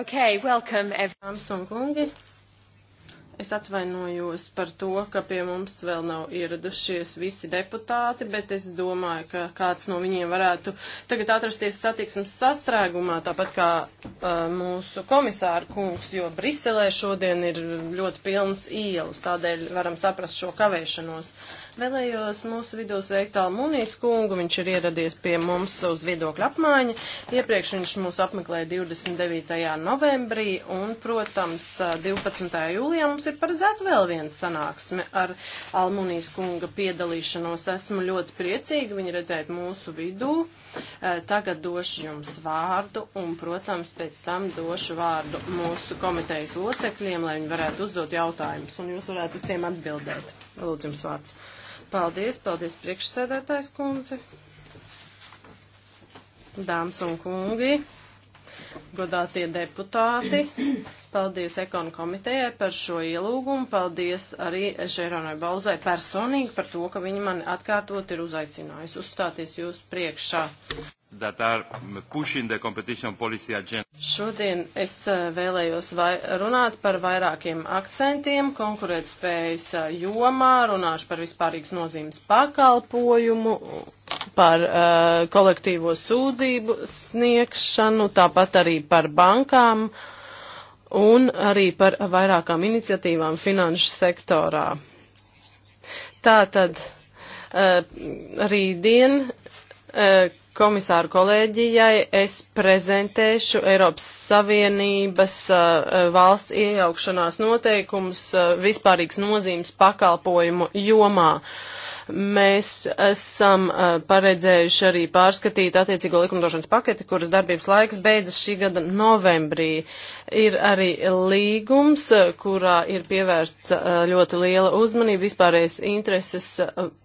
Okay, welcome, everyone. Es atvainojos par to, ka pie mums vēl nav ieradušies visi deputāti, bet es domāju, ka kāds no viņiem varētu tagad atrasties satiksmes sastrēgumā, tāpat kā uh, mūsu komisāra kungs, jo Briselē šodien ir ļoti pilnas ielas, tādēļ varam saprast šo kavēšanos. Vēlējos mūsu vidū sveikt Almunijas kungu, viņš ir ieradies pie mums uz viedokļu apmaiņu. Iepriekš viņš mūs apmeklēja 29. novembrī un, protams, 12. jūlijā mums ir paredzēta vēl viena sanāksme ar Almunijas kunga piedalīšanos. Esmu ļoti priecīga viņu redzēt mūsu vidū. Eh, tagad došu jums vārdu un, protams, pēc tam došu vārdu mūsu komitejas locekļiem, lai viņi varētu uzdot jautājumus un jūs varētu uz tiem atbildēt. Lūdzu, jums vārds. Paldies, paldies priekšsēdētājs kundze. Dāmas un kungi, godātie deputāti, paldies ekonu komitejai par šo ielūgumu, paldies arī Žeronai Bauzai personīgi par to, ka viņa mani atkārtot ir uzaicinājusi uzstāties jūsu priekšā that are pushing the competition policy agenda. Šodien es eh, vēlējos vai, runāt par vairākiem akcentiem konkurētspējas eh, jomā, runāšu par vispārīgas nozīmes pakalpojumu, par uh, kolektīvo sūdzību sniegšanu, tāpat arī par bankām un arī par vairākām iniciatīvām finanšu sektorā. Tātad uh, rītdien uh, komisāru kolēģijai es prezentēšu Eiropas Savienības uh, uh valsts iejaukšanās noteikumus uh, vispārīgs nozīmes pakalpojumu jomā. Uh, Mēs esam paredzējuši arī pārskatīt attiecīgo likumdošanas paketi, kuras darbības laiks beidzas šī gada novembrī. Ir arī līgums, kurā ir pievērsts ļoti liela uzmanība vispārējais intereses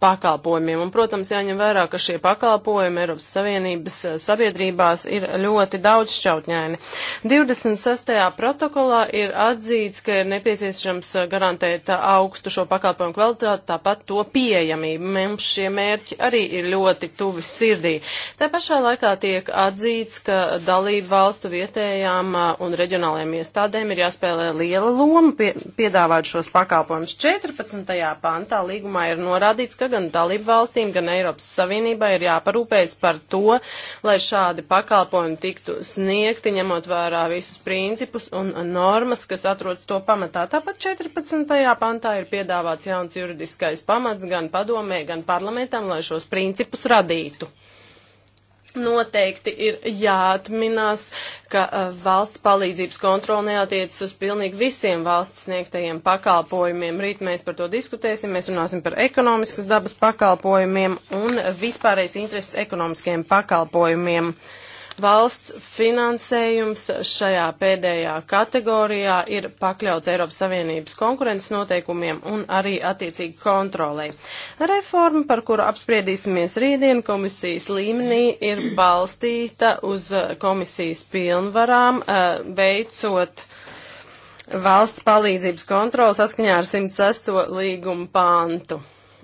pakalpojumiem. Un, protams, jāņem vērā, ka šie pakalpojumi Eiropas Savienības sabiedrībās ir ļoti daudz šķautņaini. 26. protokolā ir atzīts, ka ir nepieciešams garantēt augstu šo pakalpojumu kvalitāti, tāpat to pieejamību Savienību. Mums šie mērķi arī ir ļoti tuvi sirdī. Tā pašā laikā tiek atzīts, ka dalību valstu vietējām un reģionālajiem iestādēm ir jāspēlē liela loma pie, piedāvāt šos pakalpojumus. 14. pantā līgumā ir norādīts, ka gan dalību valstīm, gan Eiropas Savienībai ir jāparūpējas par to, lai šādi pakalpojumi tiktu sniegti, ņemot vērā visus principus un normas, kas atrodas to pamatā. Tāpat 14. pantā ir piedāvāts jauns juridiskais pamats gan padomu padomē, gan parlamentam, lai šos principus radītu. Noteikti ir jāatminās, ka uh, valsts palīdzības kontrola neatiecas uz pilnīgi visiem valsts sniegtajiem pakalpojumiem. Rīt mēs par to diskutēsim, mēs runāsim par ekonomiskas dabas pakalpojumiem un vispārējais intereses ekonomiskajiem pakalpojumiem. Uh, Valsts finansējums šajā pēdējā kategorijā ir pakļauts Eiropas Savienības konkurences noteikumiem un arī attiecīgi kontrolē. Reforma, par kuru apspriedīsimies rītdien komisijas līmenī, ir balstīta uz komisijas pilnvarām, eh, veicot valsts palīdzības kontroli saskaņā ar 106. līgumu pāntu.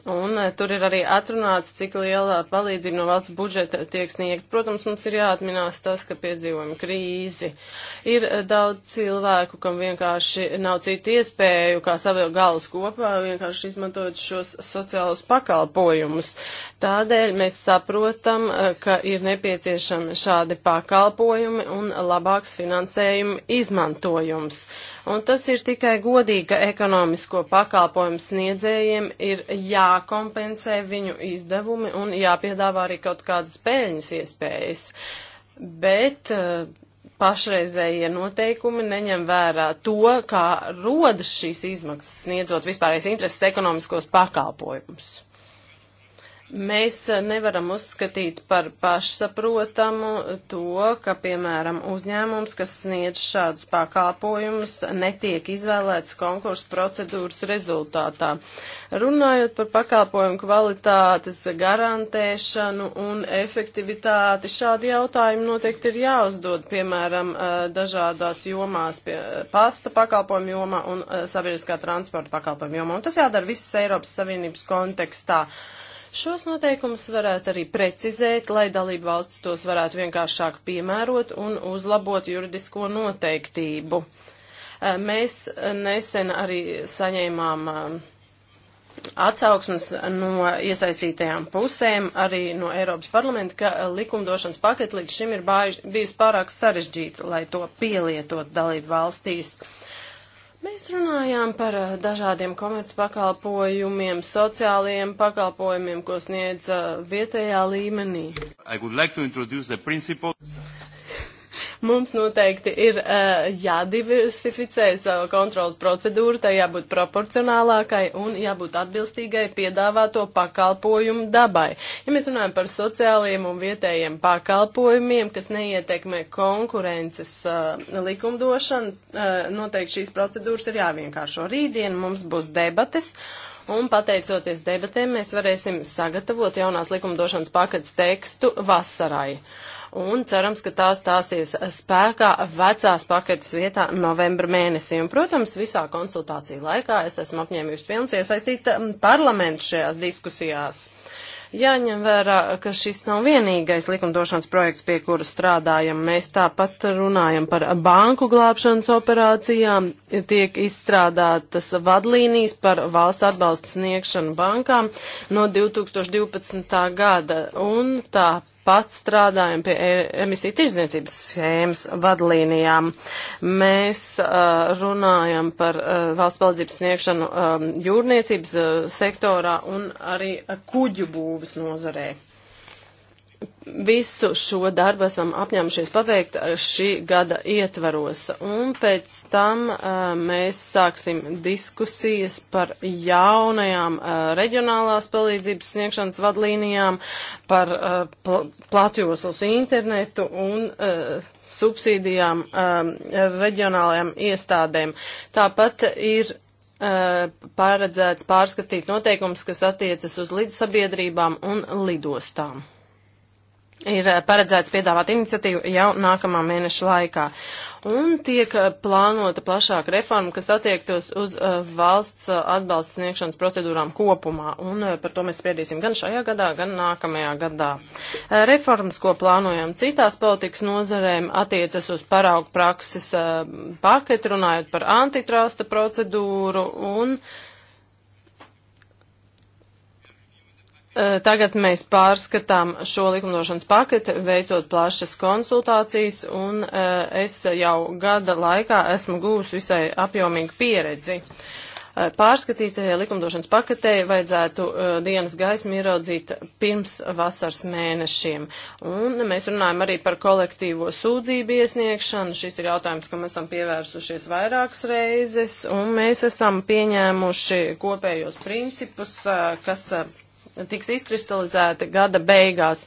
Un eh, tur ir arī atrunāts, cik liela palīdzība no valsts budžeta tiek sniegta. Protams, mums ir jāatminās tas, ka piedzīvojam krīzi. Ir eh, daudz cilvēku, kam vienkārši nav citu iespēju, kā savu galus kopā, vienkārši izmantojot šos sociālos pakalpojumus. Tādēļ mēs saprotam, eh, ka ir nepieciešami šādi pakalpojumi un labāks finansējuma izmantojums. Un tas ir tikai godīgi, ka ekonomisko pakalpojumu sniedzējiem ir jākompensē viņu izdevumi un jāpiedāvā arī kaut kādas peļņas iespējas. Bet eh, pašreizējie noteikumi neņem vērā to, kā rodas šīs izmaksas sniedzot vispārējais intereses ekonomiskos pakalpojumus. Mēs eh, nevaram uzskatīt par pašsaprotamu to, ka, piemēram, uzņēmums, kas sniedz šādus pakalpojumus, netiek izvēlēts konkursu procedūras rezultātā. Runājot par pakalpojumu kvalitātes garantēšanu un efektivitāti, šādi jautājumi noteikti ir jāuzdod, piemēram, eh, dažādās jomās, pie pasta pakalpojumu jomā un eh, sabiedriskā transporta pakalpojumu jomā. Un tas jādara visas Eiropas Savienības kontekstā. Uh, Šos noteikumus varētu arī precizēt, lai dalību valsts tos varētu vienkāršāk piemērot un uzlabot juridisko noteiktību. Mēs nesen arī saņēmām atsauksmes no iesaistītajām pusēm, arī no Eiropas parlamenta, ka likumdošanas paketi līdz šim ir bājuši, bijusi pārāk sarežģīta, lai to pielietot dalību valstīs. Uh, Mēs runājām par eh, dažādiem komercpakalpojumiem, sociālajiem pakalpojumiem, ko sniedz eh, vietējā līmenī. Like Mums noteikti ir uh, jādiversificē savu kontrolas procedūru, tai jābūt proporcionālākai un jābūt atbilstīgai piedāvāto pakalpojumu dabai. Ja mēs runājam par sociālajiem un vietējiem pakalpojumiem, kas neietekmē konkurences uh, likumdošanu, uh, noteikti šīs procedūras ir jāvienkāršo. Rītdien mums būs debates. Un pateicoties debatēm, mēs varēsim sagatavot jaunās likumdošanas paketes tekstu vasarai. Uh, un cerams, ka tās stāsies spēkā vecās paketes vietā novembra mēnesī. Un, protams, visā konsultāciju laikā es esmu apņēmības pilns iesaistīt um, parlamentu šajās diskusijās. Jāņem vērā, ka šis nav vienīgais likumdošanas projekts, pie kura strādājam. Mēs tāpat runājam par banku glābšanas operācijām, tiek izstrādātas vadlīnijas par valsts atbalsta sniegšanu bankām no 2012. gada. Un tā pat strādājam pie e- emisiju tirdzniecības schēmas vadlīnijām. Mēs uh, runājam par uh, valsts palīdzības sniegšanu um, jūrniecības uh, sektorā un arī uh, kuģu būvas nozarē visu šo darbu esam apņēmušies paveikt šī gada ietvaros, un pēc tam uh, mēs sāksim diskusijas par jaunajām uh, reģionālās palīdzības sniegšanas vadlīnijām, par uh, pl platjoslas internetu un uh, subsīdijām um, reģionālajām iestādēm. Tāpat ir uh, paredzēts pārskatīt noteikums, kas attiecas uz līdzsabiedrībām un lidostām ir eh, paredzēts piedāvāt iniciatīvu jau nākamā mēneša laikā. Un tiek eh, plānota plašāka reforma, kas attiektos uz eh, valsts atbalsts sniegšanas procedūrām kopumā. Un par to mēs spriedīsim gan šajā gadā, gan nākamajā gadā. Reformas, ko plānojam citās politikas nozarēm, attiecas uz paraugu prakses paketu, runājot par antitrasta procedūru un uh, Eh, tagad mēs pārskatām šo likumdošanas paketi, veicot plašas konsultācijas, un eh, es jau gada laikā esmu gūs visai apjomīgu pieredzi. Eh, pārskatītajai likumdošanas paketei vajadzētu dienas gaismu ieraudzīt pirms vasaras mēnešiem. Un mēs runājam arī par kolektīvo sūdzību iesniegšanu. Šis ir jautājums, kam esam pievērsušies vairākas reizes, un mēs esam pieņēmuši kopējos principus, kas tiks izkristalizēta gada beigās.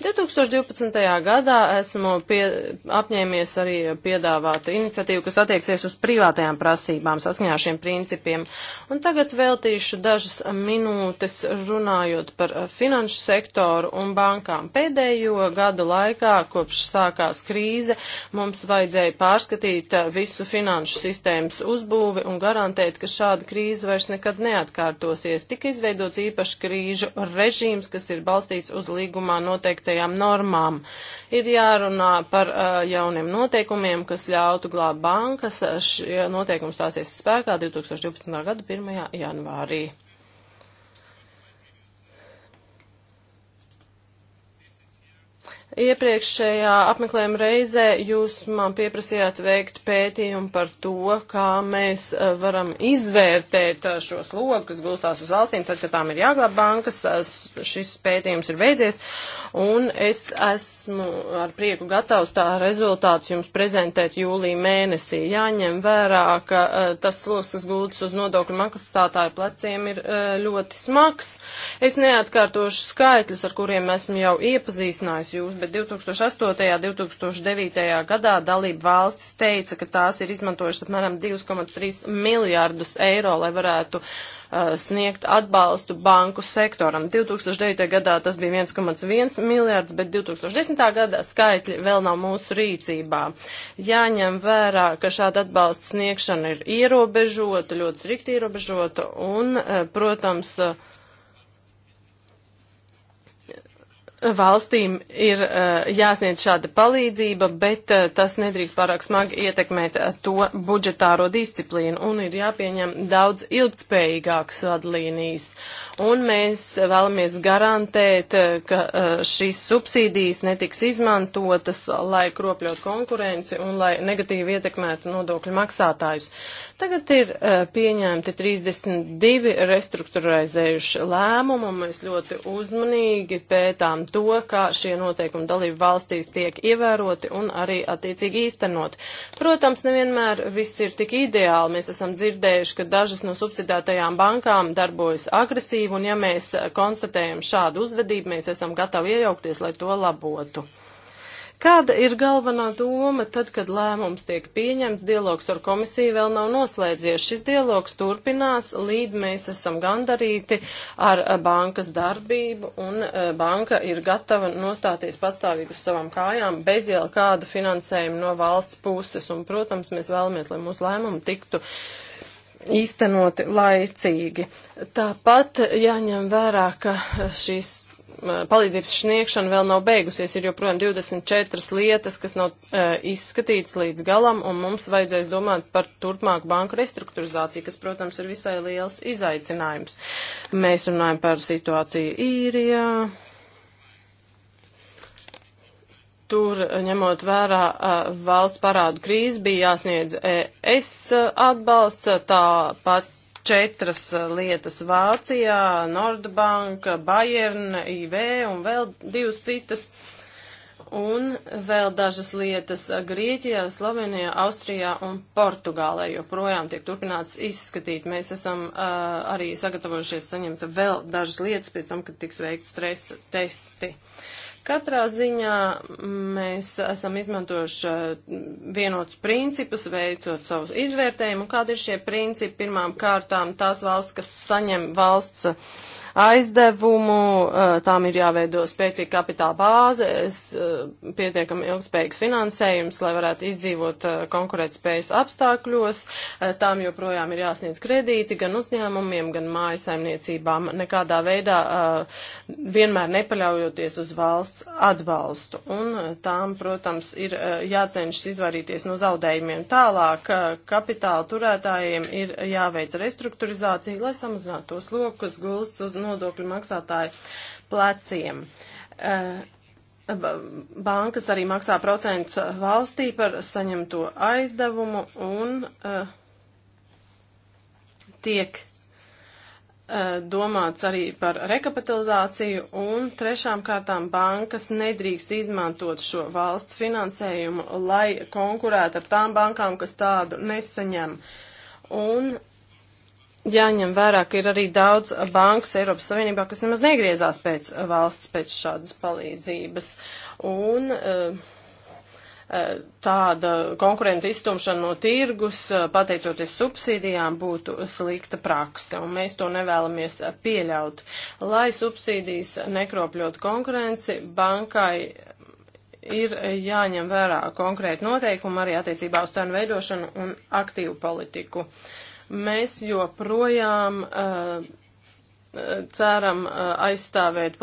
2012. gadā esmu pie, apņēmies arī piedāvāt iniciatīvu, kas attieksies uz privātajām prasībām saskaņā ar šiem principiem. Un tagad veltīšu dažas minūtes runājot par finanšu sektoru un bankām. Pēdējo gadu laikā, kopš sākās krīze, mums vajadzēja pārskatīt visu finanšu sistēmas uzbūvi un garantēt, ka šāda krīze vairs nekad neatkārtosies. Tik izveidots īpaši krīžu finanšu režīms, kas ir balstīts uz līgumā noteiktajām normām. Ir jārunā par uh, jauniem noteikumiem, kas ļautu glābt bankas. Šie noteikumi stāsies spēkā 2012. gada 1. janvārī. Iepriekšējā apmeklējuma reizē jūs man pieprasījāt veikt pētījumu par to, kā mēs eh, varam izvērtēt eh, šos logus, kas gulstās uz valstīm, tad, kad tām ir jāglāb bankas. Eh, šis pētījums ir beidzies, un es esmu ar prieku gatavs tā rezultāts jums prezentēt jūlija mēnesī. Jāņem vērā, ka tas loks, kas gulstas uz nodokļu maksātāju pleciem, ir ļoti smags. Es neatkārtošu skaitļus, ar kuriem esmu jau iepazīstinājis jūs, bet bet 2008. un 2009. gadā dalība valstis teica, ka tās ir izmantojušas apmēram 2,3 miljārdus eiro, lai varētu uh, sniegt atbalstu banku sektoram. 2009. gadā tas bija 1,1 miljārds, bet 2010. gadā skaitļi vēl nav mūsu rīcībā. Jāņem vērā, ka šāda atbalsta sniegšana ir ierobežota, ļoti strikti ierobežota un, uh, protams, uh, valstīm ir uh, jāsniedz šāda palīdzība, bet uh, tas nedrīkst pārāk smagi ietekmēt uh, to budžetāro disciplīnu un ir jāpieņem daudz ilgspējīgākas vadlīnijas. Un mēs vēlamies garantēt, ka šīs subsīdijas netiks izmantotas, lai kropļot konkurenci un lai negatīvi ietekmētu nodokļu maksātājus. Tagad ir pieņemti 32 restruktūraizējuši lēmumu un mēs ļoti uzmanīgi pētām to, kā šie noteikumi dalību valstīs tiek ievēroti un arī attiecīgi īstenot. Protams, nevienmēr viss ir tik ideāli. Mēs esam dzirdējuši, ka dažas no subsidētajām bankām darbojas agresīvi, un ja mēs konstatējam šādu uzvedību, mēs esam gatavi iejaukties, lai to labotu. Kāda ir galvenā doma tad, kad lēmums tiek pieņemts, dialogs ar komisiju vēl nav noslēdzies? Šis dialogs turpinās, līdz mēs esam gandarīti ar eh, bankas darbību un eh, banka ir gatava nostāties patstāvīgi uz savām kājām bez jau kāda finansējuma no valsts puses. Un, protams, mēs vēlamies, lai mūsu lēmumu tiktu īstenoti laicīgi. Tāpat jāņem vērā, ka šīs palīdzības sniegšana vēl nav beigusies, ir joprojām 24 lietas, kas nav e, izskatītas līdz galam, un mums vajadzēs domāt par turpmāku banku restruktūrizāciju, kas, protams, ir visai liels izaicinājums. Mēs runājam par situāciju īrijā. Tur, ņemot vērā e, valsts parādu krīzi, bija jāsniedz ES atbalsts, tāpat četras eh, lietas Vācijā, Nordbanka, Bayern, IV un vēl divas citas. Un vēl dažas lietas Grieķijā, Slovenijā, Austrijā un Portugālē joprojām tiek turpināts izskatīt. Mēs esam uh, arī sagatavojušies saņemt vēl dažas lietas pēc tam, kad tiks veikt stresa testi. Uh, Katrā ziņā mēs esam izmantojuši eh, vienotus principus, veicot savu izvērtējumu, un kādi ir šie principi pirmām kārtām tās valsts, kas saņem valsts aizdevumu, eh, tām ir jāveido spēcīga kapitāla bāze, eh, pietiekami ilgspējīgs finansējums, lai varētu izdzīvot eh, konkurētspējas apstākļos, tām joprojām ir jāsniedz kredīti gan uzņēmumiem, gan mājasaimniecībām, nekādā veidā vienmēr nepaļaujoties uz valsts atbalstu. Un tām, protams, ir jācenšas izvairīties no zaudējumiem tālāk, kapitāla turētājiem ir jāveic restruktūrizācija, lai samazinātu tos lokus, gulsts uz nodokļu maksātāju pleciem. Eh, bankas arī maksā procentus valstī par saņemto aizdevumu un eh, tiek eh, domāts arī par rekapitalizāciju, un trešām kārtām bankas nedrīkst izmantot šo valsts finansējumu, lai konkurētu ar tām bankām, kas tādu nesaņem. Un jāņem vērā, ka ir arī daudz bankas Eiropas Savienībā, kas nemaz negriezās pēc valsts, pēc šādas palīdzības. Un, uh, tāda konkurenta izstumšana no tirgus, eh, pateicoties subsīdijām, būtu slikta prakse, un mēs to nevēlamies pieļaut. Lai subsīdijas nekropļot konkurenci, bankai ir jāņem vērā konkrēti noteikumi arī attiecībā uz cenu veidošanu un aktīvu politiku. Uh, Mēs joprojām uh, ceram uh, aizstāvēt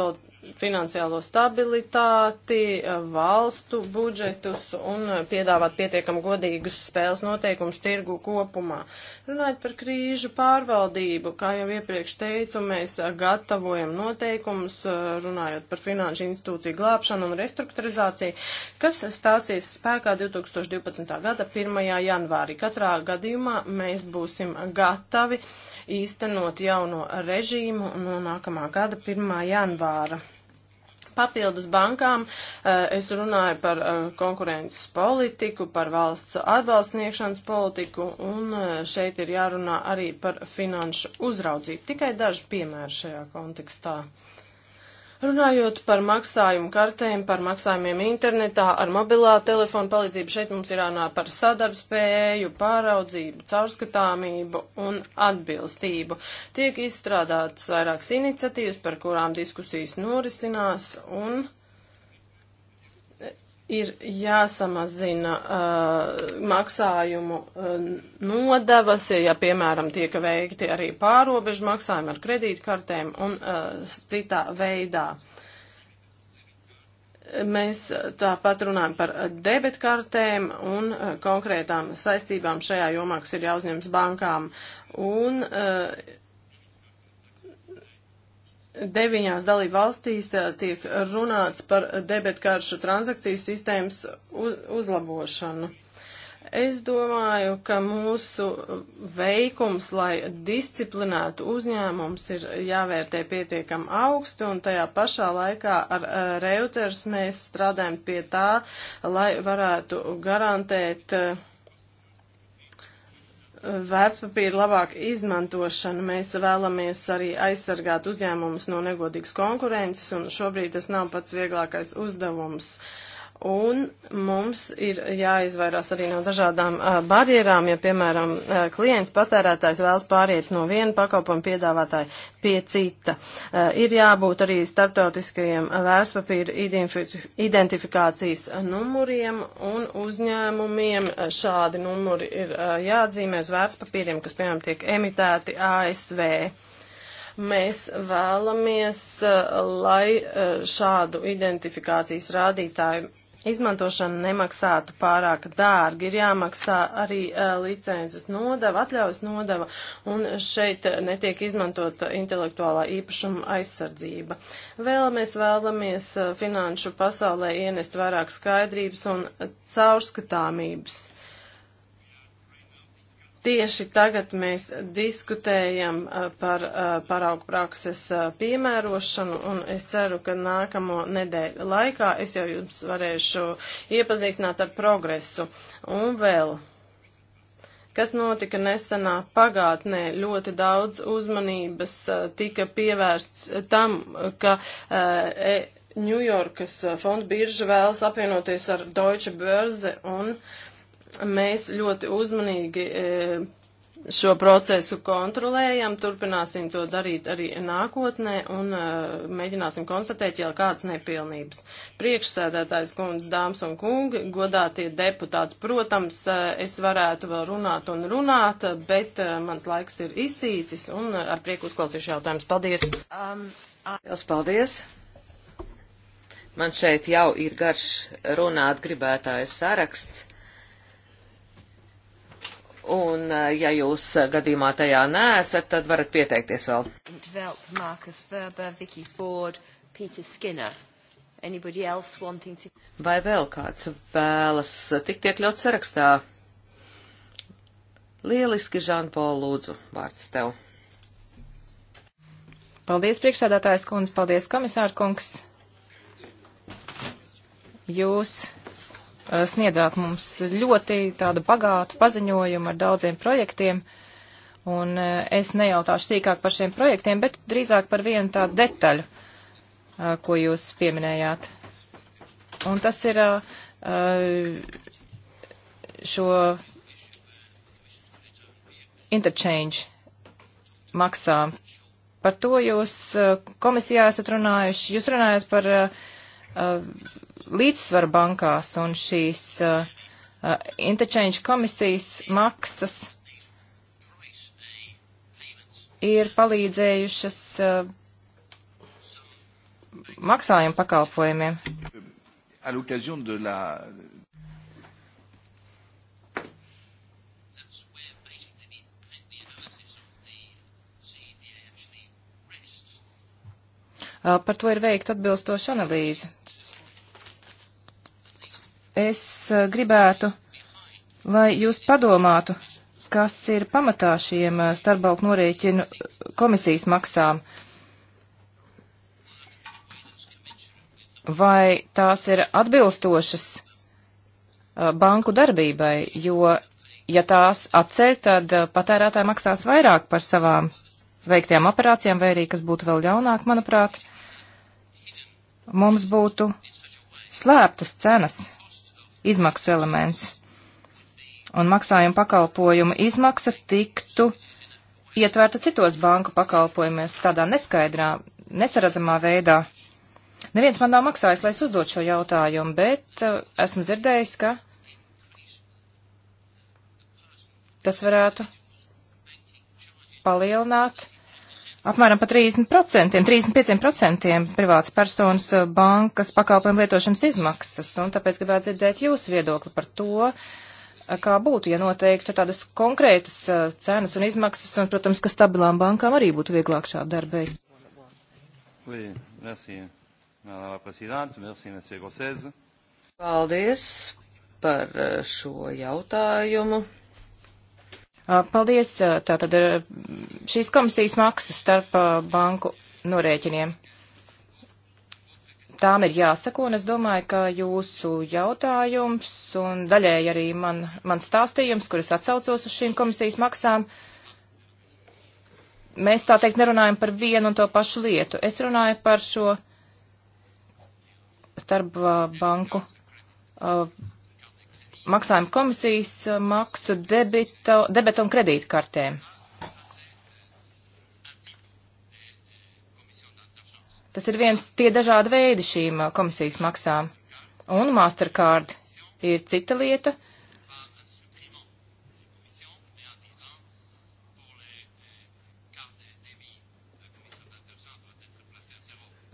finansiālo stabilitāti, eh, valstu budžetus un eh, piedāvāt pietiekam godīgus spēles noteikumus tirgu kopumā. Runājot par krīžu pārvaldību, kā jau iepriekš teicu, mēs eh, gatavojam noteikumus, runājot par finanšu institūciju glābšanu un restruktūrizāciju, kas stāsies spēkā 2012. gada 1. janvārī. Katrā gadījumā mēs būsim gatavi īstenot jauno režīmu no nākamā gada 1. janvāra. Papildus bankām eh, es runāju par eh, konkurences politiku, par valsts atbalstniekšanas politiku, un eh, šeit ir jārunā arī par finanšu uzraudzību. Tikai daži piemēri šajā kontekstā. Runājot par maksājumu kartēm, par maksājumiem internetā, ar mobilā telefonu palīdzību, šeit mums ir jānā par sadarbspēju, pāraudzību, caurskatāmību un atbilstību. Tiek izstrādātas vairākas iniciatīvas, par kurām diskusijas norisinās un ir jāsamazina uh, maksājumu uh, nodevas, ja, piemēram, tiek veikti arī pārobežu maksājumi ar kredītkartēm un uh, citā veidā. Mēs uh, tāpat runājam par debetkartēm un uh, konkrētām saistībām šajā jomā, kas ir jāuzņems bankām. Un, uh, deviņās dalību valstīs eh, tiek runāts par debetkāršu transakciju sistēmas uz, uzlabošanu. Es domāju, ka mūsu veikums, lai disciplinētu uzņēmums, ir jāvērtē pietiekam augstu, un tajā pašā laikā ar eh, Reuters mēs strādājam pie tā, lai varētu garantēt uh, vērtspapīra labāka izmantošana. Mēs vēlamies arī aizsargāt uzņēmumus no negodīgas konkurences, un šobrīd tas nav pats vieglākais uzdevums. Uh, un mums ir jāizvairās arī no dažādām uh, barjerām, ja, piemēram, uh, klients patērētājs vēlas pāriet no viena pakalpojuma piedāvātāja pie cita. Uh, ir jābūt arī starptautiskajiem vērtspapīra identifikācijas numuriem un uzņēmumiem. Šādi numuri ir uh, jāatzīmē uz vērtspapīriem, kas, piemēram, tiek emitēti ASV mēs vēlamies, lai šādu identifikācijas rādītāju izmantošana nemaksātu pārāk dārgi. Ir jāmaksā arī uh, licences nodeva, atļaujas nodeva, un šeit netiek izmantota intelektuālā īpašuma aizsardzība. Vēl mēs vēlamies uh, finanšu pasaulē ienest vairāk skaidrības un caurskatāmības. Tieši tagad mēs diskutējam uh, par uh, paraugu prakses uh, piemērošanu, un es ceru, ka nākamo nedēļu laikā es jau jums varēšu iepazīstināt ar progresu. Un vēl, kas notika nesenā pagātnē, ļoti daudz uzmanības tika pievērsts tam, ka. E, Ņujorkas fonda birža vēlas apvienoties ar Deutsche Börse un uh, Mēs ļoti uzmanīgi e, šo procesu kontrolējam, turpināsim to darīt arī nākotnē un uh, mēģināsim konstatēt, ja kādas nepilnības. Priekšsēdētājs kundze, dāmas un kungi, godātie deputāti, protams, uh, es varētu vēl runāt un runāt, bet uh, mans laiks ir izsīcis un uh, ar prieku uzklausīšu jautājumus. Paldies! Um, Liels paldies! Man šeit jau ir garš runāt gribētājs saraksts. Un, ja jūs gadījumā tajā neesat, tad varat pieteikties vēl. Velt, Marcus Verber, Vicky Ford, Peter Skinner. Anybody else wanting to... Vai vēl kāds vēlas tikt iekļauts sarakstā? Lieliski, Žanpol, lūdzu, vārds tev. Paldies, priekšsādātājs kundze, paldies, komisāra kungs. Jūs Uh, sniedzāt mums ļoti tādu bagātu paziņojumu ar daudziem projektiem. Un uh, es nejautāšu sīkāk par šiem projektiem, bet drīzāk par vienu tādu detaļu, uh, ko jūs pieminējāt. Un tas ir šo interchange maksā. Par to jūs komisijā esat runājuši. Jūs runājat par līdzsvaru bankās un šīs uh, uh, interchange komisijas maksas ir palīdzējušas uh, maksājumu pakalpojumiem. Uh, par to ir veikta atbilstoša analīze. Es eh, gribētu, lai jūs padomātu, kas ir pamatā šiem eh, starpbalku norēķinu eh, komisijas maksām. Vai tās ir atbilstošas banku darbībai, jo, ja tās atceļ, tad patērētāji maksās vairāk par savām veiktajām operācijām, vai arī, kas būtu vēl ļaunāk, manuprāt, mums būtu slēptas cenas izmaksu elements. Un maksājuma pakalpojuma izmaksa tiktu ietverta citos banku pakalpojumies tādā neskaidrā, nesaredzamā veidā. Neviens man nav maksājis, lai es uzdot šo jautājumu, bet uh, esmu dzirdējis, ka tas varētu palielināt apmēram pa 30%, 35% privāts personas eh, bankas pakalpojumu lietošanas izmaksas, un tāpēc gribētu dzirdēt jūsu viedokli par to, eh, kā būtu, ja noteiktu tādas konkrētas eh, cenas un izmaksas, un, protams, ka stabilām bankām arī būtu vieglāk šādu darbēju. Oui, merci, madame la présidente, merci, monsieur Gossez. Paldies par šo jautājumu. Uh, paldies. Uh, tātad uh, šīs komisijas maksas starp banku norēķiniem. Tām ir jāsako, un es domāju, ka jūsu jautājums un daļēji arī man, man stāstījums, kuris atsaucos uz šīm komisijas maksām, mēs tā teikt nerunājam par vienu un to pašu lietu. Es runāju par šo starp banku uh, maksājuma komisijas eh, maksu debito, debeta un kredītkartēm. Tas ir viens tie dažādi veidi šīm eh, komisijas maksām. Un Mastercard ir cita lieta.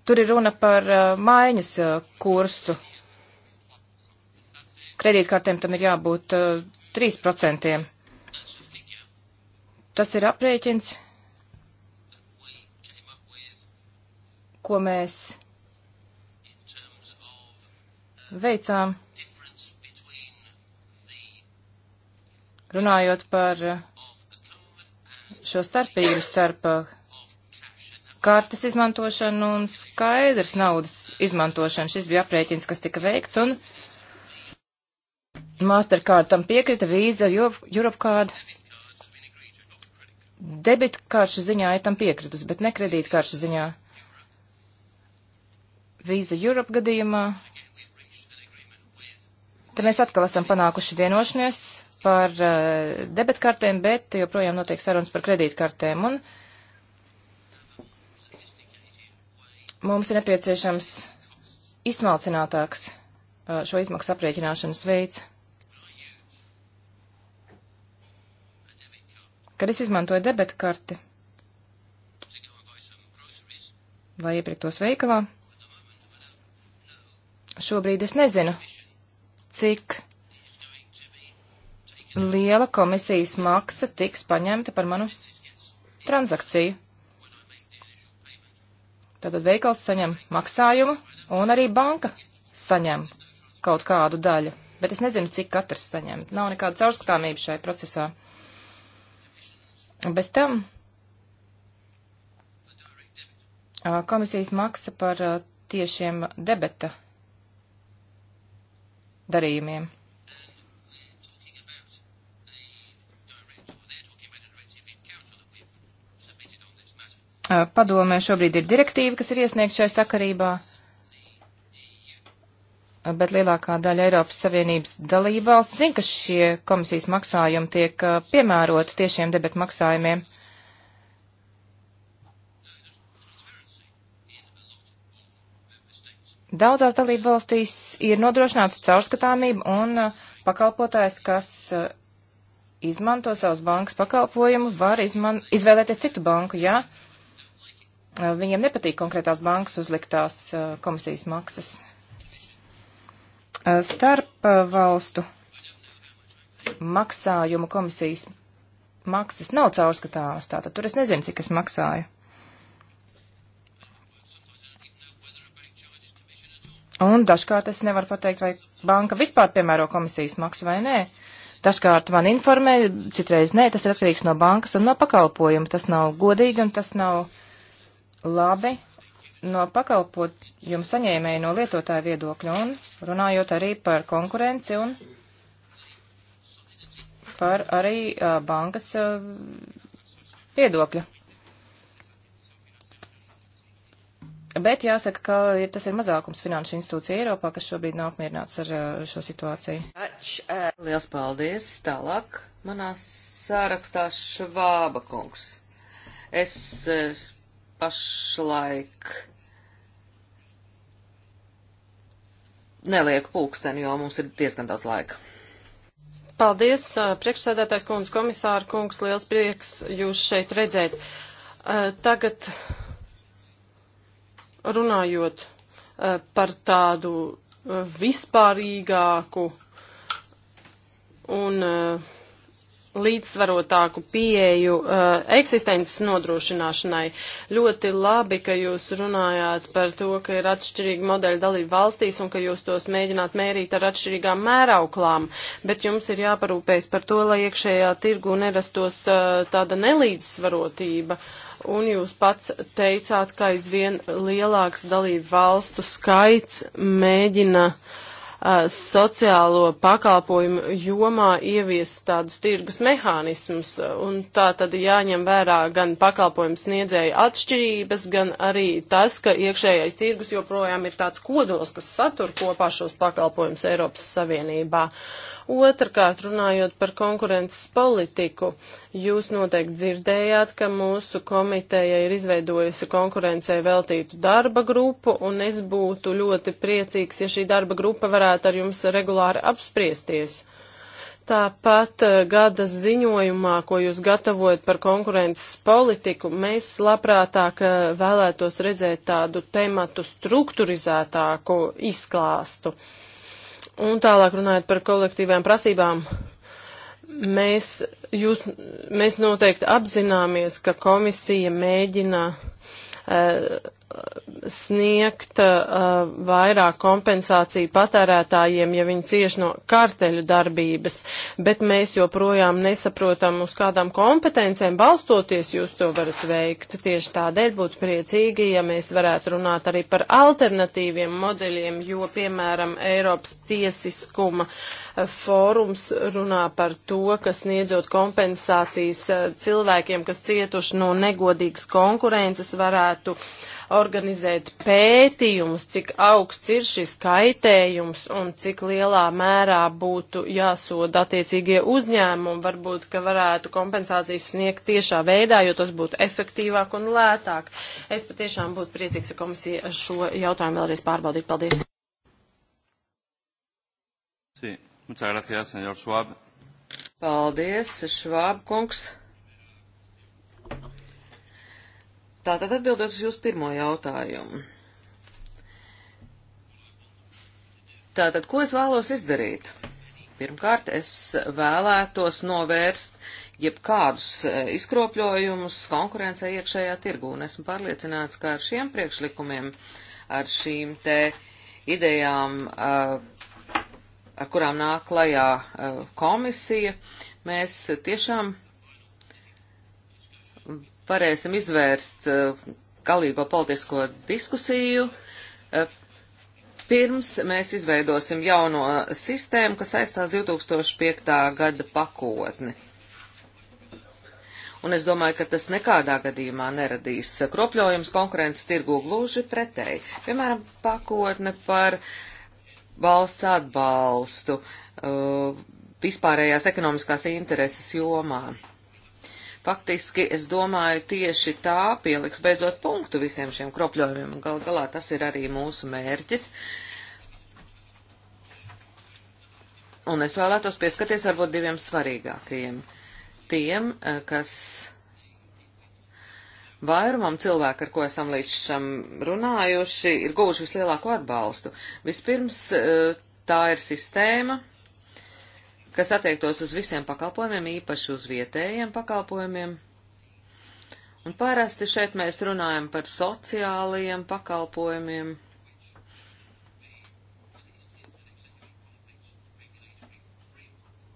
Tur ir runa par uh, maiņas uh, kursu kredītkartēm tam ir jābūt uh, 3%. Tas ir aprēķins, ko mēs veicām, runājot par uh, šo starpību starp uh, kartes izmantošanu un skaidrs naudas izmantošanu. Šis bija aprēķins, kas tika veikts, un uh, Mastercard tam piekrita, Visa, Europecard. Debitkāršu ziņā ir tam piekritus, bet ne kredītkāršu ziņā. Visa Europe gadījumā. Te mēs atkal esam panākuši vienošanies par uh, debitkartēm, bet joprojām notiek sarunas par kredītkartēm. Un mums ir nepieciešams izsmalcinātāks uh, šo izmaksu aprēķināšanas veids. Kad es izmantoju debetkarti, lai iepirktos veikalā, šobrīd es nezinu, cik liela komisijas maksa tiks paņemta par manu transakciju. Tātad veikals saņem maksājumu un arī banka saņem kaut kādu daļu, bet es nezinu, cik katrs saņem. Nav nekāda caurskatāmība šai procesā. Bez tam komisijas maksa par tiešiem debeta darījumiem. Padomē šobrīd ir direktīva, kas ir iesniegta šai sakarībā bet lielākā daļa Eiropas Savienības dalībvalsts zina, ka šie komisijas maksājumi tiek piemēroti tiešiem debetu maksājumiem. Daudzās dalībvalstīs ir nodrošināts caurskatāmība un pakalpotājs, kas izmanto savus bankas pakalpojumu, var izman, izvēlēties citu banku, ja viņiem nepatīk konkrētās bankas uzliktās komisijas maksas starp uh, valstu maksājumu komisijas maksas nav caurskatāmas, tātad tur es nezinu, cik es maksāju. Un dažkārt es nevaru pateikt, vai banka vispār piemēro komisijas maksu vai nē. Dažkārt man informē, citreiz nē, tas ir atkarīgs no bankas un no pakalpojuma. Tas nav godīgi un tas nav labi no pakalpojumu saņēmēja no lietotāja viedokļa un runājot arī par konkurenci un par arī uh, bankas uh, viedokļa. Bet jāsaka, ka tas ir mazākums finanšu institūcija Eiropā, kas šobrīd nav apmierināts ar uh, šo situāciju. Liels paldies. Tālāk manā sārakstā Švāba kungs. Es uh, pašlaik nelieku pulksteni, jo mums ir diezgan daudz laika. Paldies, priekšsēdētājs kundze, komisāra kungs, liels prieks jūs šeit redzēt. Tagad runājot par tādu vispārīgāku un uh, līdzsvarotāku pieeju uh, eksistences nodrošināšanai. Ļoti labi, ka jūs runājāt par to, ka ir atšķirīgi modeļi dalību valstīs un ka jūs tos mēģināt mērīt ar atšķirīgām mērauklām, bet jums ir jāparūpējas par to, lai iekšējā tirgu nerastos uh, tāda nelīdzsvarotība. Un jūs pats teicāt, ka aizvien lielāks dalību valstu skaits mēģina uh, Uh, sociālo pakalpojumu jomā ievies tādus tirgus mehānismus, uh, un tā tad jāņem vērā gan pakalpojumu sniedzēja atšķirības, gan arī tas, ka iekšējais tirgus joprojām ir tāds kodols, kas satur kopā šos pakalpojumus Eiropas Savienībā. Otrakārt, runājot par konkurences politiku, Jūs noteikti dzirdējāt, ka mūsu komiteja ir izveidojusi konkurencei veltītu darba grupu, un es būtu ļoti priecīgs, ja šī darba grupa varētu ar jums regulāri apspriesties. Tāpat eh, gada ziņojumā, ko jūs gatavojat par konkurences politiku, mēs labprātāk eh, vēlētos redzēt tādu tematu strukturizētāku izklāstu. Un tālāk runājot par kolektīvām prasībām, mēs Jūs, mēs noteikti apzināmies, ka komisija mēģina uh, sniegt uh, vairāk kompensāciju patērētājiem, ja viņi cieši no karteļu darbības, bet mēs joprojām nesaprotam, uz kādām kompetencēm balstoties jūs to varat veikt. Tieši tādēļ būtu priecīgi, ja mēs varētu runāt arī par alternatīviem modeļiem, jo, piemēram, Eiropas tiesiskuma uh, fórums runā par to, ka sniedzot kompensācijas uh, cilvēkiem, kas cietuši no negodīgas konkurences, varētu uh, organizēt pētījumus, cik augsts ir šis kaitējums un cik lielā mērā būtu jāsoda attiecīgie uzņēmumi. Varbūt, ka varētu kompensācijas sniegt tiešā veidā, jo tas būtu efektīvāk un lētāk. Es patiešām būtu priecīgs, ja komisija šo jautājumu vēlreiz pārbaudītu. Paldies! Sí. Muchas gracias, señor Schwab. Paldies, Švāb kungs. Tātad atbildot uz jūsu pirmo jautājumu. Tātad, ko es vēlos izdarīt? Pirmkārt, es vēlētos novērst jebkādus e, izkropļojumus konkurencē iekšējā tirgū, un esmu pārliecināts, ka ar šiem priekšlikumiem, ar šīm te idejām, e, ar kurām nāk klajā e, komisija, mēs tiešām varēsim izvērst eh, galīgo politisko diskusiju, eh, pirms mēs izveidosim jauno eh, sistēmu, kas aizstās 2005. gada pakotni. Un es domāju, ka tas nekādā gadījumā neradīs kropļojums konkurences tirgū gluži pretēji. Piemēram, pakotne par valsts atbalstu vispārējās ekonomiskās intereses jomā faktiski, es domāju, tieši tā pieliks beidzot punktu visiem šiem kropļojumiem. Gal galā tas ir arī mūsu mērķis. Un es vēlētos pieskaties varbūt diviem svarīgākajiem. Tiem, eh, kas vairumam cilvēku, ar ko esam līdz šam runājuši, ir guvuši vislielāko atbalstu. Vispirms eh, tā ir sistēma, kas attiektos uz visiem pakalpojumiem, īpaši uz vietējiem pakalpojumiem. Un parasti šeit mēs runājam par sociālajiem pakalpojumiem.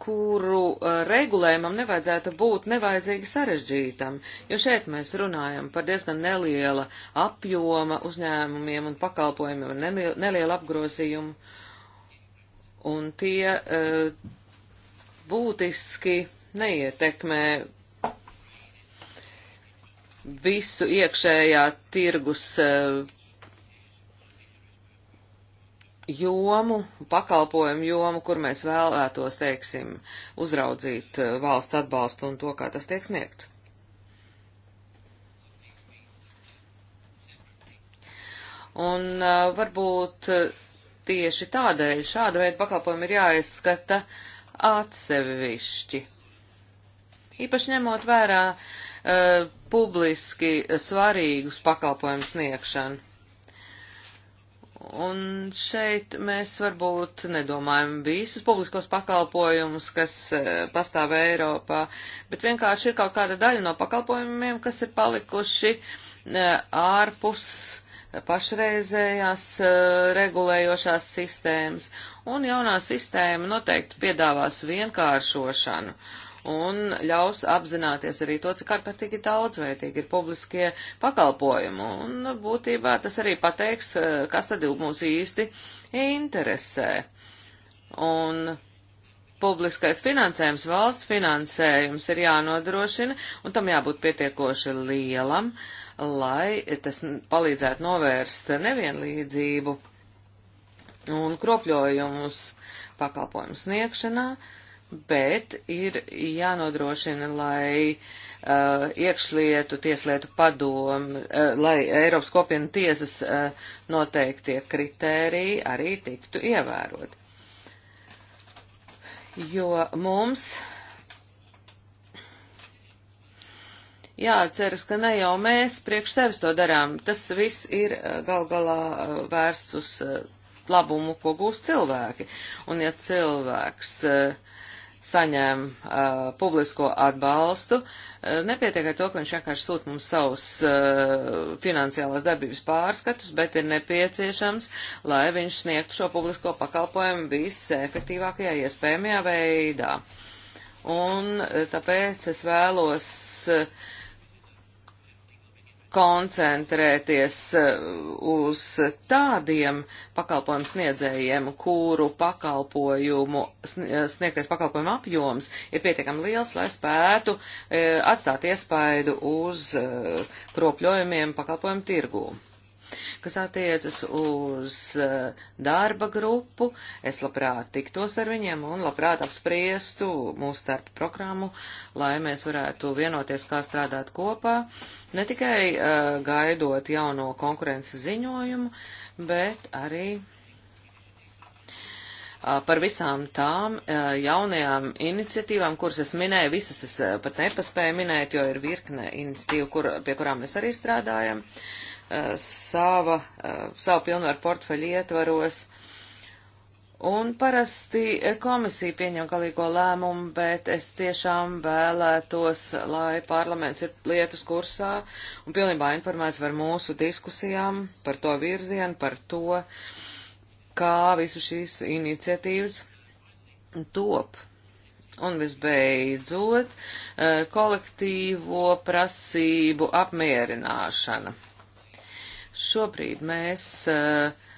kuru uh, regulējumam nevajadzētu būt nevajadzīgi sarežģītam, jo šeit mēs runājam par diezgan neliela apjoma uzņēmumiem un pakalpojumiem, nelielu apgrozījumu, un tie uh, būtiski neietekmē visu iekšējā tirgus eh, jomu, pakalpojumu jomu, kur mēs vēlētos, teiksim, uzraudzīt eh, valsts atbalstu un to, kā tas tiek sniegts. Un eh, varbūt tieši tādēļ šāda veida pakalpojumi ir jāizskata uh, atsevišķi. Īpaši ņemot vērā uh, publiski svarīgus pakalpojumu sniegšanu. Un šeit mēs varbūt nedomājam visus publiskos pakalpojumus, kas uh, pastāv Eiropā, bet vienkārši ir kaut kāda daļa no pakalpojumiem, kas ir palikuši uh, ārpus pašreizējās eh, regulējošās sistēmas, un jaunā sistēma noteikti piedāvās vienkāršošanu un ļaus apzināties arī to, cik ārkārtīgi daudzveidīgi ir publiskie pakalpojumi. Un būtībā tas arī pateiks, eh, kas tad mūs īsti interesē. Un publiskais finansējums, valsts finansējums ir jānodrošina, un tam jābūt pietiekoši lielam, lai tas palīdzētu novērst nevienlīdzību un kropļojumus pakalpojumu sniegšanā, bet ir jānodrošina, lai uh, iekšlietu, tieslietu padomu, uh, lai Eiropas kopienu tiesas uh, noteiktie kritēriji arī tiktu ievēroti jo mums jāatceras, ka ne jau mēs priekš sevis to darām. Tas viss ir eh, gal galā eh, vērsts uz eh, labumu, ko gūs cilvēki. Un ja cilvēks saņem uh, publisko atbalstu, uh, Eh, nepietiek ar to, ka viņš vienkārši sūta mums savus uh, finansiālās darbības pārskatus, bet ir nepieciešams, lai viņš sniegtu šo publisko pakalpojumu visefektīvākajā iespējamajā veidā. Un eh, tāpēc es vēlos uh, koncentrēties eh, uz tādiem pakalpojumu sniedzējiem, kuru pakalpojumu, eh, sniegtais pakalpojumu apjoms ir pietiekami liels, lai spētu eh, atstāt iespaidu uz kropļojumiem pakalpojumu tirgū. Kas attiecas uz eh, darba grupu, es labprāt tiktos ar viņiem un labprāt apspriestu mūsu starp programmu, lai mēs varētu vienoties, kā strādāt kopā, ne tikai uh, gaidot jauno konkurences ziņojumu, bet arī eh, par visām tām jaunajām iniciatīvām, kuras es minēju, visas es pat nepaspēju minēt, jo ir virkne iniciatīvu, kur, pie kurām mēs arī strādājam. Uh, Eh, sava, eh, savu pilnvaru portfeļu ietvaros. Un parasti komisija pieņem galīgo lēmumu, bet es tiešām vēlētos, lai parlaments ir lietas kursā un pilnībā informēts par mūsu diskusijām, par to virzienu, par to, kā visu šīs iniciatīvas top. Un visbeidzot, eh, kolektīvo prasību apmierināšana. Šobrīd mēs eh,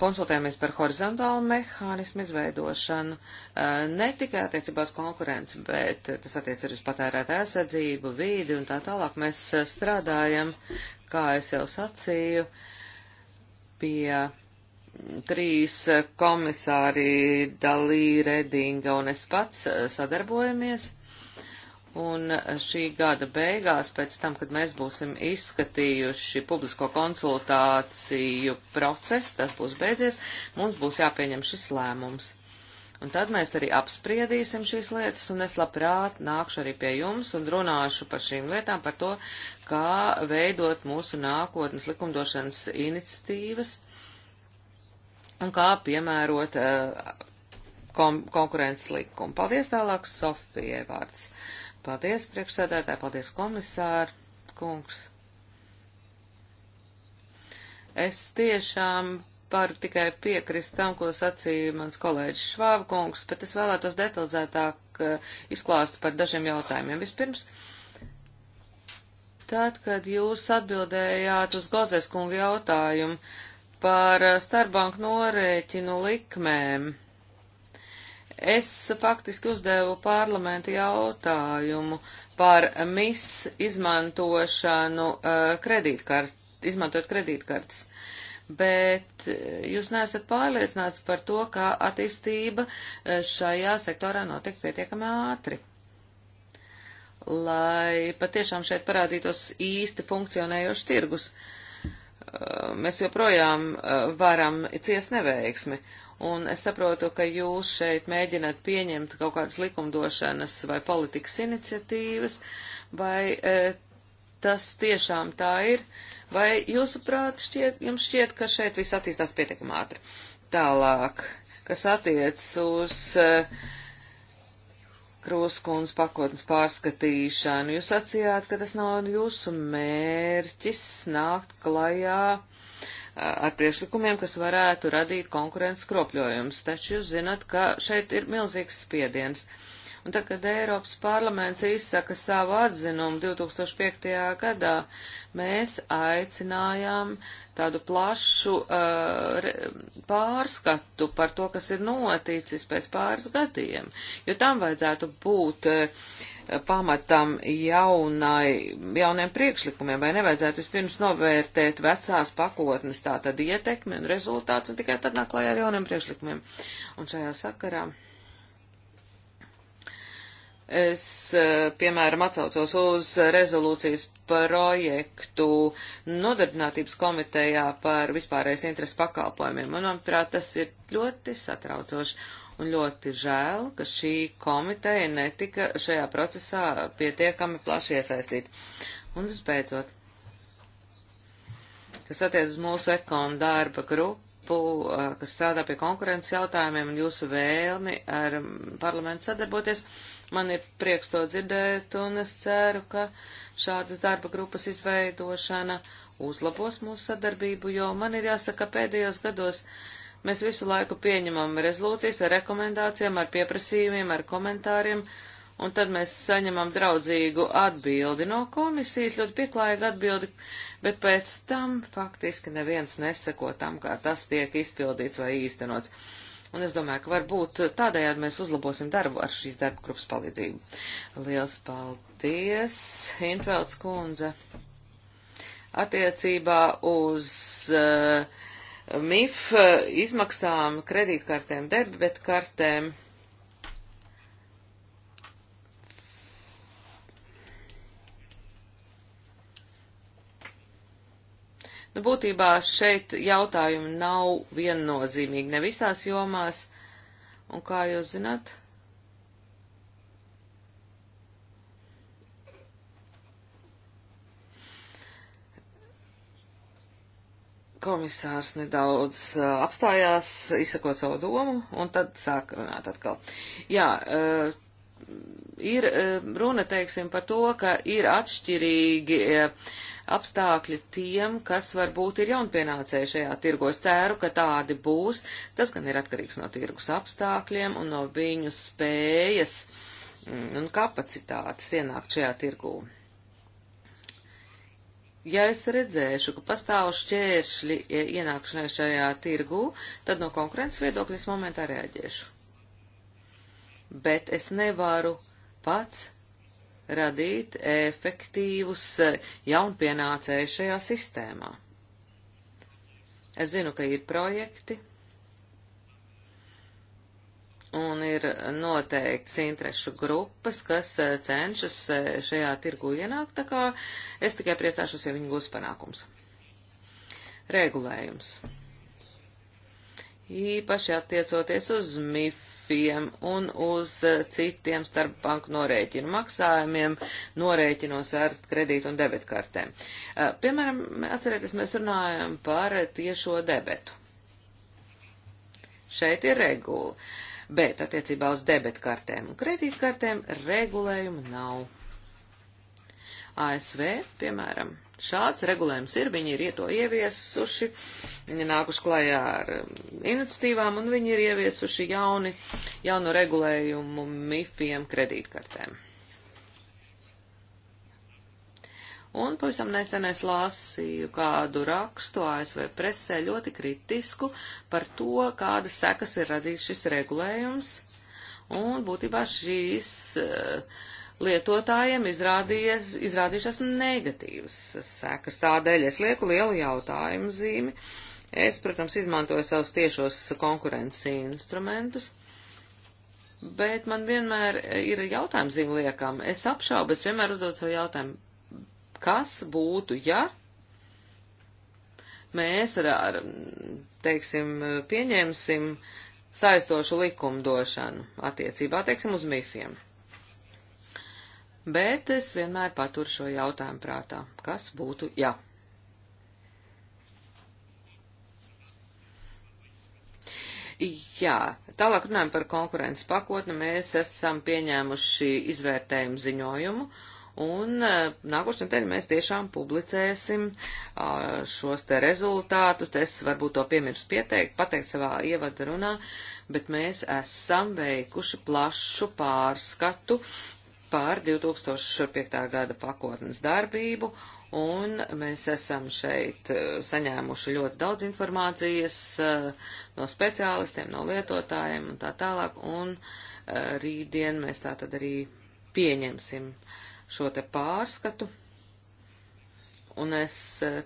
konsultējamies par horizontālu mehānismu izveidošanu, eh, ne tikai attiecībās konkurenci, bet tas attiec arī uz patērētā aizsardzību, vīdi un tā tālāk. Mēs eh, strādājam, kā es jau sacīju, pie trīs komisāri Dalī, Redinga un es pats sadarbojamies Un šī gada beigās, pēc tam, kad mēs būsim izskatījuši publisko konsultāciju procesu, tas būs beidzies, mums būs jāpieņem šis lēmums. Un tad mēs arī apspriedīsim šīs lietas, un es labprāt nākšu arī pie jums un runāšu par šīm lietām, par to, kā veidot mūsu nākotnes likumdošanas iniciatīvas un kā piemērot uh, eh, kom konkurences likumu. Paldies tālāk, Sofijai vārds. Uh, Paldies, priekšsēdētāji, paldies, komisāri, kungs. Es tiešām varu tikai piekrist tam, ko sacīja mans kolēģis Švābkungs, bet es vēlētos detalizētāk eh, izklāst par dažiem jautājumiem. Vispirms, tad, kad jūs atbildējāt uz Gozes kunga jautājumu par eh, starpbanku norēķinu likmēm, Es faktiski uzdevu parlamentu jautājumu par mis izmantošanu eh, kredītkart, izmantot kredītkartes, bet eh, jūs nesat pārliecināts par to, kā attīstība eh, šajā sektorā notiek pietiekami ātri lai patiešām šeit parādītos īsti funkcionējošs tirgus. Mēs joprojām varam ciest neveiksmi. Un es saprotu, ka jūs šeit mēģināt pieņemt kaut kādas likumdošanas vai politikas iniciatīvas, vai e, tas tiešām tā ir, vai jūsuprāt, šķiet, jums šķiet, ka šeit viss attīstās pietiekam ātri. Tālāk, kas attiec uz e, Krūskundas pakotnes pārskatīšanu, jūs sacījāt, ka tas nav jūsu mērķis nākt klajā ar priešlikumiem, kas varētu radīt konkurences kropļojumus, taču jūs zinat, ka šeit ir milzīgs spiediens. Un tad, kad Eiropas parlaments izsaka savu atzinumu 2005. gadā, mēs aicinājām uh, tādu plašu uh, re, pārskatu par to, kas ir noticis pēc pāris gadiem, jo tam vajadzētu būt uh, pamatam jaunai, jauniem priekšlikumiem, vai nevajadzētu vispirms novērtēt vecās pakotnes tā tad ietekmi un rezultāts, un tikai tad nāk klajā ar jauniem priekšlikumiem. Un šajā sakarā. Uh, Es, eh, piemēram, atsaucos uz rezolūcijas projektu nodarbinātības komitejā par vispārējais interesi pakalpojumiem. Man, manuprāt, tas ir ļoti satraucoši un ļoti žēl, ka šī komiteja netika šajā procesā pietiekami plaši iesaistīta. Un visbeidzot, kas attiec uz mūsu ekonu darba grupu, eh, kas strādā pie konkurences jautājumiem un jūsu vēlmi ar mm, parlamentu sadarboties. Uh, Man ir prieks to dzirdēt, un es ceru, ka šādas darba grupas izveidošana uzlabos mūsu sadarbību, jo man ir jāsaka, pēdējos gados mēs visu laiku pieņemam rezolūcijas ar rekomendācijām, ar pieprasījumiem, ar komentāriem, un tad mēs saņemam draudzīgu atbildi no komisijas, ļoti pieklājīgu atbildi, bet pēc tam faktiski neviens nesako tam, kā tas tiek izpildīts vai īstenots un es domāju, ka varbūt tādējādi mēs uzlabosim darbu ar šīs darba grupas palīdzību. Liels paldies, Intvelds kundze. Attiecībā uz uh, MIF eh, izmaksām kredītkartēm, debetkartēm. kartēm Nu, būtībā šeit jautājumi nav viennozīmīgi ne visās jomās, un kā jūs zināt? komisārs nedaudz uh, apstājās, izsakot savu domu, un tad sāka runāt atkal. Jā, uh, ir uh, runa, teiksim, par to, ka ir atšķirīgi. Uh, apstākļi tiem, kas varbūt ir jaunpienācēji šajā tirgos. Ceru, ka tādi būs. Tas gan ir atkarīgs no tirgus apstākļiem un no viņu spējas mm, un kapacitātes ienākt šajā tirgū. Ja es redzēšu, ka pastāv šķēršļi ienākšanai šajā tirgū, tad no konkurences viedokļa es momentā reaģēšu. Bet es nevaru pats radīt efektīvus eh, jaunpienācēju šajā sistēmā. Es zinu, ka ir projekti un ir noteikts interešu grupas, kas eh, cenšas eh, šajā tirgu ienākt, tā kā es tikai priecāšos, ja viņi būs panākums. Regulējums. Īpaši attiecoties uz MIF tarifiem un uz eh, citiem starpbanku norēķinu maksājumiem, norēķinos ar kredītu un debetkartēm. Eh, piemēram, atcerieties, mēs runājam par tiešo debetu. Šeit ir regula, bet attiecībā uz debetkartēm un kredītkartēm regulējumu nav. ASV, piemēram, Šāds regulējums ir, viņi ir to ieviesuši, viņi nākuši klajā ar um, iniciatīvām un viņi ir ieviesuši jauni, jaunu regulējumu MIFiem kredītkartēm. Un pavisam nesen es lasīju kādu rakstu ASV presē ļoti kritisku par to, kādas sekas ir radījis šis regulējums. Un būtībā šīs uh, lietotājiem izrādījušās negatīvas sekas. Tādēļ es lieku lielu jautājumu zīmi. Es, protams, izmantoju savus tiešos konkurences instrumentus, bet man vienmēr ir jautājums zīme liekam. Es apšaubu, es vienmēr uzdodu savu jautājumu, kas būtu, ja mēs ar, ar teiksim, pieņemsim saistošu likumdošanu attiecībā, teiksim, uz mifiem bet es vienmēr paturu šo jautājumu prātā. Kas būtu, ja? Jā, tālāk runājam par konkurences pakotni. Mēs esam pieņēmuši izvērtējumu ziņojumu, un eh, nākošajā nedēļā mēs tiešām publicēsim eh, šos te rezultātus. Es varbūt to piemirstu pieteikt, pateikt savā ievada runā, bet mēs esam veikuši plašu pārskatu pār 2005. gada pakotnes darbību, un mēs esam šeit eh, saņēmuši ļoti daudz informācijas eh, no speciālistiem, no lietotājiem un tā tālāk, un eh, rītdien mēs tā tad arī pieņemsim šo te pārskatu un es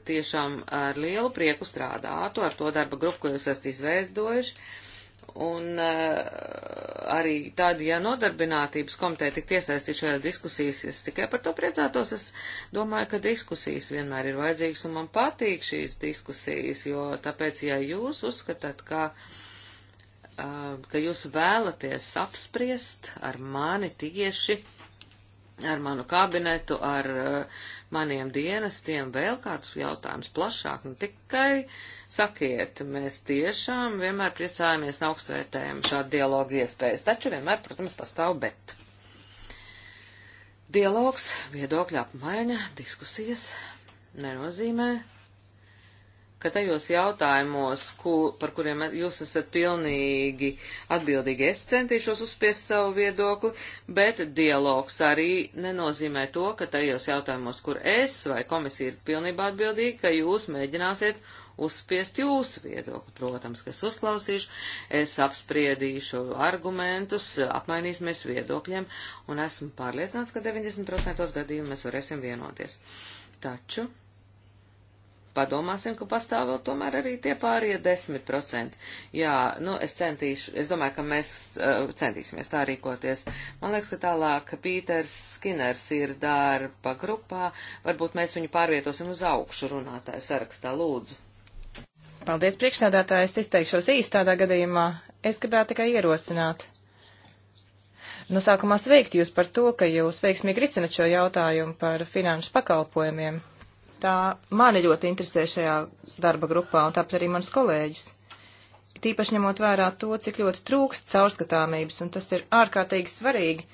tiešām ar lielu prieku strādātu ar to darba grupu, ko jūs esat izveidojuši, Un eh, arī tad, ja nodarbinātības komiteja tik iesaistīt šajās diskusijas, es tikai par to priecātos. Es domāju, ka diskusijas vienmēr ir vajadzīgas, un man patīk šīs diskusijas, jo tāpēc, ja jūs uzskatāt, ka eh, ka jūs vēlaties apspriest ar mani tieši, ar manu kabinetu, ar uh, maniem dienestiem vēl kādus jautājumus plašāk, ne nu, tikai sakiet, mēs tiešām vienmēr priecājamies un augstvērtējam šādu dialogu iespējas, taču vienmēr, protams, pastāv bet. Dialogs, viedokļa apmaiņa, diskusijas nenozīmē ka tajos jautājumos, ku, par kuriem jūs esat pilnīgi atbildīgi, es centīšos uzspiest savu viedokli, bet dialogs arī nenozīmē to, ka tajos jautājumos, kur es vai komisija ir pilnībā atbildīga, ka jūs mēģināsiet uzspiest jūsu viedokli. Protams, kas uzklausīšu, es apspriedīšu argumentus, apmainīsimies viedokļiem un esmu pārliecināts, ka 90% gadījumu mēs varēsim vienoties. Taču padomāsim, ka pastāv vēl tomēr arī tie pārie 10%. Jā, nu, es centīšu, es domāju, ka mēs uh, centīsimies tā rīkoties. Man liekas, ka tālāk Pīters Skiners ir darba grupā, varbūt mēs viņu pārvietosim uz augšu runātāju sarakstā, lūdzu. Paldies, priekšsēdētāji, es izteikšos īsti tādā gadījumā. Es gribētu tikai ierosināt. Nu, sākumā sveikt jūs par to, ka jūs veiksmīgi risinat šo jautājumu par finanšu pakalpojumiem tā mani ļoti interesē šajā darba grupā un tāpat arī mans kolēģis. Tīpaši ņemot vērā to, cik ļoti trūkst caurskatāmības, un tas ir ārkārtīgi svarīgi,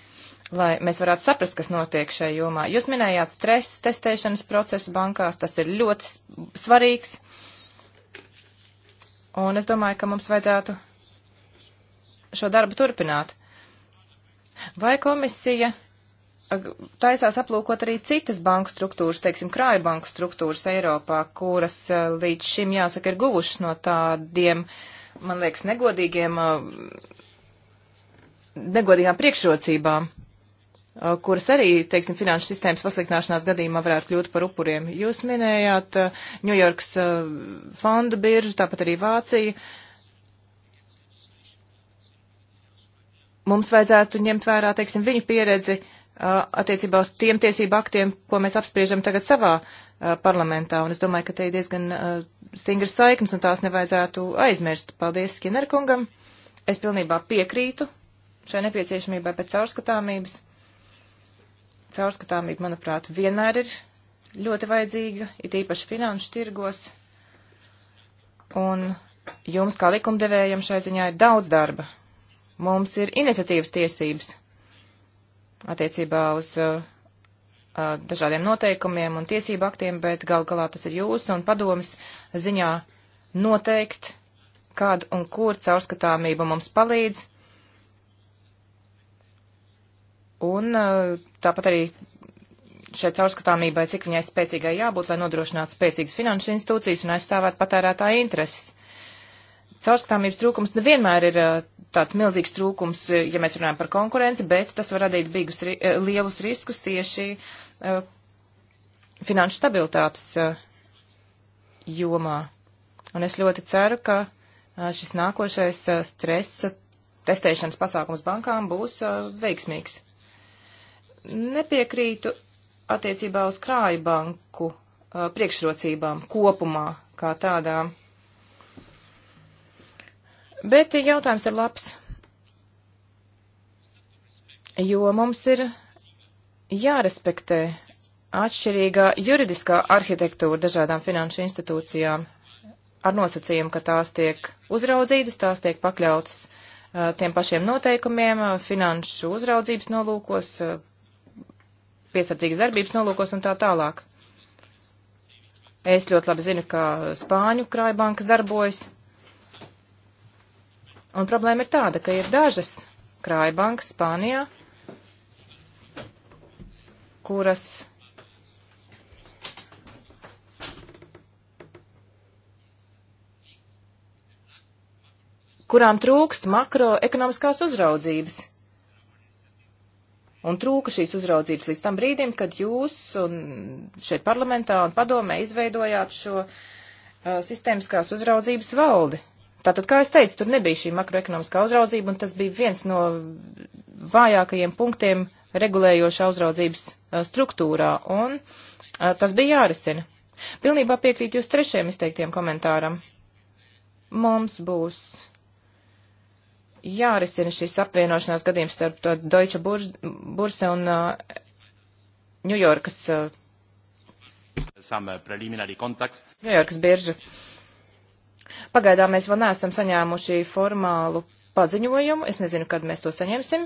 lai mēs varētu saprast, kas notiek šajā jomā. Jūs minējāt stresa testēšanas procesu bankās, tas ir ļoti svarīgs, un es domāju, ka mums vajadzētu šo darbu turpināt. Vai komisija taisās aplūkot arī citas banku struktūras, teiksim, krājbanku struktūras Eiropā, kuras eh, līdz šim, jāsaka, ir guvušas no tādiem, man liekas, negodīgiem, eh, negodīgām priekšrocībām, eh, kuras arī, teiksim, finanšu sistēmas pasliktināšanās gadījumā varētu kļūt par upuriem. Jūs minējāt Ņujorkas fondu biržu, tāpat arī Vāciju. Mums vajadzētu ņemt vērā, teiksim, viņu pieredzi uh, attiecībā uz tiem tiesību aktiem, ko mēs apspriežam tagad savā parlamentā, un es domāju, ka te ir diezgan stingras saiknes, un tās nevajadzētu aizmirst. Paldies Skinnerkungam. Es pilnībā piekrītu šai nepieciešamībai pēc caurskatāmības. Caurskatāmība, manuprāt, vienmēr ir ļoti vajadzīga, it īpaši finanšu tirgos. Un jums, kā likumdevējam, šai ziņā ir daudz darba. Mums ir iniciatīvas tiesības attiecībā uz uh, uh, dažādiem noteikumiem un tiesību aktiem, bet gal galā tas ir jūsu un padomis ziņā noteikt, kādu un kur caurskatāmību mums palīdz. Un uh, tāpat arī šai caurskatāmībai, cik viņai spēcīgai jābūt, lai nodrošinātu spēcīgas finanšu institūcijas un aizstāvētu patērētāju intereses. Caurskatāmības trūkums nevienmēr ir eh, tāds milzīgs trūkums, eh, ja mēs runājam par konkurenci, bet tas var radīt bigus, eh, lielus riskus tieši finanšu stabilitātes jomā. Un es ļoti ceru, ka šis nākošais stresa testēšanas pasākums bankām būs veiksmīgs. Nepiekrītu attiecībā uz krāju banku priekšrocībām kopumā kā tādām. Bet jautājums ir labs, jo mums ir jārespektē atšķirīgā juridiskā arhitektūra dažādām finanšu institūcijām ar nosacījumu, ka tās tiek uzraudzītas, tās tiek pakļautas uh, tiem pašiem noteikumiem, uh, finanšu uzraudzības nolūkos, uh, piesardzīgas darbības nolūkos un tā tālāk. Es ļoti labi zinu, kā Spāņu krājbankas darbojas. Un problēma ir tāda, ka ir dažas krājbankas Spānijā, kuras kurām trūkst makroekonomiskās uzraudzības. Un trūka šīs uzraudzības līdz tam brīdim, kad jūs un šeit parlamentā un padomē izveidojāt šo uh, sistēmiskās uzraudzības valdi. Tātad, kā es teicu, tur nebija šī makroekonomiskā uzraudzība, un tas bija viens no vājākajiem punktiem regulējošā uzraudzības struktūrā, un tas bija jārisina. Pilnībā piekrīt jūs trešajam izteiktiem komentāram. Mums būs jārisina šis apvienošanās gadījums starp to Deutsche Burse un Ņujorkas. Uh, Ņujorkas uh, bieža. Pagaidām mēs vēl neesam saņēmuši formālu paziņojumu. Es nezinu, kad mēs to saņemsim,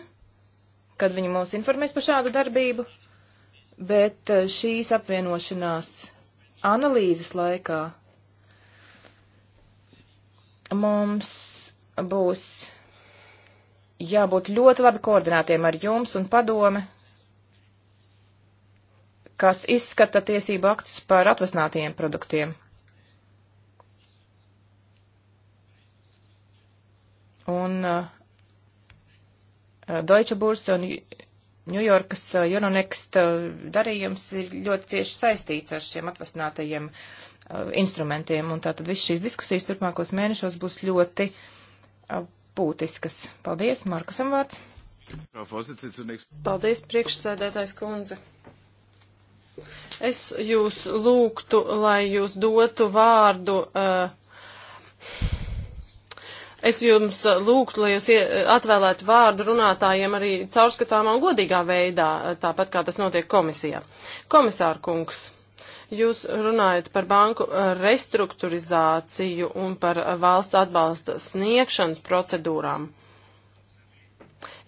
kad viņi mūs informēs par šādu darbību, bet eh, šīs apvienošanās analīzes laikā mums būs jābūt ļoti labi koordinētiem ar jums un padome, kas izskata tiesību aktus par atvasinātajiem produktiem. un uh, Deutsche Börse un Ņujorkas uh, Euronext uh, darījums ir ļoti cieši saistīts ar šiem atvasinātajiem uh, instrumentiem, un tātad viss šīs diskusijas turpmākos mēnešos būs ļoti uh, būtiskas. Paldies, Markusam vārds. Paldies, priekšsēdētājs kundze. Es jūs lūgtu, lai jūs dotu vārdu. Uh, Es jums uh, lūgtu, lai jūs uh, atvēlētu vārdu runātājiem arī caurskatāmā un godīgā veidā, uh, tāpat kā tas notiek komisijā. Komisāra kungs, jūs runājat par banku restruktūrizāciju un par valsts atbalsta sniegšanas procedūrām.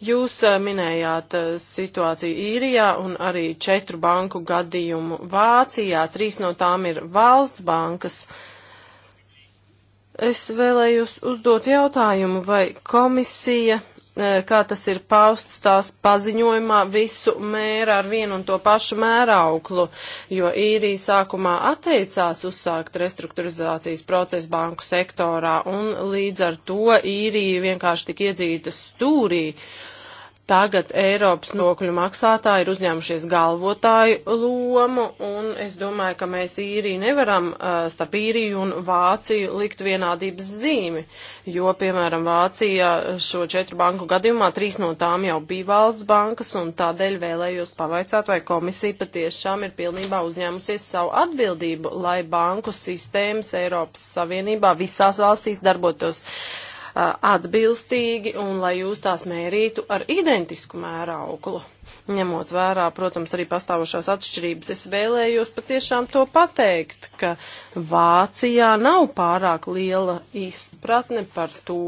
Jūs minējāt situāciju īrijā un arī četru banku gadījumu Vācijā. Trīs no tām ir valsts bankas. Uh, Es vēlējos uzdot jautājumu, vai komisija, e, kā tas ir pausts tās paziņojumā, visu mēra ar vienu un to pašu mērauklu, jo īrija sākumā atteicās uzsākt restruktūrizācijas procesu banku sektorā, un līdz ar to īrija vienkārši tik iedzīta stūrī. Uh, Tagad Eiropas nokļu maksātāji ir uzņēmušies galvotāju lomu, un es domāju, ka mēs īriju nevaram uh, starp īriju un Vāciju likt vienādības zīmi, jo, piemēram, Vācija šo četru banku gadījumā trīs no tām jau bija valsts bankas, un tādēļ vēlējos pavaicāt, vai komisija patiešām ir pilnībā uzņēmusies savu atbildību, lai banku sistēmas Eiropas Savienībā visās valstīs darbotos. Uh, atbilstīgi un lai jūs tās mērītu ar identisku mērauklu. Ņemot vērā, protams, arī pastāvošās atšķirības, es vēlējos patiešām to pateikt, ka Vācijā nav pārāk liela izpratne par to,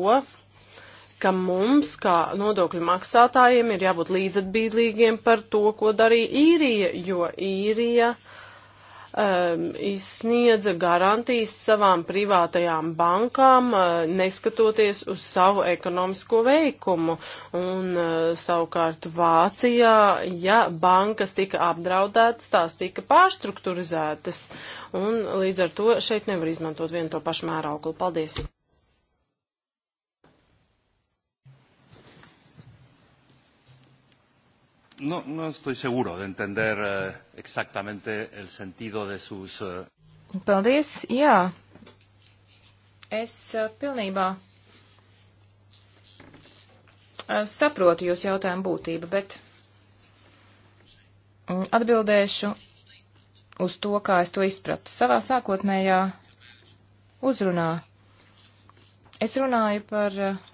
ka mums, kā nodokļu maksātājiem, ir jābūt līdzatbīdīgiem par to, ko darīja īrija, jo īrija uh, um, izsniedza garantijas savām privātajām bankām, uh, neskatoties uz savu ekonomisko veikumu. Un uh, savukārt Vācijā, ja bankas tika apdraudētas, tās tika pārstrukturizētas. Un līdz ar to šeit nevar izmantot vienu to pašu mērauklu. Paldies! No, no estoy seguro de entender uh, exactamente el sentido de sus. Uh... Paldies, jā. Es uh, pilnībā uh, saprotu jūs jautājumu būtību, bet mm, atbildēšu uz to, kā es to izpratu. Savā sākotnējā uzrunā es runāju par. Uh,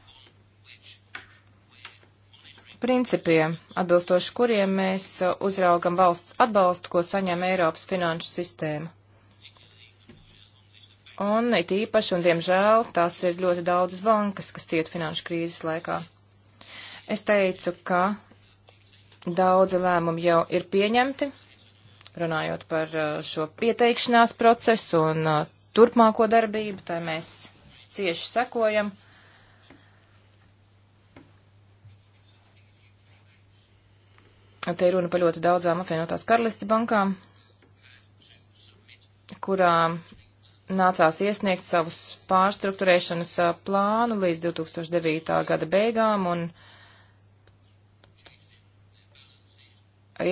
principiem, atbilstoši kuriem mēs uzraugam valsts atbalstu, ko saņem Eiropas finanšu sistēma. Un it īpaši, un diemžēl, tās ir ļoti daudzas bankas, kas ciet finanšu krīzes laikā. Es teicu, ka daudzi lēmumi jau ir pieņemti, runājot par uh, šo pieteikšanās procesu un uh, turpmāko darbību, tai mēs cieši sekojam. Uh, Te ir runa par ļoti daudzām apvienotās karalisti bankām, kurām nācās iesniegt savus pārstruktūrēšanas plānu līdz 2009. gada beigām, un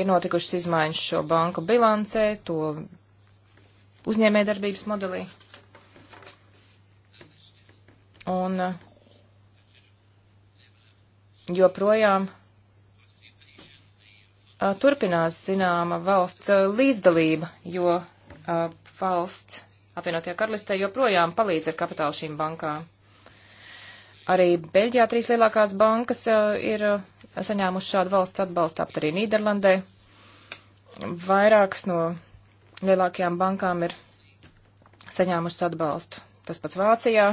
ir notikušas izmaiņas šo banku bilancē, to uzņēmē darbības modelī. Un joprojām turpinās zināma valsts līdzdalība, jo valsts apvienotie karalistē joprojām palīdz ar kapitālu šīm bankām. Arī Beļģijā trīs lielākās bankas ir saņēmušas šādu valsts atbalstu, tāpat arī Nīderlandē. Vairākas no lielākajām bankām ir saņēmušas atbalstu. Tas pats Vācijā,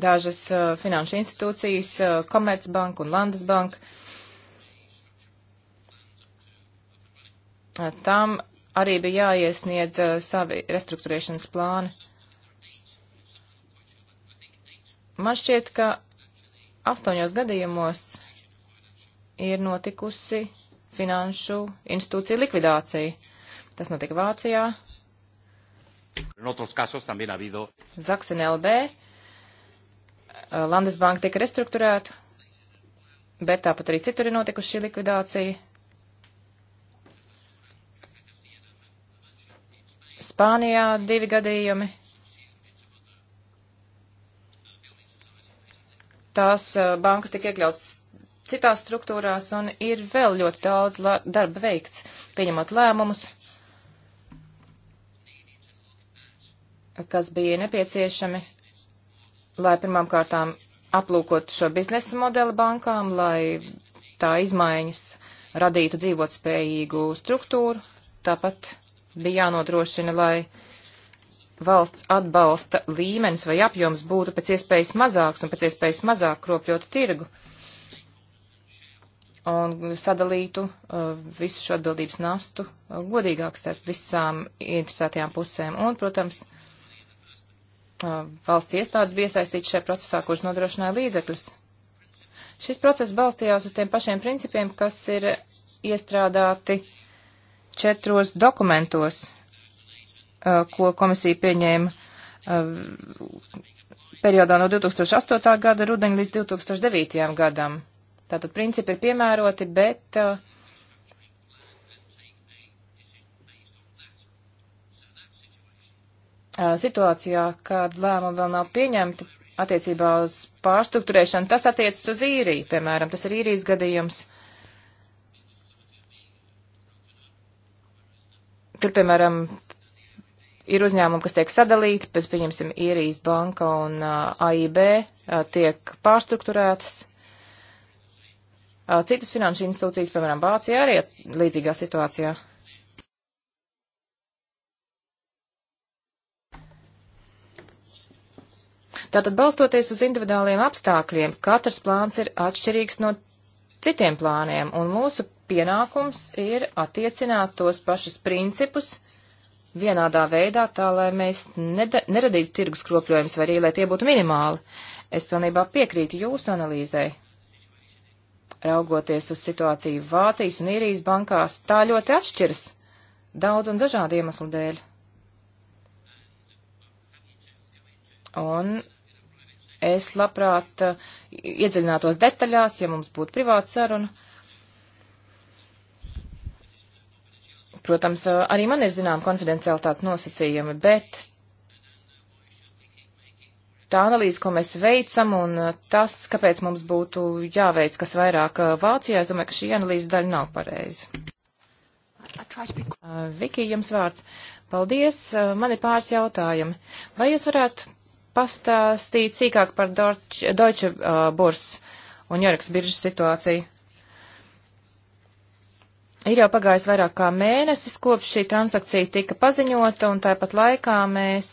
dažas uh, finanšu institūcijas, uh, Komercbanka un Landesbanka. Uh, tam arī bija jāiesniedz uh, savi restruktūrēšanas plāni. Man šķiet, ka astoņos gadījumos ir notikusi finanšu institūcija likvidācija. Tas notika Vācijā. Zaksen LB Eh, Landesbanka tika restruktūrēta, bet tāpat arī citur ir notikusi šī likvidācija. Spānijā divi gadījumi. Tās eh, bankas tika iekļautas citās struktūrās un ir vēl ļoti daudz darba veikts, pieņemot lēmumus, kas bija nepieciešami lai pirmām kārtām aplūkot šo biznesa modeli bankām, lai tā izmaiņas radītu dzīvotspējīgu struktūru. Tāpat bija jānodrošina, lai valsts atbalsta līmenis vai apjoms būtu pēc iespējas mazāks un pēc iespējas mazāk kropļotu tirgu un sadalītu uh, visu šo atbildības nastu uh, godīgāk starp visām interesētajām pusēm. Un, protams, uh, valsts iestādes bija iesaistīts šajā procesā, kurš nodrošināja līdzekļus. Šis process balstījās uz tiem pašiem principiem, kas ir iestrādāti četros dokumentos, ko komisija pieņēma periodā no 2008. gada rudeņa līdz 2009. gadam. Tātad principi ir piemēroti, bet uh, situācijā, kad lēmumi vēl nav pieņemti attiecībā uz pārstruktūrēšanu, tas attiecas uz īriju, piemēram, tas ir īrijas gadījums. Tur, piemēram, ir uzņēmumi, kas tiek sadalīti, pēc, pieņemsim, īrijas banka un uh, AIB uh, tiek pārstruktūrētas. Uh, citas finanšu institūcijas, piemēram, Vācija arī ir līdzīgā situācijā. Uh, Tātad balstoties uz individuāliem apstākļiem, katrs plāns ir atšķirīgs no citiem plāniem, un mūsu pienākums ir attiecināt tos pašus principus vienādā veidā, tā lai mēs neradītu tirgus kropļojumus vai arī, lai tie būtu minimāli. Es pilnībā piekrītu jūsu analīzei. Raugoties uz situāciju Vācijas un Irijas bankās, tā ļoti atšķiras daudz un dažādu iemeslu dēļ. Un Es labprāt eh, iedziļinātos detaļās, ja mums būtu privāta saruna. Protams, eh, arī man ir zinām konfidencialitātes nosacījumi, bet tā analīze, ko mēs veicam, un eh, tas, kāpēc mums būtu jāveic kas vairāk Vācijā, es domāju, ka šī analīzes daļa nav pareiza. Be... Viki, jums vārds. Paldies, man ir pāris jautājumi. Vai jūs varētu pastāstīt sīkāk par Deutsche, Deutsche uh, Burs un Jorgs biržas situāciju. Ir jau pagājis vairāk kā mēnesis, kopš šī transakcija tika paziņota, un tāpat laikā mēs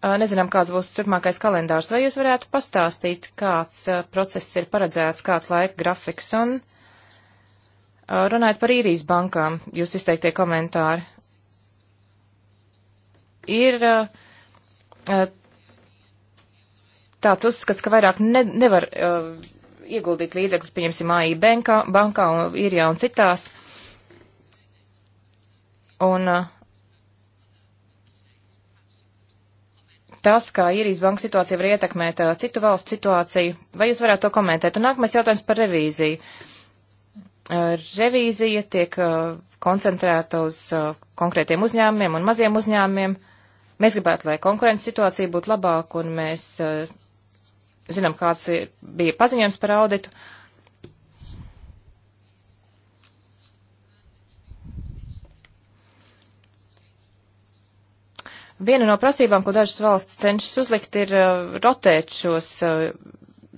uh, nezinām, kāds būs turpmākais kalendārs. Vai jūs varētu pastāstīt, kāds uh, process ir paredzēts, kāds laika grafiks, un uh, runājot par īrijas bankām, jūs izteiktie komentāri ir uh, uh, tāds uzskats, ka vairāk ne, nevar uh, ieguldīt līdzekļus, pieņemsim, AI bankā, bankā un īrijā un citās. Un uh, tas, kā īrijas banka situācija var ietekmēt uh, citu valstu situāciju, vai jūs varētu to komentēt? Un nākamais jautājums par revīziju. Uh, revīzija tiek uh, koncentrēta uz uh, konkrētiem uzņēmumiem un maziem uzņēmumiem. Uh, Mēs gribētu, lai konkurences situācija būtu labāka, un mēs uh, zinām, kāds bija paziņojums par auditu. Viena no prasībām, ko dažas valsts cenšas uzlikt, ir uh, rotēt šos, uh,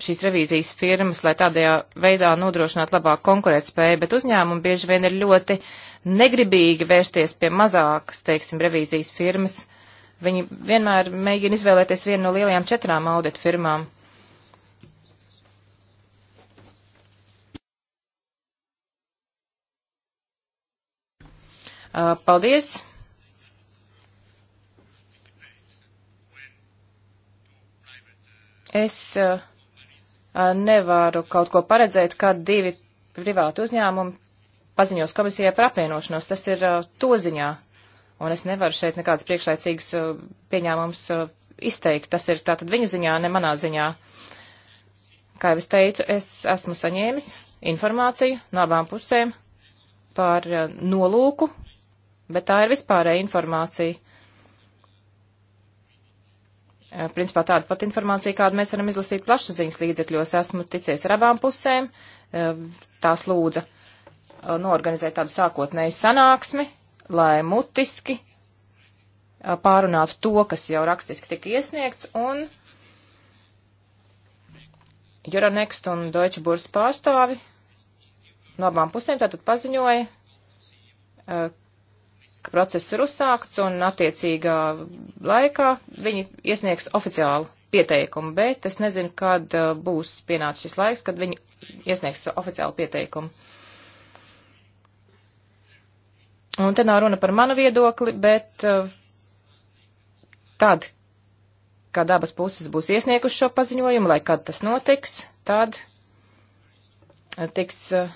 šīs revīzijas firmas, lai tādajā veidā nodrošinātu labāku konkurētspēju, bet uzņēmumi bieži vien ir ļoti negribīgi vērsties pie mazākas, teiksim, revīzijas firmas. Uh, Viņi vienmēr mēģina izvēlēties vienu no lielajām četrām audit firmām. Paldies! Es nevaru kaut ko paredzēt, kad divi privāti uzņēmumi paziņos komisijai par apvienošanos. Tas ir to ziņā, un es nevaru šeit nekādas priekšlaicīgas uh, pieņēmumus uh, izteikt. Tas ir tātad viņu ziņā, ne manā ziņā. Kā jau es teicu, es esmu saņēmis informāciju no abām pusēm par uh, nolūku, bet tā ir vispārēja informācija. Principā tāda pat informācija, kādu mēs varam izlasīt plašsaziņas līdzekļos, esmu ticies ar abām pusēm, tās lūdza noorganizēt tādu sākotnēju sanāksmi, lai mutiski pārunātu to, kas jau rakstiski tika iesniegts, un Euronext un Deutsche Burs pārstāvi no abām pusēm tātad paziņoja, ka process ir uzsākts un attiecīgā laikā viņi iesniegs oficiālu pieteikumu, bet es nezinu, kad būs pienācis šis laiks, kad viņi iesniegs oficiālu pieteikumu. Un te nav runa par manu viedokli, bet uh, tad, kad abas puses būs iesnieguši šo paziņojumu, lai kad tas notiks, tad eh, tiks uh,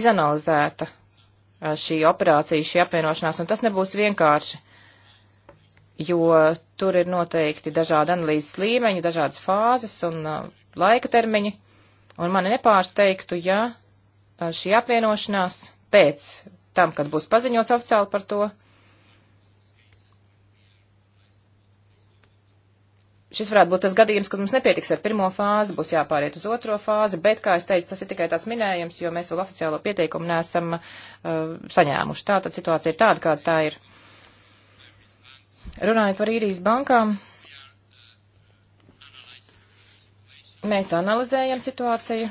izanalizēta uh, šī operācija, šī apvienošanās, un tas nebūs vienkārši, jo tur ir noteikti dažādi analīzes līmeņi, dažādas fāzes un laika termiņi, un mani nepārsteigtu, ja šī apvienošanās pēc tam, kad būs paziņots oficiāli par to. Šis varētu būt tas gadījums, kad mums nepietiks ar pirmo fāzi, būs jāpāriet uz otro fāzi, bet, kā es teicu, tas ir tikai tāds minējums, jo mēs vēl oficiālo pieteikumu neesam uh, saņēmuši. Tā tad situācija ir tāda, kāda tā ir. Runājot par īrijas bankām, mēs analizējam situāciju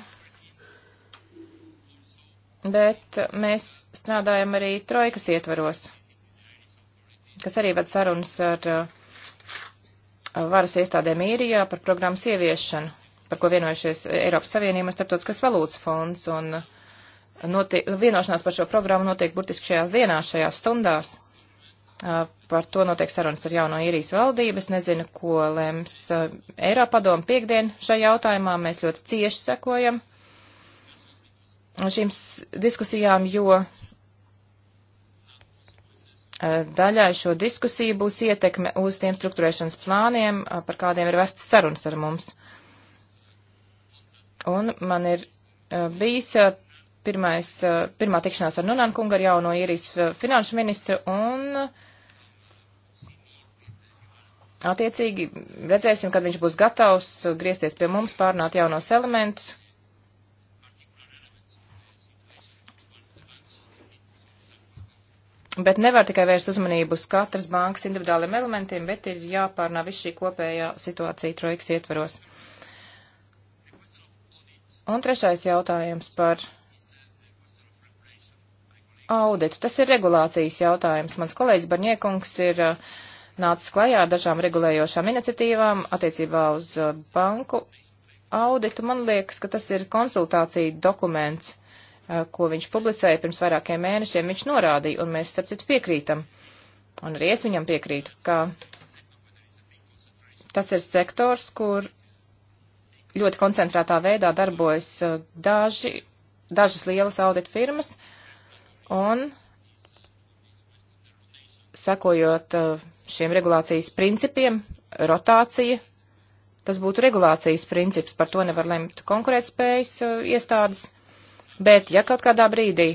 bet mēs strādājam arī trojkas ietvaros, kas arī ved sarunas ar uh, varas iestādēm īrijā par programmas ieviešanu, par ko vienojušies Eiropas Savienība un Starptautiskais valūtas fonds. Un uh, notiek, vienošanās par šo programmu notiek burtiski šajās dienās, šajās stundās. Uh, par to notiek sarunas ar jauno īrijas valdību. Es nezinu, ko lems Eiropadoma piekdien šajā jautājumā. Mēs ļoti cieši sekojam uh, šīm diskusijām, jo e, daļai šo diskusiju būs ietekme uz tiem struktūrēšanas plāniem, par kādiem ir vestas sarunas ar mums. Un man ir e, bijis e, pirmais, pirmā tikšanās ar Nunan kungu, ar jauno īrijas finanšu ministru, un attiecīgi redzēsim, kad viņš būs gatavs griezties pie mums, pārnāt jaunos elementus, Bet nevar tikai vērst uzmanību uz katras bankas individuāliem elementiem, bet ir jāpārnā viss šī kopējā situācija trojkas ietveros. Un trešais jautājums par auditu. Tas ir regulācijas jautājums. Mans kolēģis Barņiekungs ir uh, nācis klajā ar dažām regulējošām iniciatīvām attiecībā uz uh, banku auditu. Man liekas, ka tas ir konsultācija dokuments Eh, ko viņš publicēja pirms vairākiem mēnešiem, viņš norādīja, un mēs, starp citu, piekrītam, un arī es viņam piekrītu, ka tas ir sektors, kur ļoti koncentrētā veidā darbojas eh, daži, dažas lielas audit firmas, un sekojot eh, šiem regulācijas principiem, rotācija, tas būtu regulācijas princips, par to nevar lemt konkurētspējas iestādes. Bet ja kaut kādā brīdī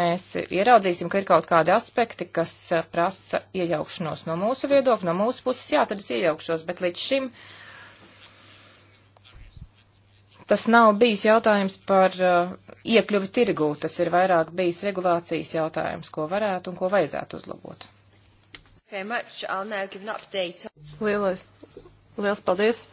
mēs ieraudzīsim, ka ir kaut kādi aspekti, kas eh, prasa iejaukšanos no mūsu viedokļa, no mūsu puses, jā, tad es iejaukšos, bet līdz šim tas nav bijis jautājums par uh, iekļuvi tirgū, tas ir vairāk bijis regulācijas jautājums, ko varētu un ko vajadzētu uzlabot. Lielais, liels paldies!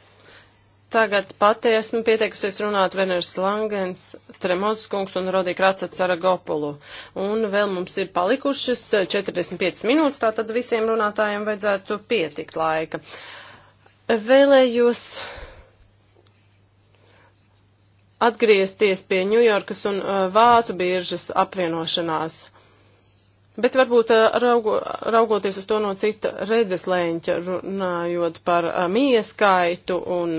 Tagad pati esmu pieteikusies runāt Veners Langens, Tremozskungs un Rodī Kracats Aragopulu. Un vēl mums ir palikušas 45 minūtes, tātad visiem runātājiem vajadzētu pietikt laika. Vēlējos atgriezties pie Ņujorkas un uh, Vācu biržas apvienošanās. Bet varbūt raugo, raugoties uz to no cita redzes lēņķa, runājot par mieskaitu un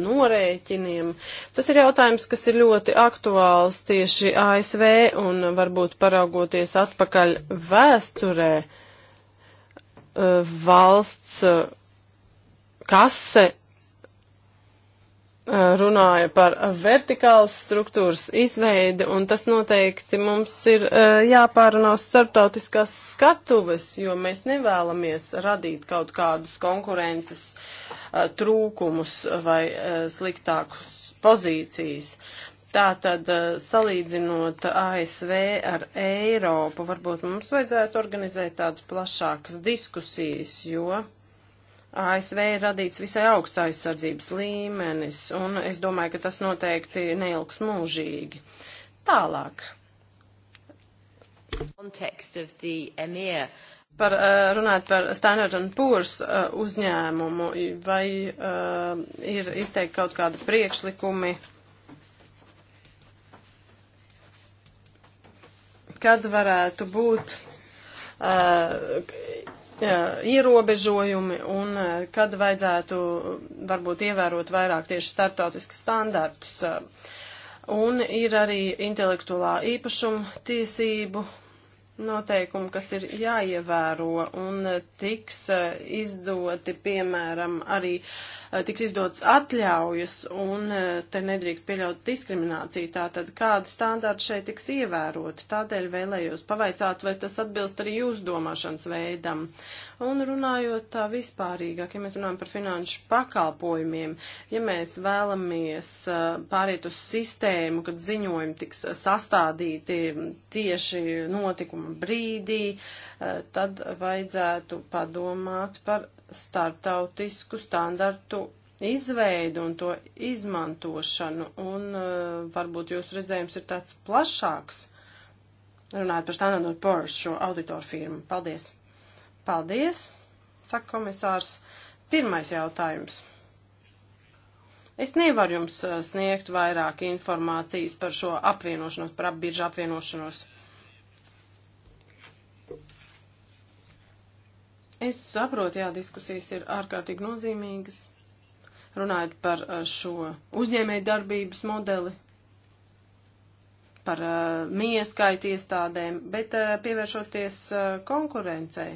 norēķiniem, tas ir jautājums, kas ir ļoti aktuāls tieši ASV un varbūt paraugoties atpakaļ vēsturē valsts kase Eh, runāja par vertikālas struktūras izveidi, un tas noteikti mums ir eh, jāpārunā uz starptautiskās skatuves, jo mēs nevēlamies radīt kaut kādus konkurences eh, trūkumus vai sliktākus pozīcijas. Tātad, salīdzinot ASV ar Eiropu, varbūt mums vajadzētu organizēt tādas plašākas diskusijas, jo ASV ir radīts visai augsts aizsardzības līmenis, un es domāju, ka tas noteikti neilgs mūžīgi. Tālāk. E e par, uh, runāt par Standard Poor's uh, uzņēmumu, vai uh, ir izteikti kaut kādi priekšlikumi, kad varētu būt ierobežojumi un e, kad vajadzētu varbūt ievērot vairāk tieši starptautiskus standartus. E, un ir arī intelektuālā īpašuma tiesību noteikumi, kas ir jāievēro un e, tiks izdoti, piemēram, arī uh, Eh, tiks izdots atļaujas un eh, te nedrīkst pieļaut diskrimināciju. Tātad kādi standarti šeit tiks ievēroti? Tādēļ vēlējos pavaicāt, vai tas atbilst arī jūsu domāšanas veidam. Un runājot tā vispārīgāk, ja mēs runājam par finanšu pakalpojumiem, ja mēs vēlamies eh, pāriet uz sistēmu, kad ziņojumi tiks sastādīti tieši notikuma brīdī, uh, Eh, tad vajadzētu padomāt par starptautisku standartu izveidu un to izmantošanu, un eh, varbūt jūsu redzējums ir tāds plašāks, runājot par Standard Poor's šo auditoru firmu. Paldies! Paldies, saka komisārs. Pirmais jautājums. Es nevaru jums eh, sniegt vairāk informācijas par šo apvienošanos, par apbiržu apvienošanos. Es saprotu, jā, diskusijas ir ārkārtīgi nozīmīgas. Runājot par uh, šo uzņēmēju darbības modeli, par uh, mieskaitu iestādēm, bet uh, pievēršoties uh, konkurencei.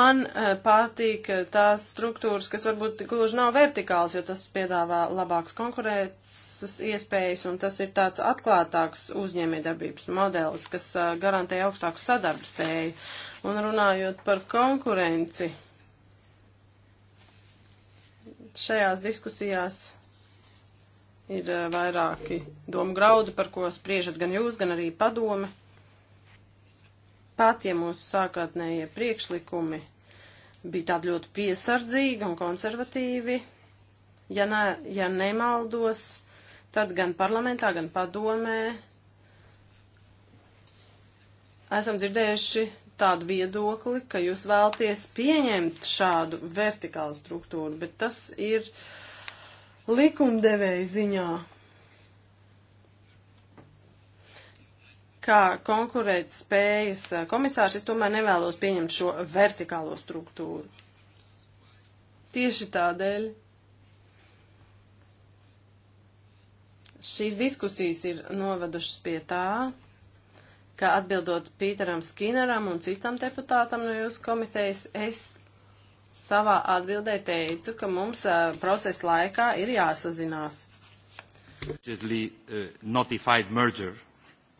Man uh, patīk uh, tās struktūras, kas varbūt gluži nav vertikāls, jo tas piedāvā labāks konkurēts izmaksas iespējas, un tas ir tāds atklātāks uzņēmējdarbības modelis, kas garantē augstāku sadarbu spēju. Un runājot par konkurenci, šajās diskusijās ir vairāki domu graudi, par ko spriežat gan jūs, gan arī padome. Pat, ja mūsu sākotnējie priekšlikumi bija tādi ļoti piesardzīgi un konservatīvi, ja, ne, ja nemaldos, tad gan parlamentā, gan padomē esam dzirdējuši tādu viedokli, ka jūs vēlties pieņemt šādu vertikālu struktūru, bet tas ir likumdevēja ziņā. Kā konkurēt spējas komisārs, es tomēr nevēlos pieņemt šo vertikālo struktūru. Tieši tādēļ Šīs diskusijas ir novedušas pie tā, ka atbildot Pīteram Skinneram un citam deputātam no jūsu komitejas, es savā atbildē teicu, ka mums uh, procesa laikā ir jāsazinās. Allegedly uh, notified merger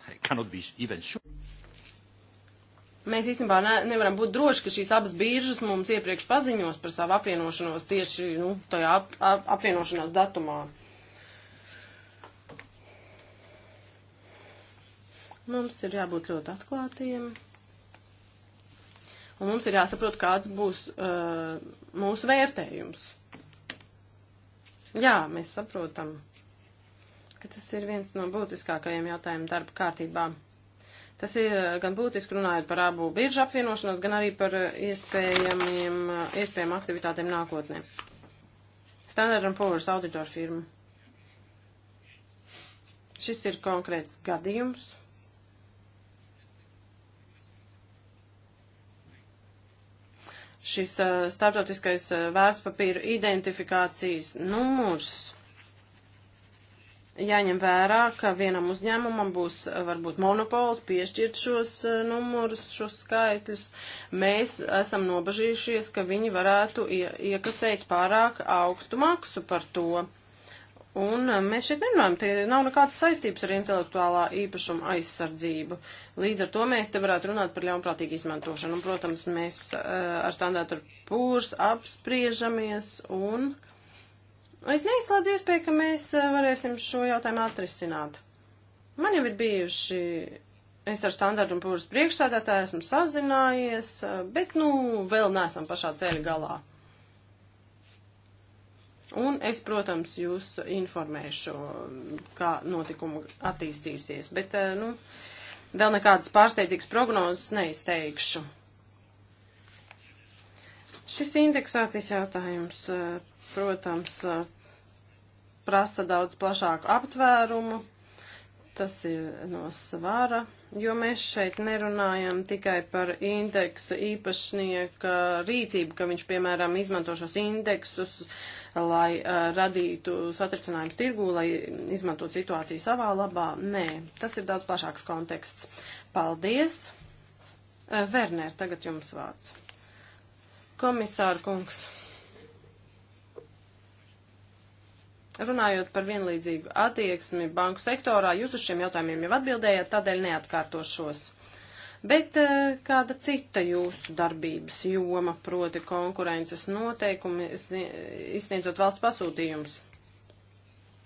I cannot be even sure mēs īstenībā ne, nevaram būt droši, ka šīs abas biržas mums iepriekš paziņos par savu apvienošanos tieši nu, tajā ap, ap, apvienošanās datumā. Mums ir jābūt ļoti atklātiem. Un mums ir jāsaprot, kāds būs uh, mūsu vērtējums. Jā, mēs saprotam, ka tas ir viens no būtiskākajiem jautājumiem darba kārtībā. Tas ir uh, gan būtiski runājot par abu biržu apvienošanos, gan arī par uh, iespējamiem, uh, iespējām aktivitātēm nākotnē. Standard Poor's auditoru firma. Šis ir konkrēts gadījums. šis uh, starptautiskais uh, vērtspapīru identifikācijas numurs. Jāņem vērā, ka vienam uzņēmumam būs uh, varbūt monopols piešķirt šos uh, numurus, šos skaitļus. Mēs esam nobažījušies, ka viņi varētu ie iekasēt pārāk augstu maksu par to. Uh, Un eh, mēs šeit nerunājam, te nav nekādas saistības ar intelektuālā īpašuma aizsardzību. Līdz ar to mēs te varētu runāt par ļaunprātīgu izmantošanu. Un, protams, mēs eh, ar standārtu pūrs apspriežamies un es neizslēdzu iespēju, ka mēs eh, varēsim šo jautājumu atrisināt. Man jau ir bijuši, es ar standārtu pūrs priekšsādātāju esmu sazinājies, bet, nu, vēl neesam pašā ceļa galā. Un es, protams, jūs informēšu, kā notikumi attīstīsies, bet, eh, nu, vēl nekādas pārsteidzīgas prognozes neizteikšu. Šis indeksācijas jautājums, eh, protams, eh, prasa daudz plašāku aptvērumu tas ir no svara, jo mēs šeit nerunājam tikai par indeksa īpašnieka rīcību, ka viņš, piemēram, izmanto šos indeksus, lai uh, radītu satricinājumu tirgū, lai izmantotu situāciju savā labā. Nē, tas ir daudz plašāks konteksts. Paldies! Werner, tagad jums vārds. Komisāra kungs. Runājot par vienlīdzīgu attieksmi banku sektorā, jūs uz šiem jautājumiem jau atbildējāt, tādēļ neatkārtošos. Bet eh, kāda cita jūsu darbības joma, proti konkurences noteikumi, izsniedzot valsts pasūtījumus?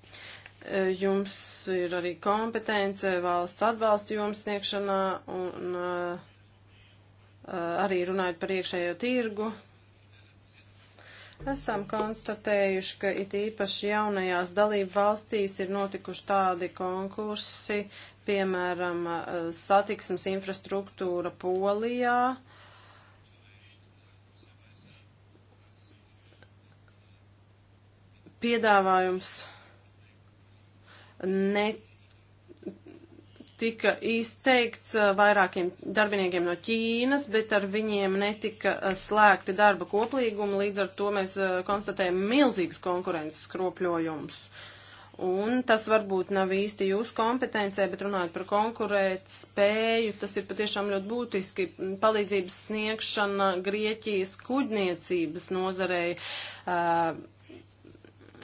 Eh, jums ir arī kompetence valsts atbalsta jums sniegšanā un eh, arī runājot par iekšējo tirgu. Esam konstatējuši, ka it īpaši jaunajās dalību valstīs ir notikuši tādi konkursi, piemēram, eh, satiksmes infrastruktūra Polijā. Piedāvājums net tika izteikts eh, vairākiem darbiniekiem no Ķīnas, bet ar viņiem netika eh, slēgti darba koplīgumi, līdz ar to mēs eh, konstatējam milzīgus konkurences skropļojumus. Un tas varbūt nav īsti jūsu kompetencē, bet runājot par konkurēt spēju, tas ir patiešām ļoti būtiski. Palīdzības sniegšana Grieķijas kuģniecības nozarei. Uh,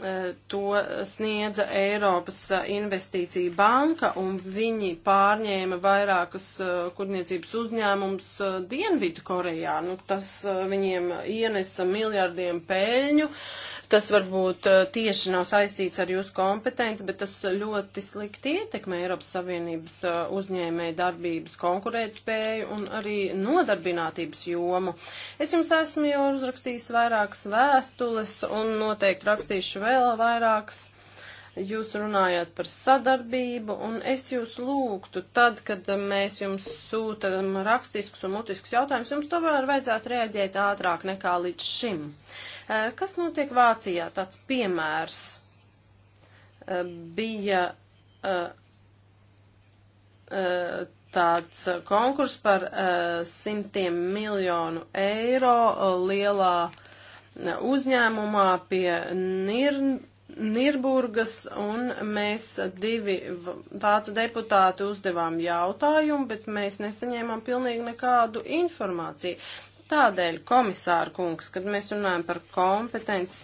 E, to sniedza Eiropas e, investīcija banka, un viņi pārņēma vairākus e, kurniecības uzņēmumus Dienvidu Korejā. Nu, tas viņiem ienesa miljardiem peļņu. Uh, Tas varbūt eh, tieši nav saistīts ar jūsu kompetenci, bet tas ļoti slikti ietekmē Eiropas Savienības eh, uzņēmēju darbības konkurētspēju un arī nodarbinātības jomu. Es jums esmu jau uzrakstījis vairākas vēstules un noteikti rakstīšu vēl vairākas jūs runājāt par sadarbību, un es jūs lūgtu, tad, kad mēs jums sūtam rakstisks un mutisks jautājums, jums tomēr vajadzētu reaģēt ātrāk nekā līdz šim. Uh, Eh, kas notiek Vācijā? Tāds piemērs eh, bija eh, tāds konkurss par simtiem miljonu eiro lielā uzņēmumā pie Nirn. Nirburgas, un mēs divi vācu deputāti uzdevām jautājumu, bet mēs nesaņēmām pilnīgi nekādu informāciju. Tādēļ, komisāra kungs, kad mēs runājam par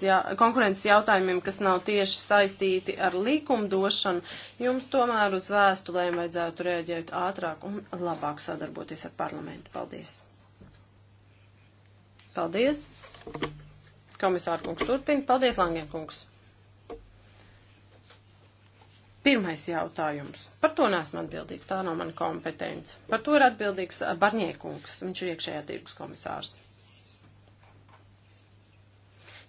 jā, konkurences jautājumiem, kas nav tieši saistīti ar likumdošanu, jums tomēr uz vēstulēm vajadzētu rēģēt ātrāk un labāk sadarboties ar parlamentu. Paldies! Paldies! Komisāra kungs turpina. Paldies, Langien kungs! Pirmais jautājums. Par to nesmu atbildīgs, tā nav mana kompetence. Par to ir atbildīgs Barņiekungs, viņš ir iekšējā tirgus komisārs.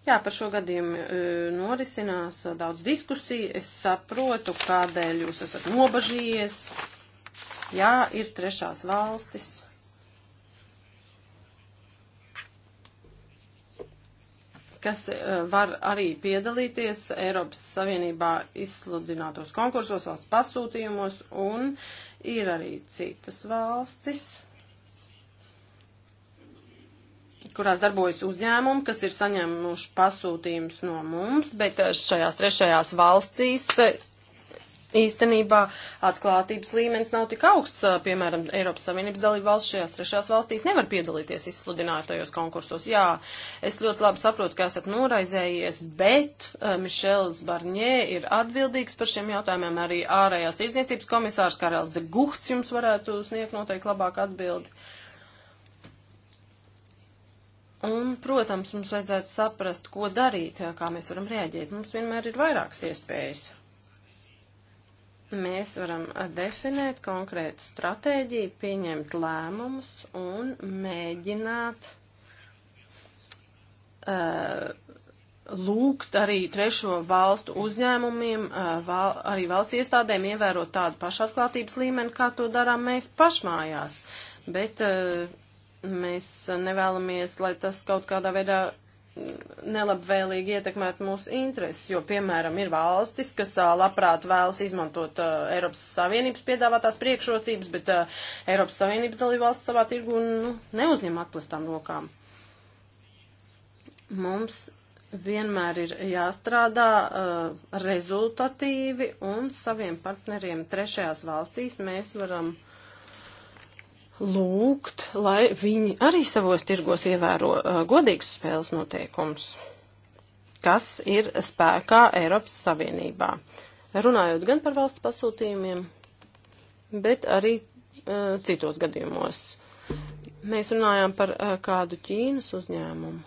Jā, par šo gadījumu e, norisinās daudz diskusiju. Es saprotu, kādēļ jūs esat nobažījies. Jā, ir trešās valstis, kas e, var arī piedalīties Eiropas Savienībā izsludinātos konkursos, valsts pasūtījumos, un ir arī citas valstis, kurās darbojas uzņēmumi, kas ir saņēmuši pasūtījumus no mums, bet e, šajās trešajās valstīs e, Īstenībā atklātības līmenis nav tik augsts, piemēram, Eiropas Savienības dalību valsts šajās trešās valstīs nevar piedalīties izsludinātajos konkursos. Jā, es ļoti labi saprotu, ka esat noraizējies, bet uh, Mišels Barņē ir atbildīgs par šiem jautājumiem. Arī ārējās tirdzniecības komisārs Karels de Guhts jums varētu sniegt noteikti labāku atbildi. Un, protams, mums vajadzētu saprast, ko darīt, kā mēs varam rēģēt. Mums vienmēr ir vairākas iespējas mēs varam definēt konkrētu stratēģiju, pieņemt lēmumus un mēģināt uh, lūgt arī trešo valstu uzņēmumiem, uh, val, arī valsts iestādēm ievērot tādu pašatklātības līmeni, kā to darām mēs pašmājās. Bet uh, mēs nevēlamies, lai tas kaut kādā veidā nelabvēlīgi ietekmētu mūsu intereses, jo, piemēram, ir valstis, kas labprāt vēlas izmantot uh, Eiropas Savienības piedāvātās priekšrocības, bet uh, Eiropas Savienības dalībvalsts savā tirgu nu, neuzņem atplestām rokām. Mums vienmēr ir jāstrādā uh, rezultatīvi un saviem partneriem trešajās valstīs mēs varam uh, lūgt, lai viņi arī savos tirgos ievēro uh, godīgas spēles noteikums, kas ir spēkā Eiropas Savienībā. Runājot gan par valsts pasūtījumiem, bet arī uh, citos gadījumos. Mēs runājām par uh, kādu Ķīnas uzņēmumu,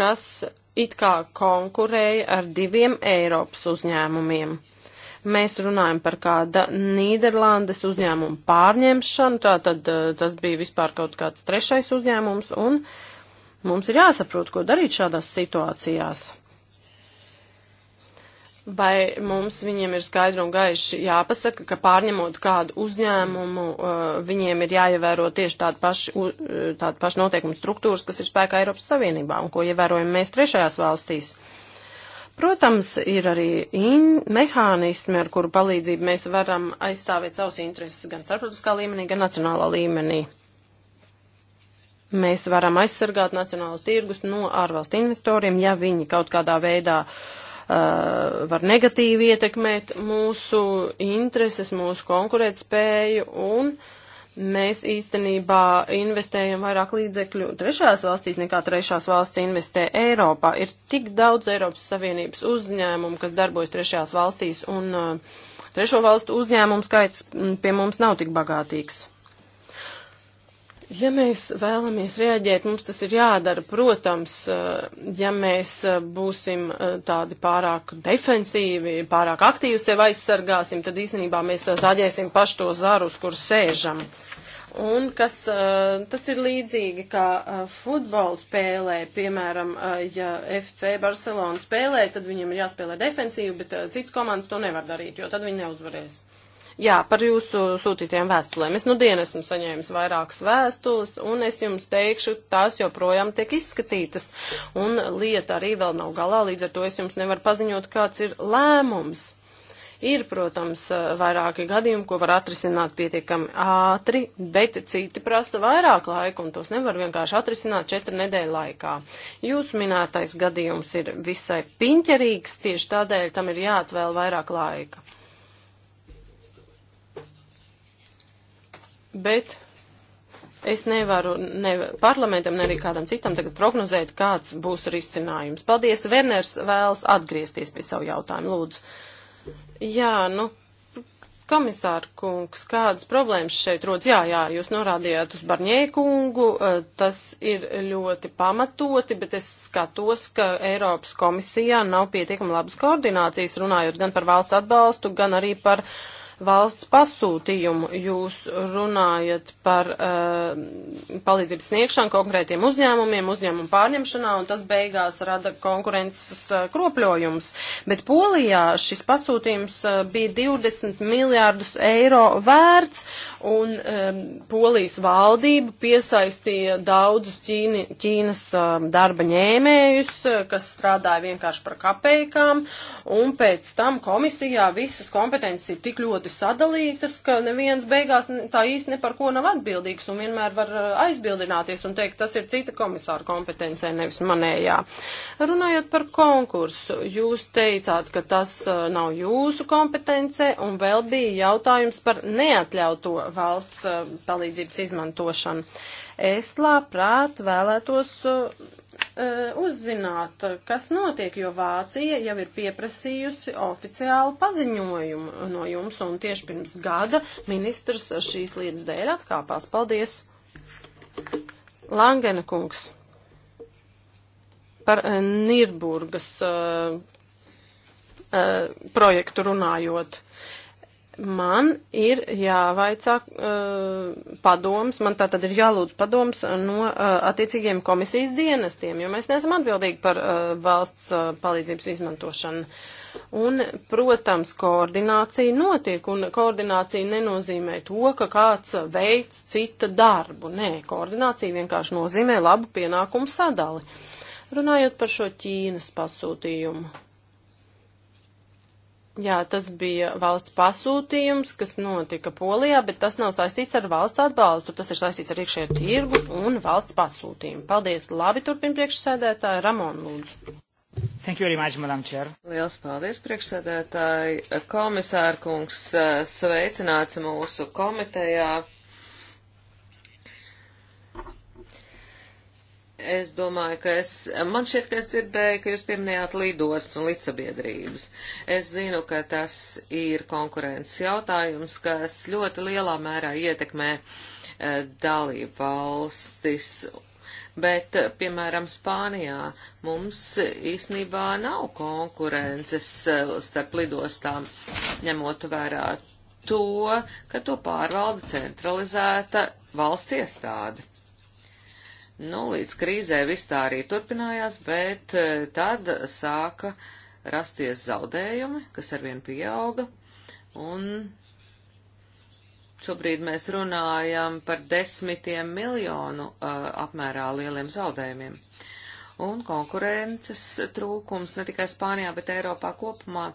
kas it kā konkurēja ar diviem Eiropas uzņēmumiem. Mēs runājam par kāda Nīderlandes uzņēmuma pārņemšanu, tā tad eh, tas bija vispār kaut kāds trešais uzņēmums, un mums ir jāsaprot, ko darīt šādās situācijās. Vai mums viņiem ir skaidri un gaiši jāpasaka, ka pārņemot kādu uzņēmumu, eh, viņiem ir jāievēro tieši tāda paša, eh, tāda paša noteikuma struktūras, kas ir spēkā Eiropas Savienībā un ko ievērojam mēs trešajās valstīs? Uh, Protams, ir arī in, mehānismi, ar kuru palīdzību mēs varam aizstāvēt savus intereses gan starptautiskā līmenī, gan nacionālā līmenī. Mēs varam aizsargāt nacionālus tirgus no ārvalstu investoriem, ja viņi kaut kādā veidā uh, var negatīvi ietekmēt mūsu intereses, mūsu konkurētspēju un uh, mēs īstenībā investējam vairāk līdzekļu trešās valstīs nekā trešās valsts investē Eiropā. Ir tik daudz Eiropas Savienības uzņēmumu, kas darbojas trešās valstīs, un uh, trešo valstu uzņēmumu skaits mm, pie mums nav tik bagātīgs. Ja mēs vēlamies reaģēt, mums tas ir jādara. Protams, eh, ja mēs eh, būsim eh, tādi pārāk defensīvi, pārāk aktīvi sevi aizsargāsim, tad īstenībā mēs zaļēsim paši to zarus, kur sēžam. Un kas, tas ir līdzīgi kā futbola spēlē, piemēram, ja FC Barcelona spēlē, tad viņiem ir jāspēlē defensīvi, bet cits komandas to nevar darīt, jo tad viņi neuzvarēs. Jā, par jūsu sūtītiem vēstulēm. Es nu dienu esmu saņēmis vairākas vēstules, un es jums teikšu, tās joprojām tiek izskatītas, un lieta arī vēl nav galā, līdz ar to es jums nevaru paziņot, kāds ir lēmums. Ir, protams, vairāki gadījumi, ko var atrisināt pietiekami ātri, bet citi prasa vairāk laika, un tos nevar vienkārši atrisināt četru nedēļu laikā. Jūsu minētais gadījums ir visai piņķerīgs, tieši tādēļ tam ir jāatvēl vairāk laika. bet es nevaru ne parlamentam, ne arī kādam citam tagad prognozēt, kāds būs risinājums. Paldies, Verners vēlas atgriezties pie savu jautājumu, lūdzu. Jā, nu, komisāra kungs, kādas problēmas šeit rodas? Jā, jā, jūs norādījāt uz Barņē kungu, eh, tas ir ļoti pamatoti, bet es skatos, ka Eiropas komisijā nav pietiekami labas koordinācijas, runājot gan par valsts atbalstu, gan arī par uh, valsts pasūtījumu. Jūs runājat par uh, palīdzības sniegšanu konkrētiem uzņēmumiem, uzņēmumu pārņemšanā, un tas beigās rada konkurences uh, kropļojums. Bet Polijā šis pasūtījums uh, bija 20 miljārdus eiro vērts, un um, Polijas valdība piesaistīja daudzus Ķīni, Ķīnas um, darba ņēmējus, kas strādāja vienkārši par kapeikām, un pēc tam komisijā visas kompetences ir tik ļoti labi sadalītas, ka neviens beigās tā īsti ne par ko nav atbildīgs un vienmēr var uh, aizbildināties un teikt, tas ir cita komisāra kompetencē, nevis manējā. Runājot par konkursu, jūs teicāt, ka tas uh, nav jūsu kompetencē un vēl bija jautājums par neatļauto valsts uh, palīdzības izmantošanu. Es labprāt vēlētos E, uzzināt, kas notiek, jo Vācija jau ir pieprasījusi oficiālu paziņojumu no jums, un tieši pirms gada ministrs šīs lietas dēļ atkāpās. Paldies! Langena kungs par e, Nirburgas uh, uh, projektu runājot man ir jāvaicā uh, padoms, man tā tad ir jālūdz padoms no uh, attiecīgiem komisijas dienestiem, jo mēs neesam atbildīgi par uh, valsts uh, palīdzības izmantošanu. Un, protams, koordinācija notiek, un koordinācija nenozīmē to, ka kāds veids cita darbu. Nē, koordinācija vienkārši nozīmē labu pienākumu sadali. Runājot par šo Ķīnas pasūtījumu Jā, tas bija valsts pasūtījums, kas notika Polijā, bet tas nav saistīts ar valsts atbalstu. Tas ir saistīts ar iekšējo tirgu un valsts pasūtījumu. Paldies. Labi, turpin priekšsēdētāji. Ramon, lūdzu. Thank you very much, Madam Chair. Liels paldies, priekšsēdētāji. Komisārkungs, eh, sveicināts mūsu komitejā. Es domāju, ka es, man šķiet, ka es dzirdēju, ka jūs pieminējāt lidostas un līdzsabiedrības. Es zinu, ka tas ir konkurences jautājums, kas ļoti lielā mērā ietekmē e, dalību valstis. Bet, eh, piemēram, Spānijā mums īsnībā nav konkurences eh, starp lidostām, ņemot vērā to, ka to pārvalda centralizēta valsts iestāde. Nu, līdz krīzē viss tā arī turpinājās, bet eh, tad sāka rasties zaudējumi, kas arvien pieauga, un šobrīd mēs runājam par desmitiem miljonu uh, apmērā lieliem zaudējumiem. Un konkurences trūkums ne tikai Spānijā, bet Eiropā kopumā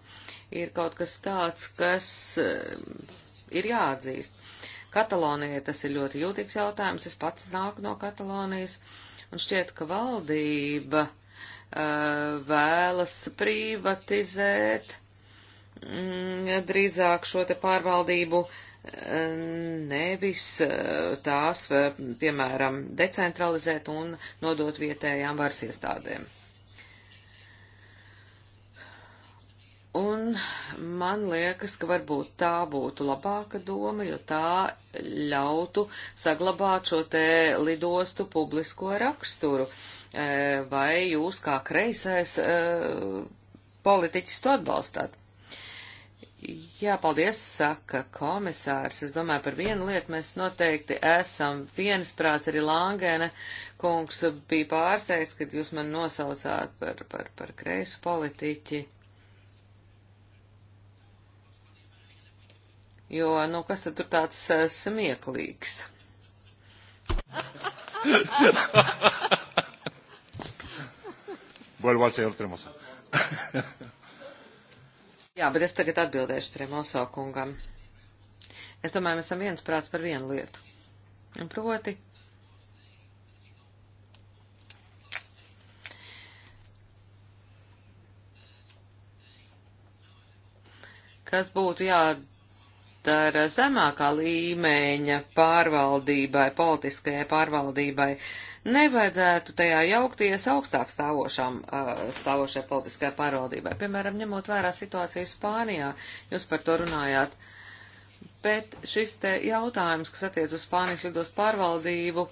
ir kaut kas tāds, kas uh, ir jāatzīst. Katalonijai tas ir ļoti jūtīgs jautājums, es pats nāku no Katalonijas, un šķiet, ka valdība uh, vēlas privatizēt mm, drīzāk šo te pārvaldību uh, nevis eh, tās, piemēram, decentralizēt un nodot vietējām varas iestādēm. Un man liekas, ka varbūt tā būtu labāka doma, jo tā ļautu saglabāt šo te lidostu publisko raksturu. E, vai jūs kā kreisais e, politiķis to atbalstāt? Jā, paldies, saka komisārs. Es domāju, par vienu lietu mēs noteikti esam viensprāts. Arī Langēne kungs bija pārsteigts, kad jūs man nosaucāt par, par, par kreisu politiķi. jo, nu, kas tad tur tāds eh, smieklīgs? Vuelvo al señor Tremosa. Jā, bet es tagad atbildēšu Tremosa kungam. Es domāju, mēs esam viens prāts par vienu lietu. Un proti, kas būtu jādara jādara zemākā līmeņa pārvaldībai, politiskajai pārvaldībai. Nevajadzētu tajā jaukties augstāk stāvošām, uh, stāvošai politiskajai pārvaldībai. Piemēram, ņemot vērā situāciju Spānijā, jūs par to runājāt. Bet šis te jautājums, kas attiec uz Spānijas lidos pārvaldību,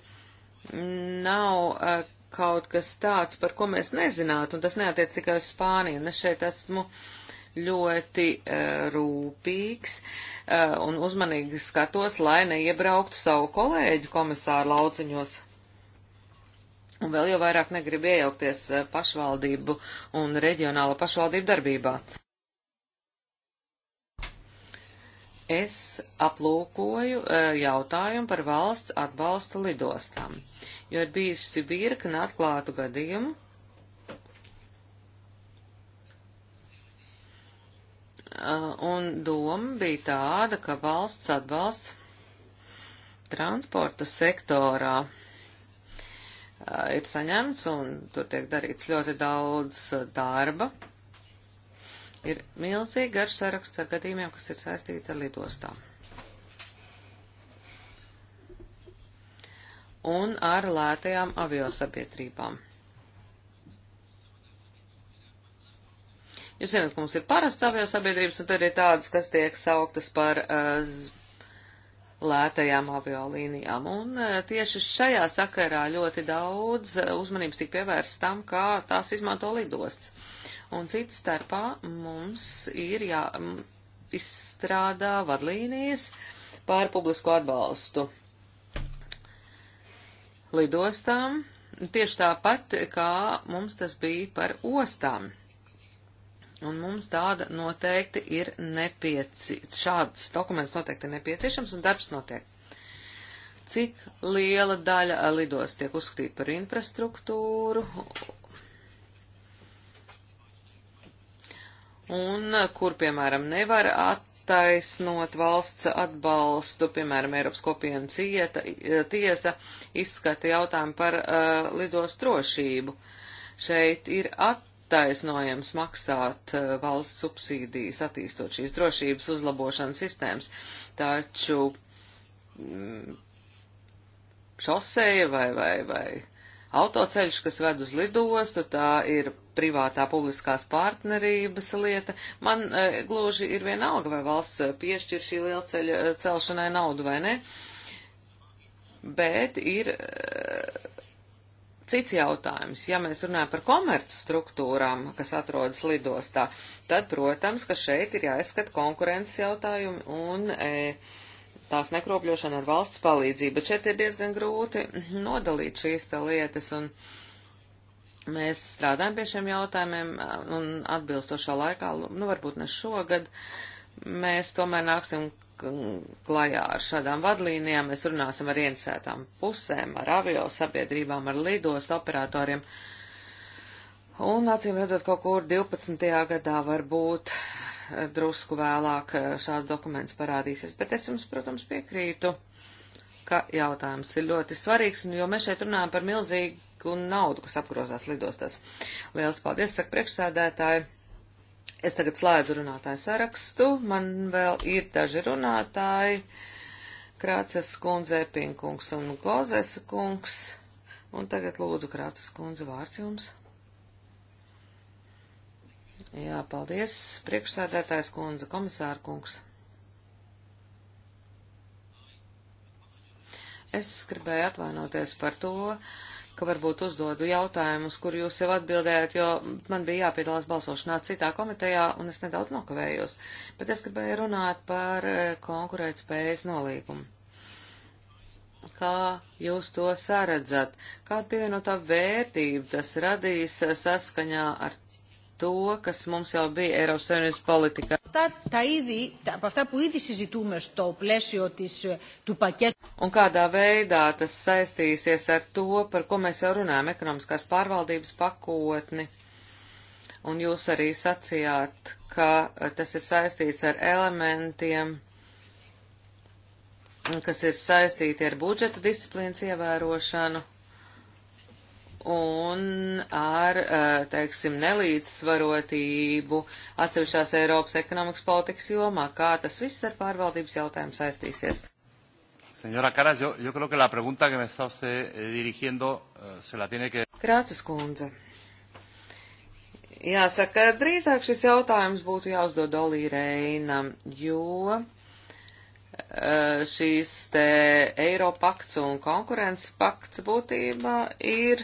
nav uh, kaut kas tāds, par ko mēs nezinātu, un tas neatiec tikai uz Spāniju. Un es šeit esmu. Uh, ļoti uh, rūpīgs uh, un uzmanīgi skatos, lai neiebrauktu savu kolēģu komisāru lauciņos. Un vēl jau vairāk negrib iejaukties uh, pašvaldību un reģionāla pašvaldību darbībā. Es aplūkoju jautājumu par valsts atbalstu lidostām, jo ir bijusi virkna atklātu gadījumu, Uh, un doma bija tāda, ka valsts atbalsts transporta sektorā uh, ir saņemts un tur tiek darīts ļoti daudz uh, darba. Ir milzīgi garš saraksts ar gadījumiem, kas ir saistīti ar lidostām. Un ar lētajām aviosabiedrībām. Jūs zināt, ka mums ir parasts aviosabiedrības, un tad ir tādas, kas tiek sauktas par uh, lētajām aviolīnijām. Un uh, tieši šajā sakarā ļoti daudz eh, uzmanības tika pievērsts tam, kā tās izmanto lidosts. Un citas starpā mums ir jāizstrādā vadlīnijas par publisko atbalstu lidostām, tieši tāpat, kā mums tas bija par ostām. Un mums tāda noteikti ir nepieciešams, šāds dokuments noteikti ir nepieciešams un darbs notiek. Cik liela daļa eh, lidos tiek uzskatīta par infrastruktūru un eh, kur, piemēram, nevar attaisnot valsts atbalstu, piemēram, Eiropas kopienas eh, tiesa izskata jautājumu par uh, lidos drošību. Šeit ir at attaisnojams maksāt eh, valsts subsīdijas attīstot šīs drošības uzlabošanas sistēmas, taču mm, šoseja vai, vai, vai autoceļš, kas ved uz lidostu, tā ir privātā publiskās partnerības lieta. Man e, gluži ir vienalga, vai valsts eh, piešķir šī liela ceļa celšanai naudu vai ne, bet ir e, cits jautājums. Ja mēs runājam par komerc struktūrām, kas atrodas lidostā, tad, protams, ka šeit ir jāizskata konkurences jautājumi un e, tās nekropļošana ar valsts palīdzību. Bet šeit ir diezgan grūti nodalīt šīs te lietas un mēs strādājam pie šiem jautājumiem e, un atbilstošā laikā, nu varbūt ne šogad, mēs tomēr nāksim klajā ar šādām vadlīnijām. Mēs runāsim ar iensētām pusēm, ar avio sabiedrībām, ar lidostu operatoriem. Un, acīm redzot, kaut kur 12. gadā varbūt eh, drusku vēlāk eh, šāds dokuments parādīsies. Bet es jums, protams, piekrītu, ka jautājums ir ļoti svarīgs, jo mēs šeit runājam par milzīgu naudu, kas apgrozās lidostas. Lielas paldies, saka priekšsēdētāji! Es tagad slēdzu runātāju sarakstu. Man vēl ir daži runātāji. Krāces kundze, Pinkungs un Gozesa kungs. Un tagad lūdzu Krāces kundze vārds jums. Jā, paldies. Priekšsēdētājs kundze, komisāra kungs. Es gribēju atvainoties par to, ka varbūt uzdodu jautājumus, kur jūs jau atbildējat, jo man bija jāpiedalās balsošanā citā komitejā un es nedaudz nokavējos. Bet es gribēju runāt par eh, konkurētspējas nolīgumu. Kā jūs to saredzat? Kāda pievienotā vērtība tas radīs eh, saskaņā ar to, kas mums jau bija Eiropas Savienības politikā. Un kādā veidā tas saistīsies ar to, par ko mēs jau runājam, ekonomiskās pārvaldības pakotni. Un jūs arī sacījāt, ka eh, tas ir saistīts ar elementiem, kas ir saistīti ar budžeta disciplīnas ievērošanu un ar, eh, teiksim, nelīdzsvarotību atsevišķās Eiropas ekonomikas politikas jomā, kā tas viss ar pārvaldības jautājumu saistīsies. Señora Caras, yo, yo creo que la pregunta que me está usted eh, dirigiendo eh, se la tiene que. Krācis kundze. Jāsaka, drīzāk šis jautājums būtu jāuzdod Olī Reinam, jo šīs te Eiropakts un konkurences pakts būtībā ir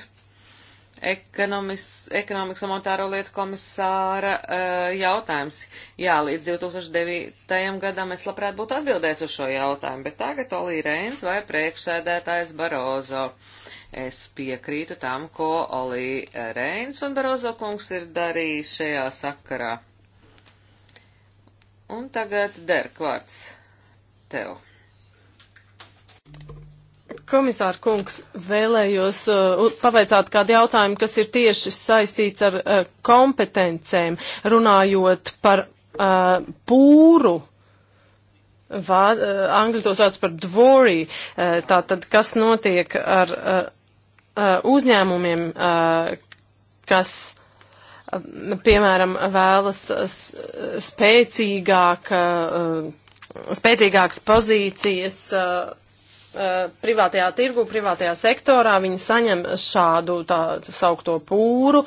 ekonomis, ekonomikas un monetāro lietu komisāra uh, jautājums. Jā, līdz 2009. gadam es labprāt būtu atbildējis uz šo jautājumu, bet tagad Olī Reins vai priekšsēdētājs Barozo. Es piekrītu tam, ko Olī Reins un Barozo kungs ir darījis šajā sakarā. Un tagad Derkvārds tev. Komisāra kungs, vēlējos uh, pavaicāt kādu jautājumu, kas ir tieši saistīts ar uh, kompetencēm, runājot par uh, pūru. Vā, uh, angļu to sauc par dvorī, uh, tātad kas notiek ar uh, uh, uzņēmumiem, uh, kas uh, piemēram vēlas uh, spēcīgāk, uh, spēcīgākas pozīcijas uh, Uh, privātajā tirgu, privātajā sektorā viņi saņem šādu tā saukto pūru,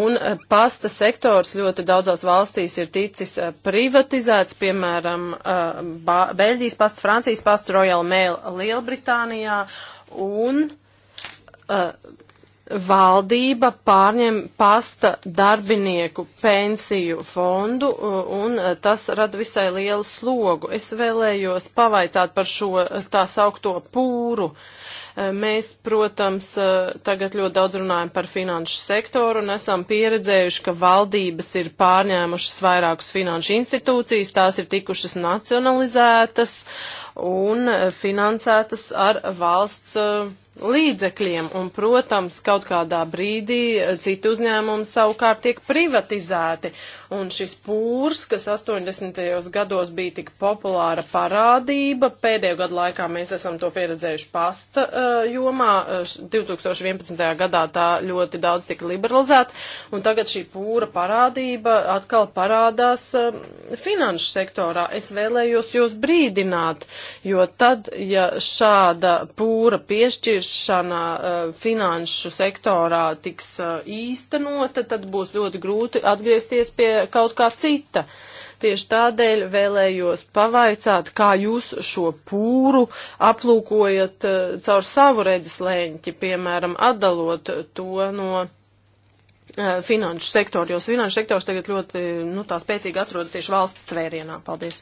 un uh, pasta sektors ļoti daudzās valstīs ir ticis uh, privatizēts, piemēram, Beļģijas pasta, Francijas pasta, Royal Mail Lielbritānijā, un valdība pārņem pasta darbinieku pensiju fondu, un e, tas rada visai lielu slogu. Es vēlējos pavaicāt par šo e, tā saukto pūru. E, mēs, protams, tagad ļoti daudz runājam par finanšu sektoru un esam pieredzējuši, ka valdības ir pārņēmušas vairākus finanšu institūcijas, tās ir tikušas nacionalizētas un finansētas ar valsts līdzekļiem, un, protams, kaut kādā brīdī eh, citu uzņēmumu savukārt tiek privatizēti, un šis pūrs, kas 80. gados bija tik populāra parādība, pēdējo gadu laikā mēs esam to pieredzējuši pasta uh, jomā, 2011. Eh, gadā tā ļoti daudz tika liberalizēta, un tagad šī pūra parādība atkal parādās uh, finanšu sektorā. Es vēlējos jūs brīdināt, jo tad, ja šāda pūra piešķirš, ieviešana uh, eh, finanšu sektorā tiks uh, īstenota, tad būs ļoti grūti atgriezties pie kaut kā cita. Tieši tādēļ vēlējos pavaicāt, kā jūs šo pūru aplūkojat uh, caur savu redzeslēņķi, piemēram, atdalot to no finanšu sektoru, jo finanšu sektors tagad ļoti, nu, tā spēcīgi atrodas tieši valsts tvērienā. Paldies!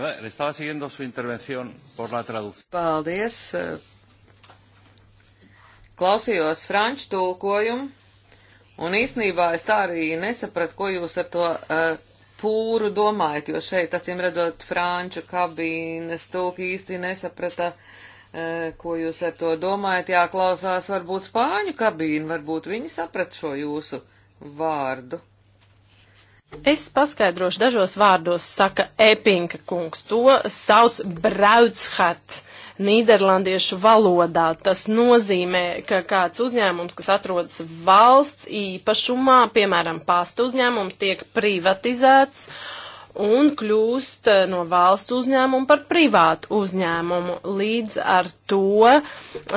Le estaba siguiendo su intervención por la traducción. Paldies. Klausījos franču tulkojumu, un īsnībā es tā arī nesapratu, ko jūs ar to uh, pūru domājat, jo šeit, acīm redzot, franču kabīnes tulki īsti nesaprata, uh, ko jūs ar to domājat. Jā, klausās varbūt spāņu kabīne, varbūt viņi saprat šo jūsu vārdu. Es paskaidrošu dažos vārdos, saka Epinka kungs. To sauc Brauchat. Nīderlandiešu valodā tas nozīmē, ka kāds uzņēmums, kas atrodas valsts īpašumā, piemēram, pasta uzņēmums, tiek privatizēts un kļūst eh, no valsts uzņēmuma par privātu uzņēmumu. Līdz ar to eh,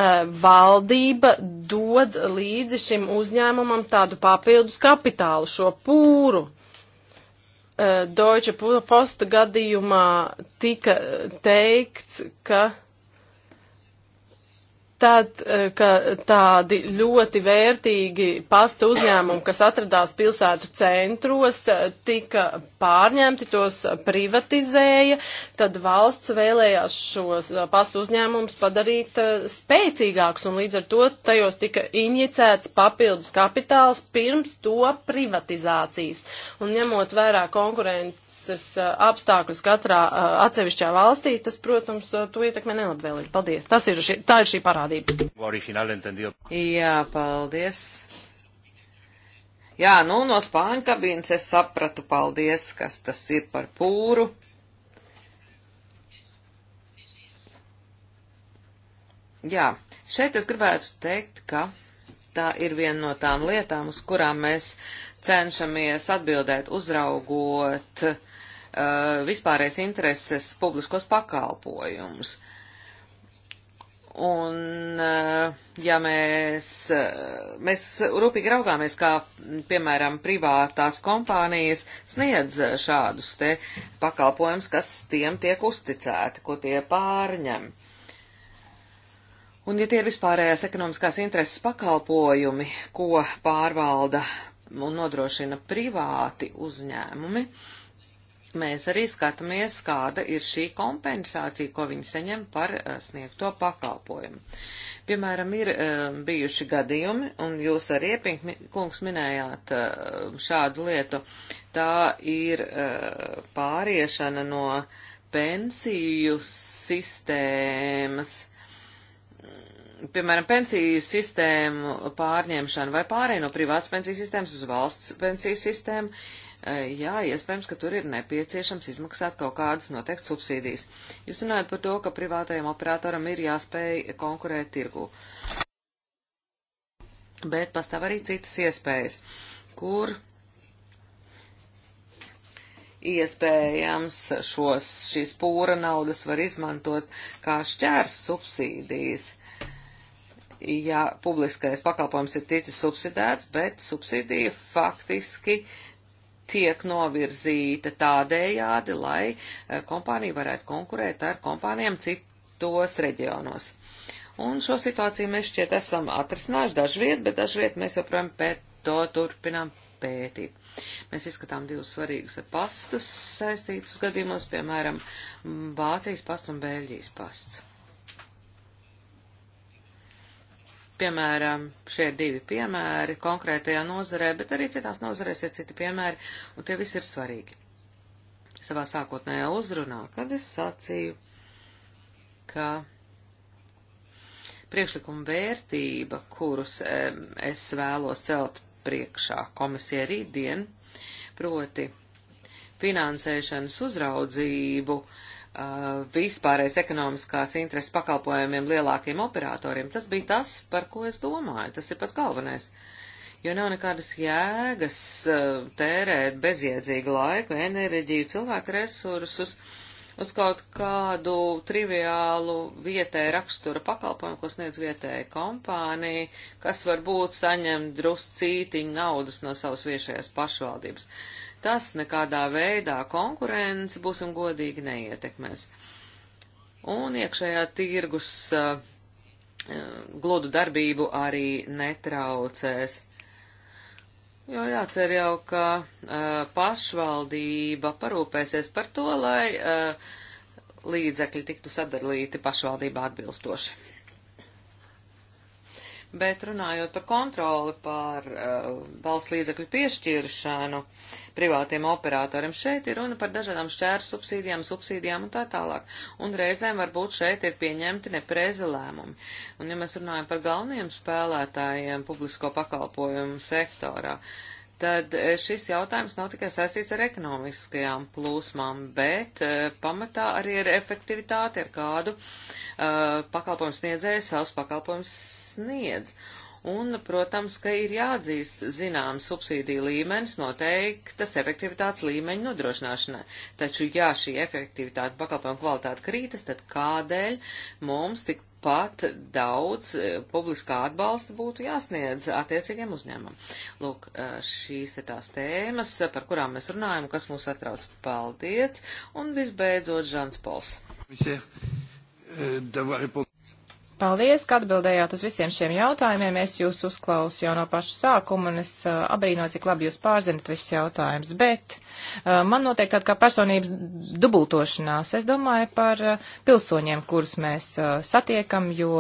valdība dod līdzi šim uzņēmumam tādu papildus kapitālu, šo pūru. Deutsche Post gadījumā tika teikts, ka Tad, eh, ka tādi ļoti vērtīgi pasta uzņēmumi, kas atradās pilsētu centros, eh, tika pārņemti, tos privatizēja, tad valsts vēlējās šos eh, pasta uzņēmumus padarīt spēcīgāks, un līdz ar to tajos tika injicēts papildus kapitāls pirms to privatizācijas. Un ņemot vērā konkurences prakses apstākļus katrā atsevišķā valstī, tas, protams, to ietekmē nelabvēlīgi. Paldies. Tas ir šī, tā ir šī parādība. Jā, paldies. Jā, nu no spāņu kabīnes es sapratu, paldies, kas tas ir par pūru. Jā, šeit es gribētu teikt, ka tā ir viena no tām lietām, uz kurām mēs cenšamies atbildēt, uzraugot uh, Uh, vispārējais intereses publiskos pakalpojumus. Un, uh, ja mēs, uh, mēs rūpīgi raugāmies, kā, piemēram, privātās kompānijas sniedz šādus te pakalpojumus, kas tiem tiek uzticēti, ko tie pārņem. Un, ja tie ir vispārējās ekonomiskās intereses pakalpojumi, ko pārvalda un nodrošina privāti uzņēmumi, uh, mēs arī skatāmies, kāda ir šī kompensācija, ko viņi saņem par eh, sniegto pakalpojumu. Piemēram, ir eh, bijuši gadījumi, un jūs arī, kungs, minējāt eh, šādu lietu, tā ir pāriešana no pensiju sistēmas mm, piemēram, pensiju sistēmu pārņemšana vai pārēj no privātas pensiju sistēmas uz valsts pensiju sistēmu jā, iespējams, ka tur ir nepieciešams izmaksāt kaut kādas noteikti subsīdijas. Jūs runājat par to, ka privātajam operatoram ir jāspēj konkurēt tirgū. Bet pastāv arī citas iespējas, kur iespējams šos, šīs pūra naudas var izmantot kā šķērs subsīdijas. Ja publiskais pakalpojums ir ticis subsidēts, bet subsīdija faktiski tiek novirzīta tādējādi, lai eh, kompānija varētu konkurēt ar kompānijām citos reģionos. Un šo situāciju mēs šķiet esam atrisinājuši dažviet, bet dažviet mēs joprojām pēc to turpinām pētīt. Mēs izskatām divus svarīgus pastus saistītus gadījumos, piemēram, Vācijas pasts un Bēļģijas pasts. Piemēram, šie ir divi piemēri konkrētajā nozarē, bet arī citās nozarēs ir citi piemēri, un tie visi ir svarīgi. Savā sākotnējā uzrunā, kad es sacīju, ka priekšlikuma vērtība, kurus es vēlos celt priekšā komisija rītdien, proti finansēšanas uzraudzību, uh, Uh, vispārējais ekonomiskās intereses pakalpojumiem lielākiem operatoriem, tas bija tas, par ko es domāju. Tas ir pats galvenais. Jo nav nekādas jēgas uh, tērēt bezjēdzīgu laiku, enerģiju, cilvēku resursus uz kaut kādu triviālu vietēju rakstura pakalpojumu, ko sniedz vietēja kompānija, kas varbūt saņem druscītiņu naudas no savas viešajās pašvaldības. Uh, tas nekādā veidā konkurence, būsim godīgi, neietekmēs. Un iekšējā tirgus uh, gludu darbību arī netraucēs. Jo jācer jau, ka uh, pašvaldība parūpēsies par to, lai uh, līdzekļi tiktu sadalīti pašvaldībā atbilstoši bet runājot par kontroli pār uh, eh, valsts līdzekļu piešķiršanu privātiem operatoriem, šeit ir runa par dažādām šķērs subsīdijām, subsīdijām un tā tālāk. Un reizēm varbūt šeit ir pieņemti neprezi lēmumi. Un ja mēs runājam par galvenajiem spēlētājiem publisko pakalpojumu sektorā, tad eh, šis jautājums nav tikai saistīts ar ekonomiskajām plūsmām, bet eh, pamatā arī ar efektivitāti, ar kādu uh, pakalpojumu sniedzēju savus pakalpojumus sniedz. Un, protams, ka ir jāatzīst zinām subsīdiju līmenis noteiktas efektivitātes līmeņa nodrošināšanai. Taču, ja šī efektivitāte pakalpojumu kvalitāte krītas, tad kādēļ mums tik pat daudz e, publiskā atbalsta būtu jāsniedz attiecīgiem uzņēmumam. Lūk, e, šīs ir tās tēmas, par kurām mēs runājam, kas mūs atrauc. Paldies! Un visbeidzot, Žans Pols. E, Paldies, ka atbildējāt uz visiem šiem jautājumiem. Es jūs uzklausu jau no paša sākuma, un es uh, abrīnoju, cik labi jūs pārzinat visus jautājumus. Bet uh, man noteikti tāda kā personības dubultošanās. Es domāju par uh, pilsoņiem, kurus mēs uh, satiekam, jo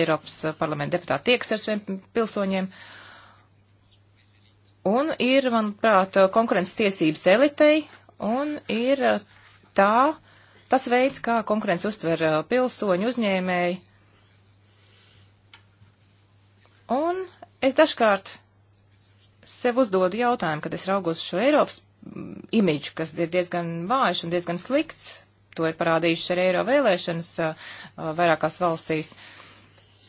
Eiropas parlamenta deputāti tieks ar saviem pilsoņiem. Un ir, manuprāt, konkurences tiesības elitei, un ir tā, tas veids, kā konkurence uztver pilsoņu uzņēmēji Un es dažkārt sev uzdodu jautājumu, kad es raugos šo Eiropas mm, imidžu, kas ir diezgan vājš un diezgan slikts. To ir parādījuši arī Eiro vēlēšanas a, a, vairākās valstīs.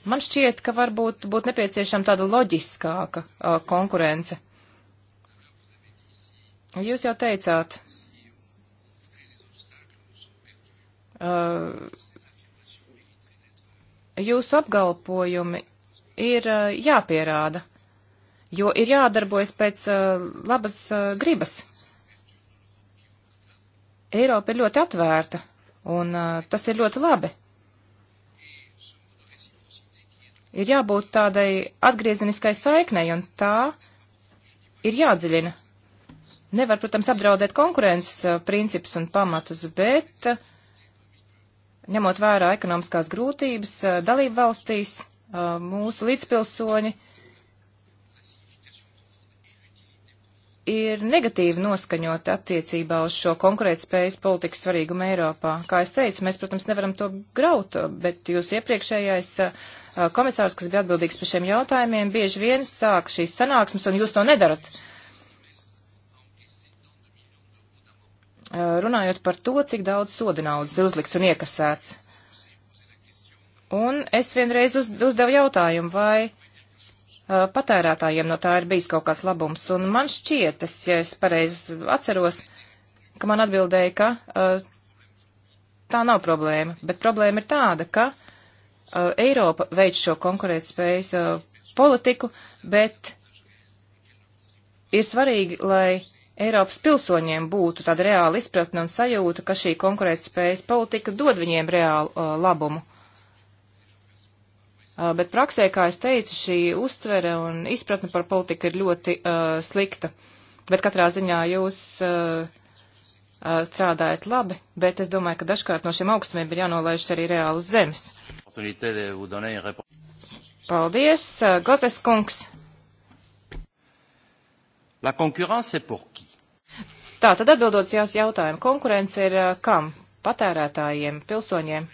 Man šķiet, ka varbūt būtu nepieciešama tāda loģiskāka a, konkurence. Jūs jau teicāt, jūsu apgalpojumi ir eh, jāpierāda, jo ir jādarbojas pēc eh, labas eh, gribas. Eiropa ir ļoti atvērta, un tas ir ļoti labi. Ir jābūt tādai atgriezeniskai saiknei, un tā ir jādziļina. Nevar, protams, apdraudēt konkurences principus un pamatus, bet ņemot vērā ekonomiskās grūtības dalību valstīs Uh, mūsu līdzpilsoņi ir negatīvi noskaņoti attiecībā uz šo konkurētspējas politikas svarīgumu Eiropā. Kā es teicu, mēs, protams, nevaram to graut, bet jūs iepriekšējais uh, komisārs, kas bija atbildīgs par šiem jautājumiem, bieži vien sāk šīs sanāksmes, un jūs to nedarat. Uh, runājot par to, cik daudz soda naudas ir uzlikts un iekasēts. Un es vienreiz uz, uzdevu jautājumu, vai uh, patērētājiem no tā ir bijis kaut kāds labums. Un man šķiet, es, ja es pareizi atceros, ka man atbildēja, ka uh, tā nav problēma. Bet problēma ir tāda, ka uh, Eiropa veids šo konkurētspējas uh, politiku, bet ir svarīgi, lai Eiropas pilsoņiem būtu tāda reāla izpratne un sajūta, ka šī konkurētspējas politika dod viņiem reālu uh, labumu. Uh, bet praksē, kā es teicu, šī uztvere un izpratne par politiku ir ļoti uh, slikta. Bet katrā ziņā jūs uh, uh, strādājat labi, bet es domāju, ka dažkārt no šiem augstumiem ir jānolaiž arī reāli uz zemes. Paldies, uh, Gozes kungs. La concurrence est pour qui? Tā, tad atbildot jās jautājumu, konkurence ir uh, kam? Patērētājiem, pilsoņiem?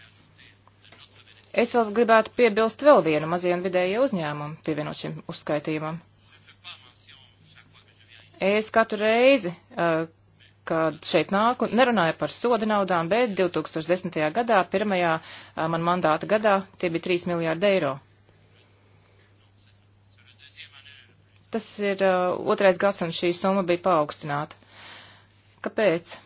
Es vēl gribētu piebilst vēl vienu mazie un vidējie uzņēmumu pievienot šim uzskaitījumam. Es katru reizi, eh, kad šeit nāku, nerunāju par soda naudām, bet 2010. gadā, pirmajā eh, man mandāta gadā, tie bija 3 miljārdi eiro. Tas ir eh, otrais gads, un šī summa bija paaugstināta. Kāpēc?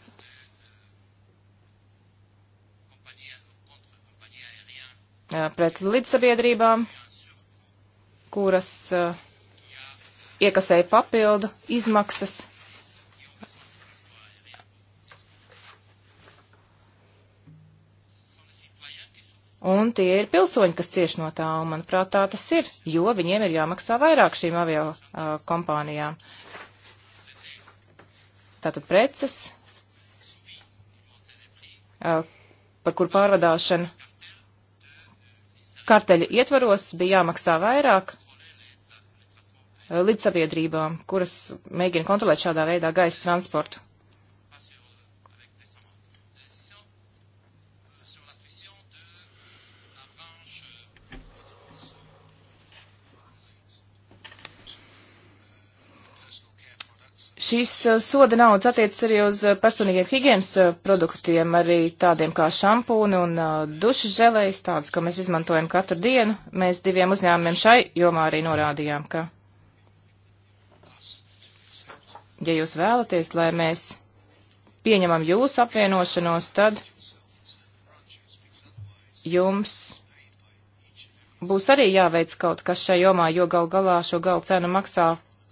Uh, pret lidsabiedrībām, kuras uh, iekasēja papildu izmaksas. Un tie ir pilsoņi, kas cieši no tā, un manuprāt tā tas ir, jo viņiem ir jāmaksā vairāk šīm avio uh, kompānijām. Tātad preces, uh, par kur pārvadāšana karteļa ietvaros bija jāmaksā vairāk eh, līdz sabiedrībām, kuras mēģina kontrolēt šādā veidā gaisa transportu. Šīs uh, soda naudas attiecas arī uz uh, personīgiem higienas uh, produktiem, arī tādiem kā šampūni un dušas želejas, tādas, ko mēs izmantojam katru dienu. Mēs diviem uzņēmumiem šai jomā arī norādījām, ka, ja jūs vēlaties, lai mēs pieņemam jūsu apvienošanos, tad jums būs arī jāveic kaut kas šajā jomā, jo gal galā šo galu cenu maksā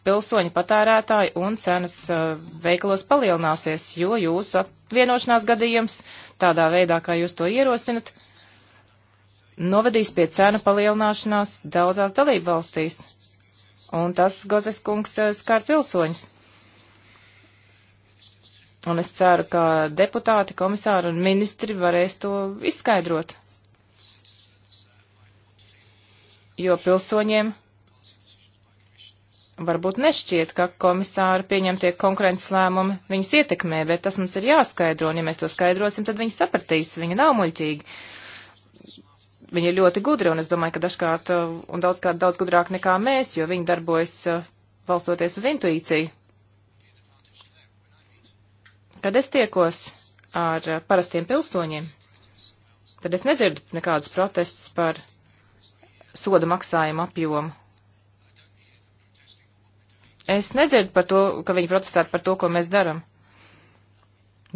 pilsoņi patērētāji un cenas uh, veikalos palielināsies, jo jūsu atvienošanās gadījums tādā veidā, kā jūs to ierosinat, novedīs pie cenu palielināšanās daudzās dalību valstīs. Un tas Gozes kungs uh, skar pilsoņus. Un es ceru, ka deputāti, komisāri un ministri varēs to izskaidrot. Jo pilsoņiem varbūt nešķiet, ka komisāra pieņemtie konkurences lēmumi viņus ietekmē, bet tas mums ir jāskaidro, un ja mēs to skaidrosim, tad viņi sapratīs, viņi nav muļķīgi. Viņi ir ļoti gudri, un es domāju, ka dažkārt uh, un daudzkārt daudz gudrāk nekā mēs, jo viņi darbojas uh, balstoties uz intuīciju. Kad es tiekos ar uh, parastiem pilsoņiem, tad es nedzirdu nekādus protestus par sodu maksājumu apjomu Es nedzirdu par to, ka viņi protestētu par to, ko mēs darām.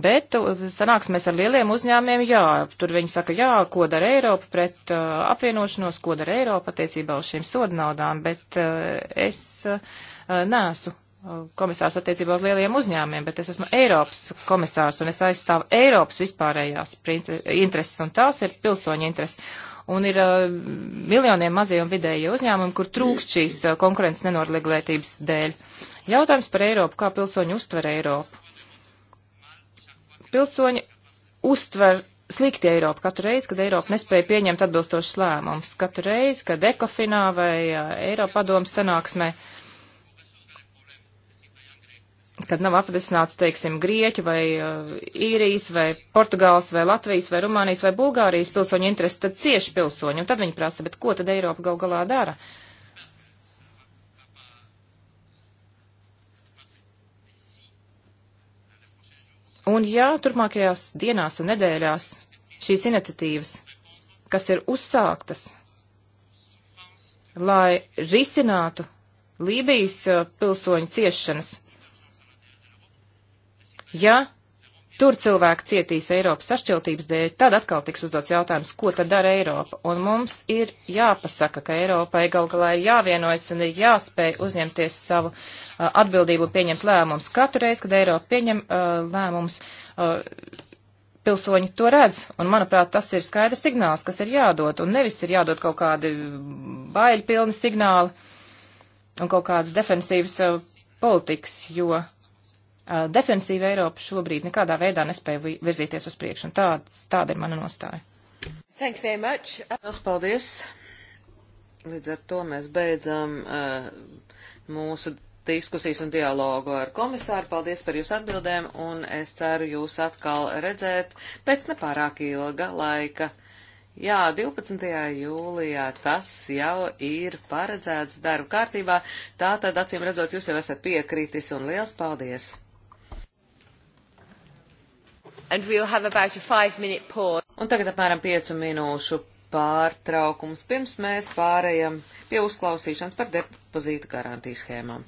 Bet uh, sanāksmēs ar lieliem uzņēmiem, jā, tur viņi saka, jā, ko dara Eiropa pret uh, apvienošanos, ko dara Eiropa attiecībā uz šīm sodu naudām, bet uh, es uh, nesu uh, komisārs attiecībā uz lieliem uzņēmiem, bet es esmu Eiropas komisārs un es aizstāvu Eiropas vispārējās intereses un tās ir pilsoņa intereses. Un ir uh, miljoniem mazie un vidējie uzņēmumi, kur trūkst šīs uh, konkurences nenorleglētības dēļ. Jautājums par Eiropu, kā pilsoņi uztver Eiropu. Pilsoņi uztver slikti Eiropu katru reizi, kad Eiropa nespēja pieņemt atbilstošas lēmumus, katru reizi, kad ekofinā vai uh, eh, Eiropa padomas sanāksmē uh, kad nav apdesināts, teiksim, Grieķu vai uh, Īrijas vai Portugāles vai Latvijas vai Rumānijas vai Bulgārijas pilsoņu interesi, tad cieši pilsoņi. Un tad viņi prasa, bet ko tad Eiropa gal galā dara? Un ja turpmākajās dienās un nedēļās šīs iniciatīvas, kas ir uzsāktas, lai risinātu Lībijas uh, pilsoņu ciešanas, Ja tur cilvēki cietīs Eiropas sašķeltības dēļ, tad atkal tiks uzdots jautājums, ko tad dara Eiropa. Un mums ir jāpasaka, ka Eiropai gal galā ir jāvienojas un ir jāspēj uzņemties savu uh, atbildību un pieņemt lēmumus. Katru reizi, kad Eiropa pieņem uh, lēmumus, uh, pilsoņi to redz, un manuprāt, tas ir skaidrs signāls, kas ir jādod, un nevis ir jādod kaut kādi baiļi pilni signāli un kaut kādas defensīvas uh, politikas, jo defensīva Eiropa šobrīd nekādā veidā nespēja virzīties uz priekšu, un tāds, tāda ir mana nostāja. Thank you very much. Lielas paldies. Līdz ar to mēs beidzam uh, mūsu diskusijas un dialogu ar komisāru. Paldies par jūsu atbildēm, un es ceru jūs atkal redzēt pēc nepārāk ilga laika. Jā, 12. jūlijā tas jau ir paredzēts darba kārtībā, tātad acīm redzot, jūs jau esat piekritis un liels paldies! Un tagad apmēram 5 minūšu pārtraukums, pirms mēs pārējam pie uzklausīšanas par depozīta garantijas schēmām.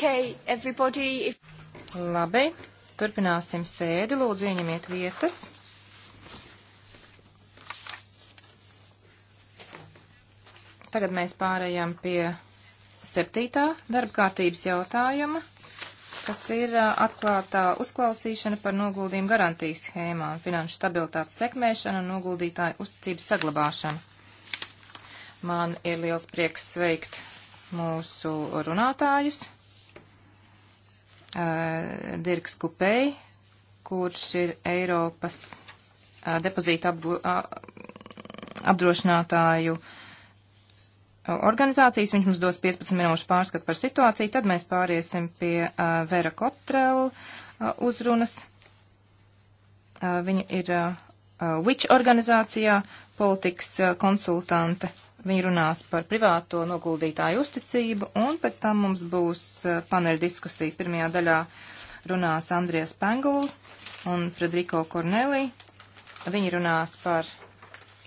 Okay, everybody. Labi, turpināsim sēdi. Lūdzu, ieņemiet vietas. Tagad mēs pārējām pie septītā darba kārtības jautājuma, kas ir atklātā uzklausīšana par noguldījumu garantijas schēmām, finanšu stabilitātes sekmēšanu un noguldītāju uzticības saglabāšanu. Man ir liels prieks sveikt mūsu runātājus uh, Dirks Kupei, kurš ir Eiropas uh, depozīta apgu, uh, apdrošinātāju eh, organizācijas. Viņš mums dos 15 minūšu pārskatu par situāciju, tad mēs pāriesim pie uh, Vera Kotrela uh, uzrunas. Uh, viņa ir uh, Witch organizācijā politikas uh, konsultante. Uh, Viņi runās par privāto noguldītāju uzticību, un pēc tam mums būs eh, paneļa diskusija. Pirmajā daļā runās Andrijas Penguls un Frederiko Kornelī. Viņi runās par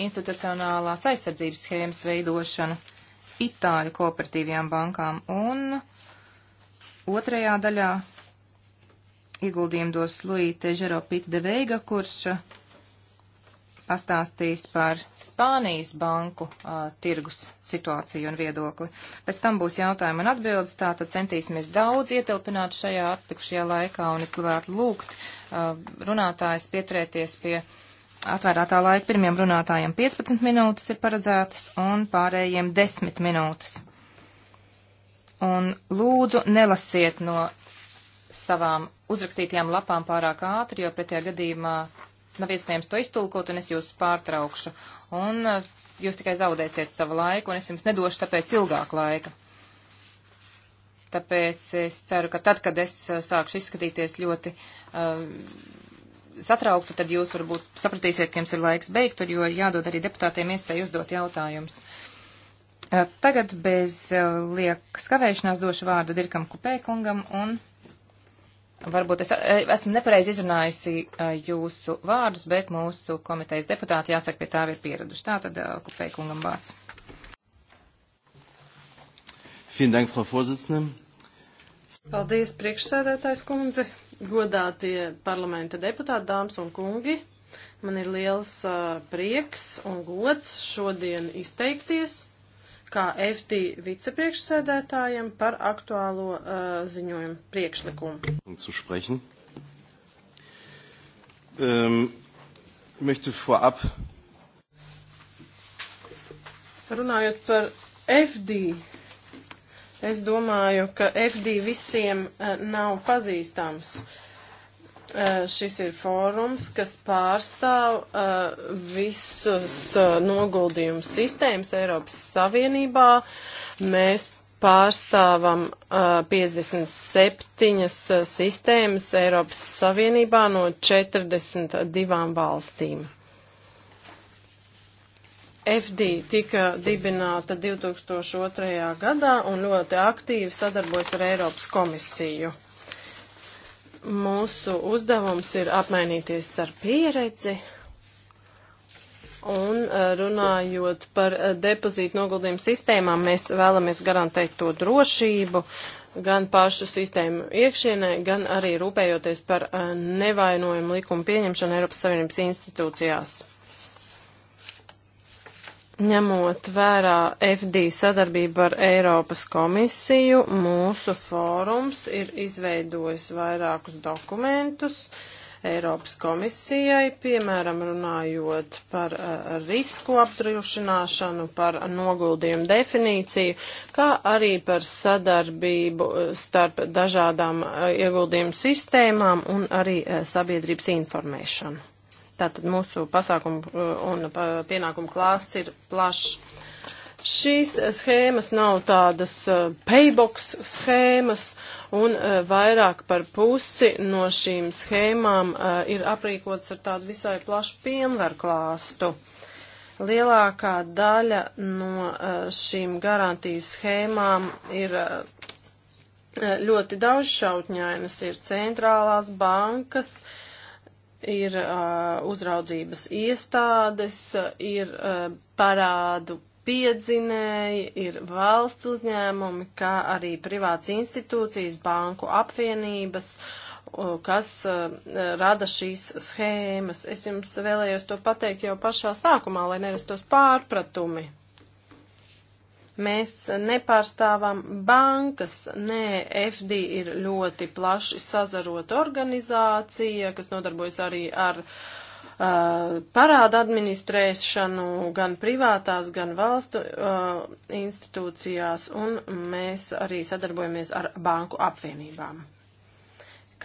institucionālās aizsardzības schēmas veidošanu Itāļu kooperatīvajām bankām, un otrajā daļā ieguldījumu dos Luīte Žeropita de Veiga, kurš pastāstīs par Spānijas banku uh, tirgus situāciju un viedokli. Pēc tam būs jautājumi un atbildes, tātad centīsimies daudz ietilpināt šajā atlikušajā laikā, un es gribētu lūgt uh, runātājus pieturēties pie atvērtā laika. Pirmiem runātājiem 15 minūtes ir paredzētas, un pārējiem 10 minūtes. Un lūdzu, nelasiet no savām uzrakstītajām lapām pārāk ātri, jo pretējā gadījumā nav iespējams to iztulkot, un es jūs pārtraukšu. Un uh, jūs tikai zaudēsiet savu laiku, un es jums nedošu tāpēc ilgāk laika. Tāpēc es ceru, ka tad, kad es uh, sākšu izskatīties ļoti uh, satrauktu, tad jūs varbūt sapratīsiet, ka jums ir laiks beigt, jo ir jādod arī deputātiem iespēju uzdot jautājumus. Uh, tagad bez uh, liekas kavēšanās došu vārdu Dirkam Kupēkungam un Varbūt es e, esmu nepareizi izrunājusi e, jūsu vārdus, bet mūsu komitejas deputāti jāsaka pie tā ir pieraduši. Tā tad e, kupēja kungam vārds. Dank, Paldies, priekšsēdētājs kundze, godātie parlamenta deputāti, dāmas un kungi. Man ir liels uh, prieks un gods šodien izteikties kā FD vicepriekšsēdētājiem par aktuālo uh, ziņojumu priekšlikumu. Um, um vorab... Runājot par FD, es domāju, ka FD visiem uh, nav pazīstams. Uh, Eh, šis ir fórums, kas pārstāv uh, visus uh, noguldījumu sistēmas Eiropas Savienībā. Mēs pārstāvam uh, 57 sistēmas Eiropas Savienībā no 42 valstīm. FD tika dibināta 2002. gadā un ļoti aktīvi sadarbojas ar Eiropas komisiju. Mūsu uzdevums ir apmainīties ar pieredzi Un e, runājot par e, depozītu noguldījumu sistēmām, mēs vēlamies garantēt to drošību gan pašu sistēmu iekšienē, gan arī rūpējoties par e, nevainojumu likumu pieņemšanu Eiropas Savienības institūcijās. Ņemot vērā FD sadarbību ar Eiropas komisiju, mūsu fórums ir izveidojis vairākus dokumentus Eiropas komisijai, piemēram, runājot par uh, risku apdrošināšanu, par noguldījumu definīciju, kā arī par sadarbību eh, starp dažādām uh, ieguldījumu sistēmām un arī uh, sabiedrības informēšanu. Tātad mūsu pasākumu uh, un uh, pienākumu klāsts ir plašs. Šīs schēmas nav tādas uh, paybox schēmas, un vairāk par pusi no šīm schēmām ir aprīkots ar tādu visai plašu pienvaru klāstu lielākā daļa no šīm garantiju schēmām ir ļoti daudz šautņainas. Ir centrālās bankas, ir uh, uzraudzības iestādes, ir uh, parādu piedzinēji, ir valsts uzņēmumi, kā arī privāts institūcijas, banku apvienības, uh, kas uh, rada šīs schēmas. Es jums vēlējos to pateikt jau pašā sākumā, lai nerastos pārpratumi. Mēs nepārstāvam bankas, nē, FD ir ļoti plaši sazarota organizācija, kas nodarbojas arī ar uh, parāda administrēšanu gan privātās, gan valstu uh, institūcijās, un mēs arī sadarbojamies ar banku apvienībām.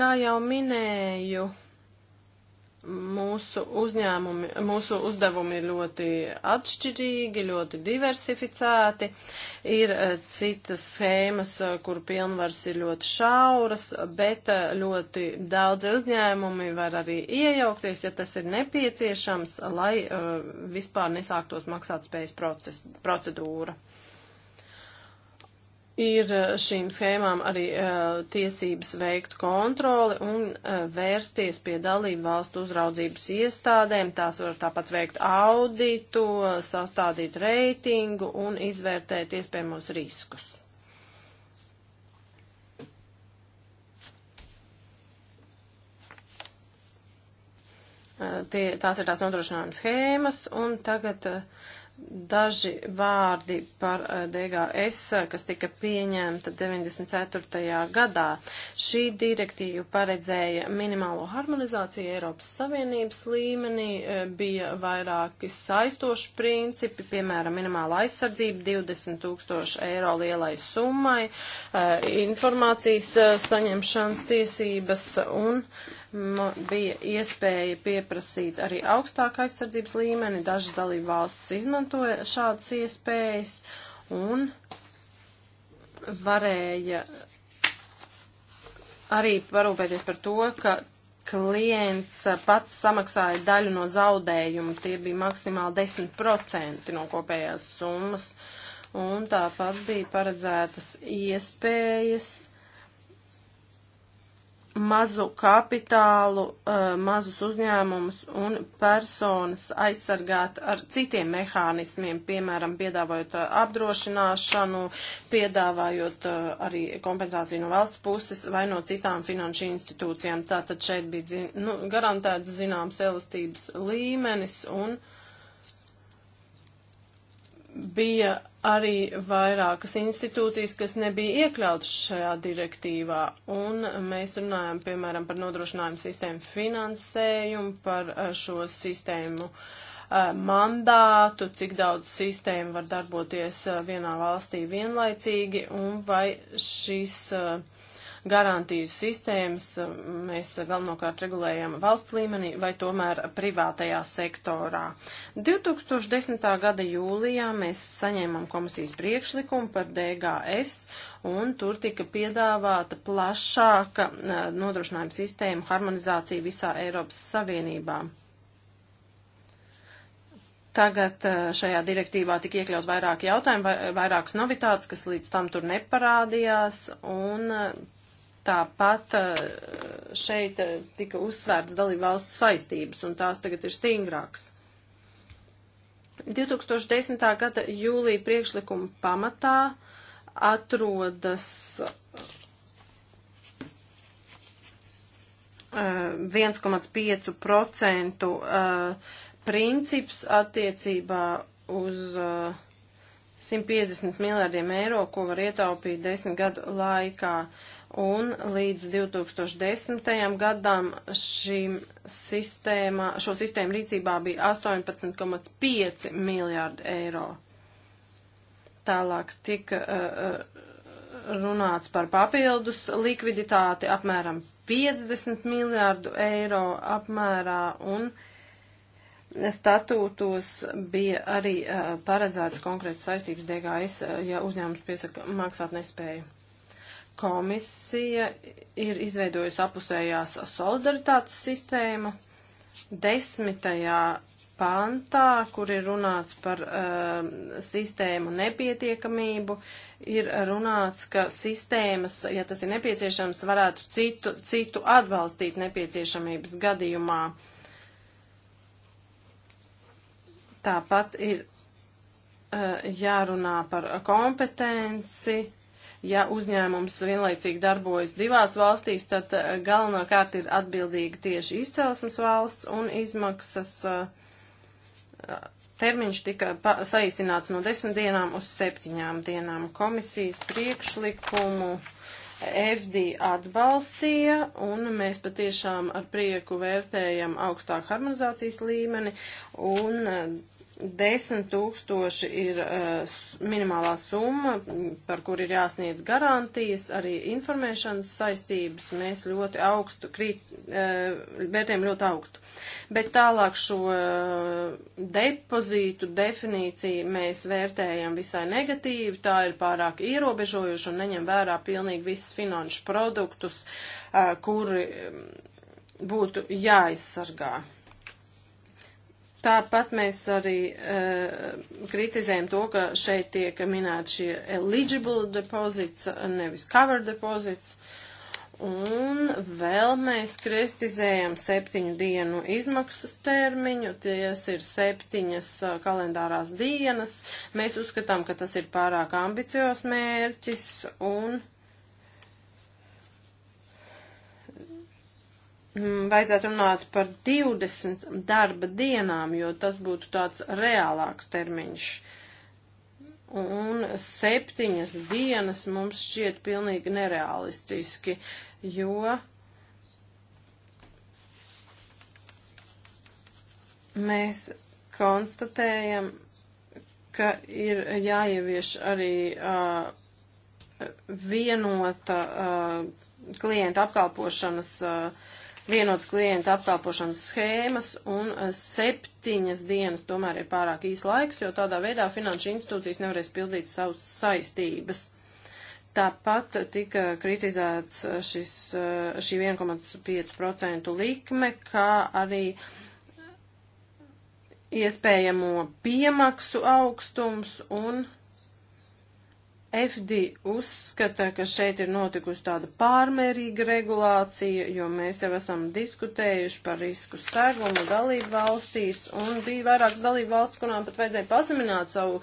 Kā jau minēju, mūsu uzņēmumi, mūsu uzdevumi ir ļoti atšķirīgi, ļoti diversificēti, ir eh, citas schēmas, eh, kur pilnvars ir ļoti šauras, bet eh, ļoti daudzi uzņēmumi var arī iejaukties, ja tas ir nepieciešams, lai vispār nesāktos maksātspējas procedūra ir eh, šīm schēmām arī uh, tiesības veikt kontroli un uh, vērsties pie dalību valstu uzraudzības iestādēm. Tās var tāpat veikt auditu, sastādīt reitingu un izvērtēt iespējamos riskus. Uh, tie, tās ir tās nodrošinājuma schēmas, un tagad uh, Daži vārdi par eh, DGS, kas tika pieņemta 94. gadā. Šī direktīva paredzēja minimālo harmonizāciju Eiropas Savienības līmenī, eh, bija vairāki saistoši principi, piemēram, minimāla aizsardzība 20 tūkstoši eiro lielai summai, eh, informācijas saņemšanas tiesības un bija iespēja pieprasīt arī augstāku aizsardzības līmeni, dažas dalību valsts izmantoja šādas iespējas un varēja arī parūpēties par to, ka klients pats samaksāja daļu no zaudējuma, tie bija maksimāli 10% no kopējās summas, un tāpat bija paredzētas iespējas mazu kapitālu, eh, mazus uzņēmumus un personas aizsargāt ar citiem mehānismiem, piemēram, piedāvājot eh, apdrošināšanu, piedāvājot eh, arī kompensāciju no valsts puses vai no citām finanšu institūcijām. Tātad šeit bija nu, garantēts zināms elastības līmenis un bija arī vairākas institūcijas, kas nebija iekļautas šajā direktīvā. Un mēs runājam, piemēram, par nodrošinājumu sistēmu finansējumu, par eh, šo sistēmu uh, mandātu, cik daudz sistēma var darboties eh, vienā valstī vienlaicīgi un vai šis uh, garantiju sistēmas mēs galvenokārt regulējam valsts līmenī vai tomēr privātajā sektorā. 2010. gada jūlijā mēs saņēmām komisijas priekšlikumu par DGS un tur tika piedāvāta plašāka eh, nodrošinājuma sistēma harmonizācija visā Eiropas Savienībā. Tagad eh, šajā direktīvā tika iekļaut vairāk jautājumu, vairākas novitātes, kas līdz tam tur neparādījās, un eh, Tāpat eh, šeit eh, tika uzsvērts dalību valstu saistības, un tās tagad ir stingrākas. 2010. gada jūlija priekšlikuma pamatā atrodas 1,5% eh, princips attiecībā uz 150 miljārdiem eiro, ko var ietaupīt desmit gadu laikā. Uh, un līdz 2010. gadam šīm sistēmā, šo sistēmu rīcībā bija 18,5 miljārdi eiro. Tālāk tika uh, uh, runāts par papildus likviditāti apmēram 50 miljārdu eiro apmērā un statūtos bija arī uh, paredzēts konkrēts saistības DGS, uh, ja uzņēmums piesaka maksāt nespēju. Komisija ir izveidojusi apusējās solidaritātes sistēmu. Desmitajā pantā, kur ir runāts par uh, sistēmu nepietiekamību, ir runāts, ka sistēmas, ja tas ir nepieciešams, varētu citu, citu atbalstīt nepieciešamības gadījumā. Tāpat ir uh, jārunā par kompetenci Ja uzņēmums vienlaicīgi darbojas divās valstīs, tad eh, galvenokārt ir atbildīga tieši izcelsmes valsts un izmaksas eh, termiņš tika saīsināts no desmit dienām uz septiņām dienām. Komisijas priekšlikumu FD atbalstīja, un mēs patiešām ar prieku vērtējam augstāku harmonizācijas līmeni, un eh, 10 tūkstoši ir uh, minimālā summa, par kur ir jāsniedz garantijas, arī informēšanas saistības mēs ļoti augstu, krīt, uh, vērtējam ļoti augstu. Bet tālāk šo uh, depozītu definīciju mēs vērtējam visai negatīvi, tā ir pārāk ierobežojuša un neņem vērā pilnīgi visus finanšu produktus, uh, kuri būtu jāizsargā. Tāpat mēs arī uh, kritizējam to, ka šeit tiek minēti šie eligible deposits, nevis cover deposits. Un vēl mēs kritizējam septiņu dienu izmaksas termiņu, ties ir septiņas eh, kalendārās dienas. Mēs uzskatām, ka tas ir pārāk ambicios mērķis un. Uh, Mm, vajadzētu runāt par 20 darba dienām, jo tas būtu tāds reālāks termiņš. Un septiņas dienas mums šķiet pilnīgi nerealistiski, jo mēs konstatējam, ka ir jāievieš arī uh, vienota uh, klienta apkalpošanas uh, vienotas klienta apkalpošanas schēmas, un eh, septiņas dienas tomēr ir pārāk īs laiks, jo tādā veidā finanšu institūcijas nevarēs pildīt savas saistības. Tāpat tika kritizēts eh, šis, eh, šī 1,5% likme, kā arī iespējamo piemaksu augstums un FD uzskata, ka šeit ir notikusi tāda pārmērīga regulācija, jo mēs jau esam diskutējuši par risku segumu dalību valstīs, un bija vairākas dalību valsts, kurām pat vajadzēja pazemināt savu uh,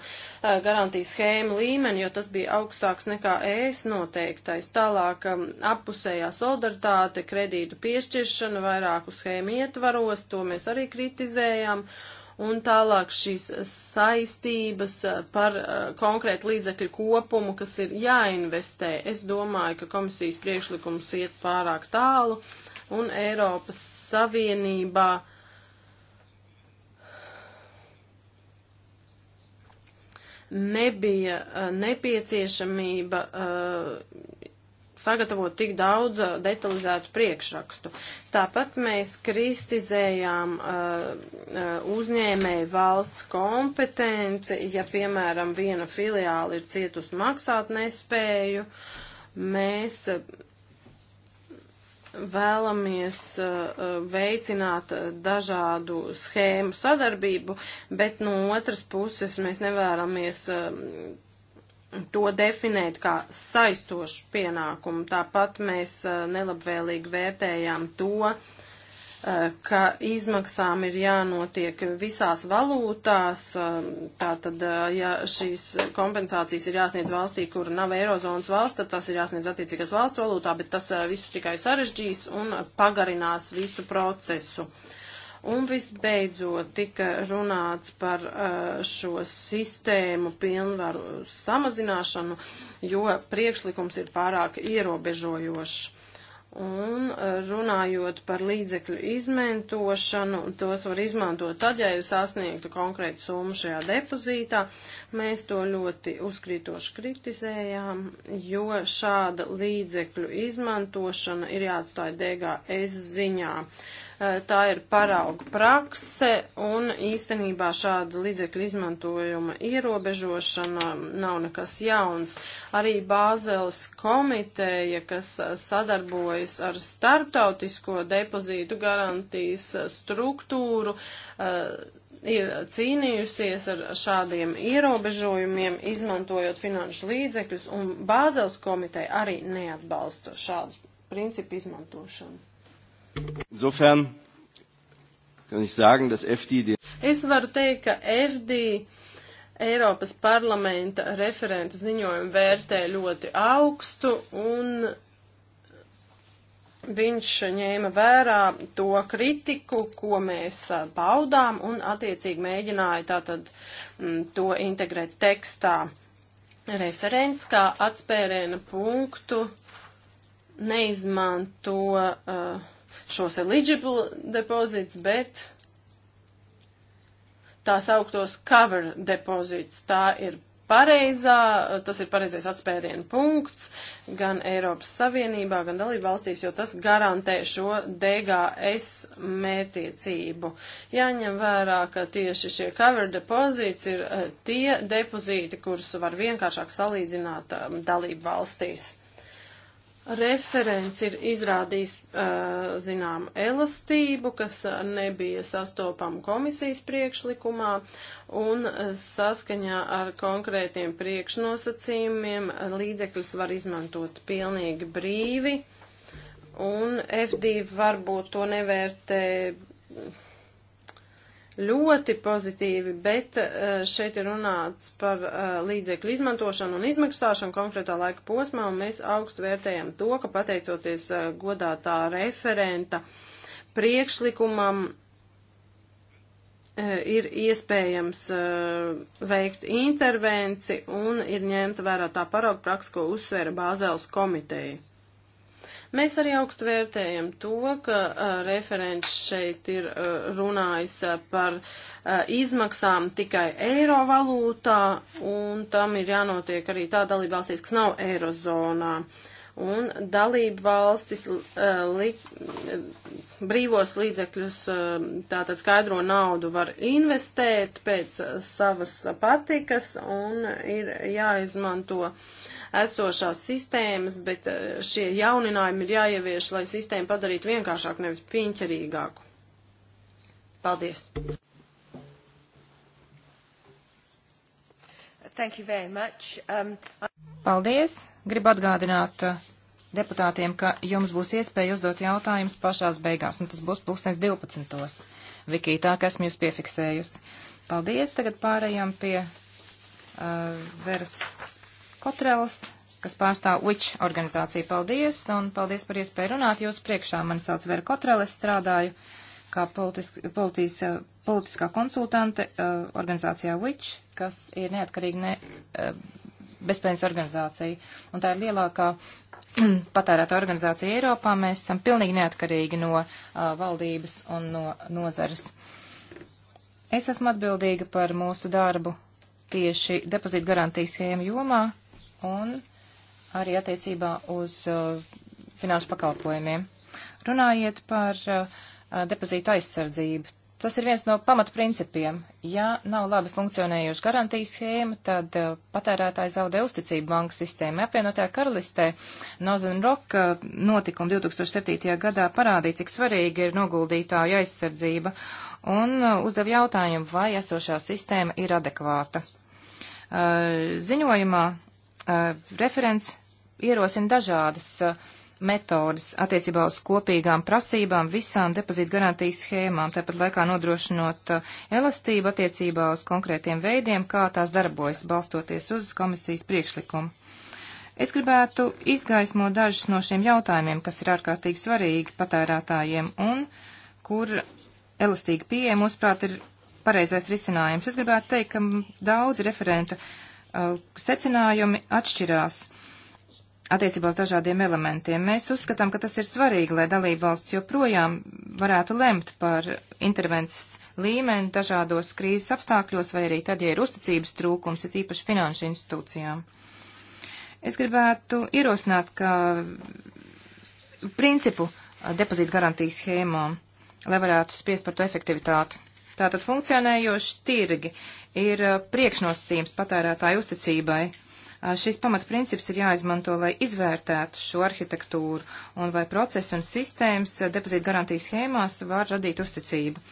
garantijas schēmu līmeni, jo tas bija augstāks nekā ES noteiktais. Tālāk um, appusējā solidaritāte, kredītu piešķiršana vairāku schēmu ietvaros, to mēs arī kritizējām. Uh, un tālāk šīs saistības par eh, konkrētu līdzekļu kopumu, kas ir jāinvestē. Es domāju, ka komisijas priekšlikums iet pārāk tālu un Eiropas Savienībā nebija eh, nepieciešamība uh, sagatavot tik daudz uh, detalizētu priekšrakstu. Tāpat mēs kristizējām uh, uh, uzņēmēju valsts kompetenci, ja, piemēram, viena filiāla ir cietus maksāt nespēju, mēs uh, vēlamies uh, veicināt dažādu schēmu sadarbību, bet no otras puses mēs nevēlamies uh, to definēt kā saistošu pienākumu. Tāpat mēs nelabvēlīgi vērtējām to, ka izmaksām ir jānotiek visās valūtās, tātad, ja šīs kompensācijas ir jāsniedz valstī, kur nav eirozonas valsts, tad tas ir jāsniedz attiecīgās valsts valūtā, bet tas visu tikai sarežģīs un pagarinās visu procesu. Un visbeidzot tika runāts par eh, šo sistēmu pilnvaru samazināšanu, jo priekšlikums ir pārāk ierobežojošs. Un eh, runājot par līdzekļu izmantošanu, tos var izmantot tad, ja ir sasniegta konkrēta summa šajā depozītā. Mēs to ļoti uzkrītoši kritizējām, jo šāda līdzekļu izmantošana ir jāatstāja DGS ziņā. Uh, Eh, tā ir parauga prakse, un īstenībā šāda līdzekļu izmantojuma ierobežošana nav nekas jauns. Arī Bāzeles komiteja, kas eh, sadarbojas ar starptautisko depozītu garantijas struktūru, eh, ir cīnījusies ar šādiem ierobežojumiem, izmantojot finanšu līdzekļus, un Bāzels komiteja arī neatbalsta šādus principu izmantošanu. Insofern kann ich sagen, dass FD. Es varu teikt, ka FD Eiropas parlamenta referenta ziņojumu vērtē ļoti augstu un viņš ņēma vērā to kritiku, ko mēs baudām un attiecīgi mēģināja tātad to integrēt tekstā. Referents kā atspēriena punktu neizmanto uh, šos eligible deposits, bet tās augtos cover deposits. Tā ir pareizā, tas ir pareizais atspērienu punkts gan Eiropas Savienībā, gan dalību valstīs, jo tas garantē šo DGS mētiecību. Jāņem vērā, ka tieši šie cover depozīts ir eh, tie depozīti, kurus var vienkāršāk salīdzināt eh, dalību valstīs. Referents ir izrādījis, uh, zinām, elastību, kas uh, nebija sastopama komisijas priekšlikumā, un uh, saskaņā ar konkrētiem priekšnosacījumiem līdzekļus var izmantot pilnīgi brīvi, un F2 varbūt to nevērtē ļoti pozitīvi, bet eh, šeit ir runāts par eh, līdzekļu izmantošanu un izmaksāšanu konkrētā laika posmā, un mēs augstu vērtējam to, ka pateicoties eh, godātā referenta priekšlikumam ir iespējams veikt intervenci un ir ņemta vērā tā parauga praksa, ko uzsvēra Bāzēlas komiteja. Mēs arī augstu vērtējam to, ka uh, referents šeit ir uh, runājis uh, par uh, izmaksām tikai eiro valūtā, un tam ir jānotiek arī tā dalība valstīs, kas nav eirozonā. Uh, un dalību valstis uh, li, brīvos līdzekļus, uh, tātad skaidro naudu var investēt pēc savas patikas un ir jāizmanto uh, esošās sistēmas, bet eh, šie jauninājumi ir jāievieš, lai sistēmu padarītu vienkāršāku, nevis piņķerīgāku. Paldies! Thank you very much. Um, I... Paldies! Gribu atgādināt uh, deputātiem, ka jums būs iespēja uzdot jautājumus pašās beigās, un tas būs pulkstens 12. Vikī, tā kā esmu jūs piefiksējusi. Paldies, tagad pārējām pie uh, Veras Kotrels, kas pārstāv UČ organizāciju. Paldies, un paldies par iespēju runāt jūsu priekšā. Mani sauc Vera Kotrela, es strādāju kā politisk, politis, politiskā konsultante uh, organizācijā UČ, kas ir neatkarīga ne, uh, bezpējas organizācija. Un tā ir lielākā patērēta organizācija Eiropā. Mēs esam pilnīgi neatkarīgi no uh, valdības un no nozares. Es esmu atbildīga par mūsu darbu tieši depozītu garantijas schēmu jomā, un arī attiecībā uz uh, finanšu pakalpojumiem. Runājiet par uh, depozītu aizsardzību. Tas ir viens no pamatprincipiem. Ja nav labi funkcionējuša garantijas schēma, tad uh, patērētāji zaudē uzticību banku sistēmai. Apvienotajā karalistē Northern Rock uh, notikuma 2007. gadā parādīja, cik svarīgi ir noguldītāju aizsardzība un uh, uzdev jautājumu, vai esošā sistēma ir adekvāta. Uh, ziņojumā Eh, referents ierosina dažādas eh, metodas attiecībā uz kopīgām prasībām visām depozītu garantijas schēmām, tāpat laikā nodrošinot eh, elastību attiecībā uz konkrētiem veidiem, kā tās darbojas, balstoties uz komisijas priekšlikumu. Es gribētu izgaismot dažus no šiem jautājumiem, kas ir ārkārtīgi svarīgi patērētājiem un kur elastīga pieeja, mūsuprāt, ir pareizais risinājums. Es gribētu teikt, ka daudz referenta uh, Uh, secinājumi atšķirās attiecībā uz dažādiem elementiem. Mēs uzskatām, ka tas ir svarīgi, lai dalība valsts joprojām varētu lemt par intervences līmeni dažādos krīzes apstākļos vai arī tad, ja ir uzticības trūkums, ir īpaši finanšu institūcijām. Es gribētu ierosināt, ka principu depozītu garantijas schēmām, lai varētu spriest par to efektivitāti. Tātad funkcionējoši tirgi ir eh, priekšnosacījums patērētāju uzticībai. Eh, šis pamatprincips ir jāizmanto, lai izvērtētu šo arhitektūru un vai procesu un sistēmas eh, depozīta garantijas schēmās var radīt uzticību.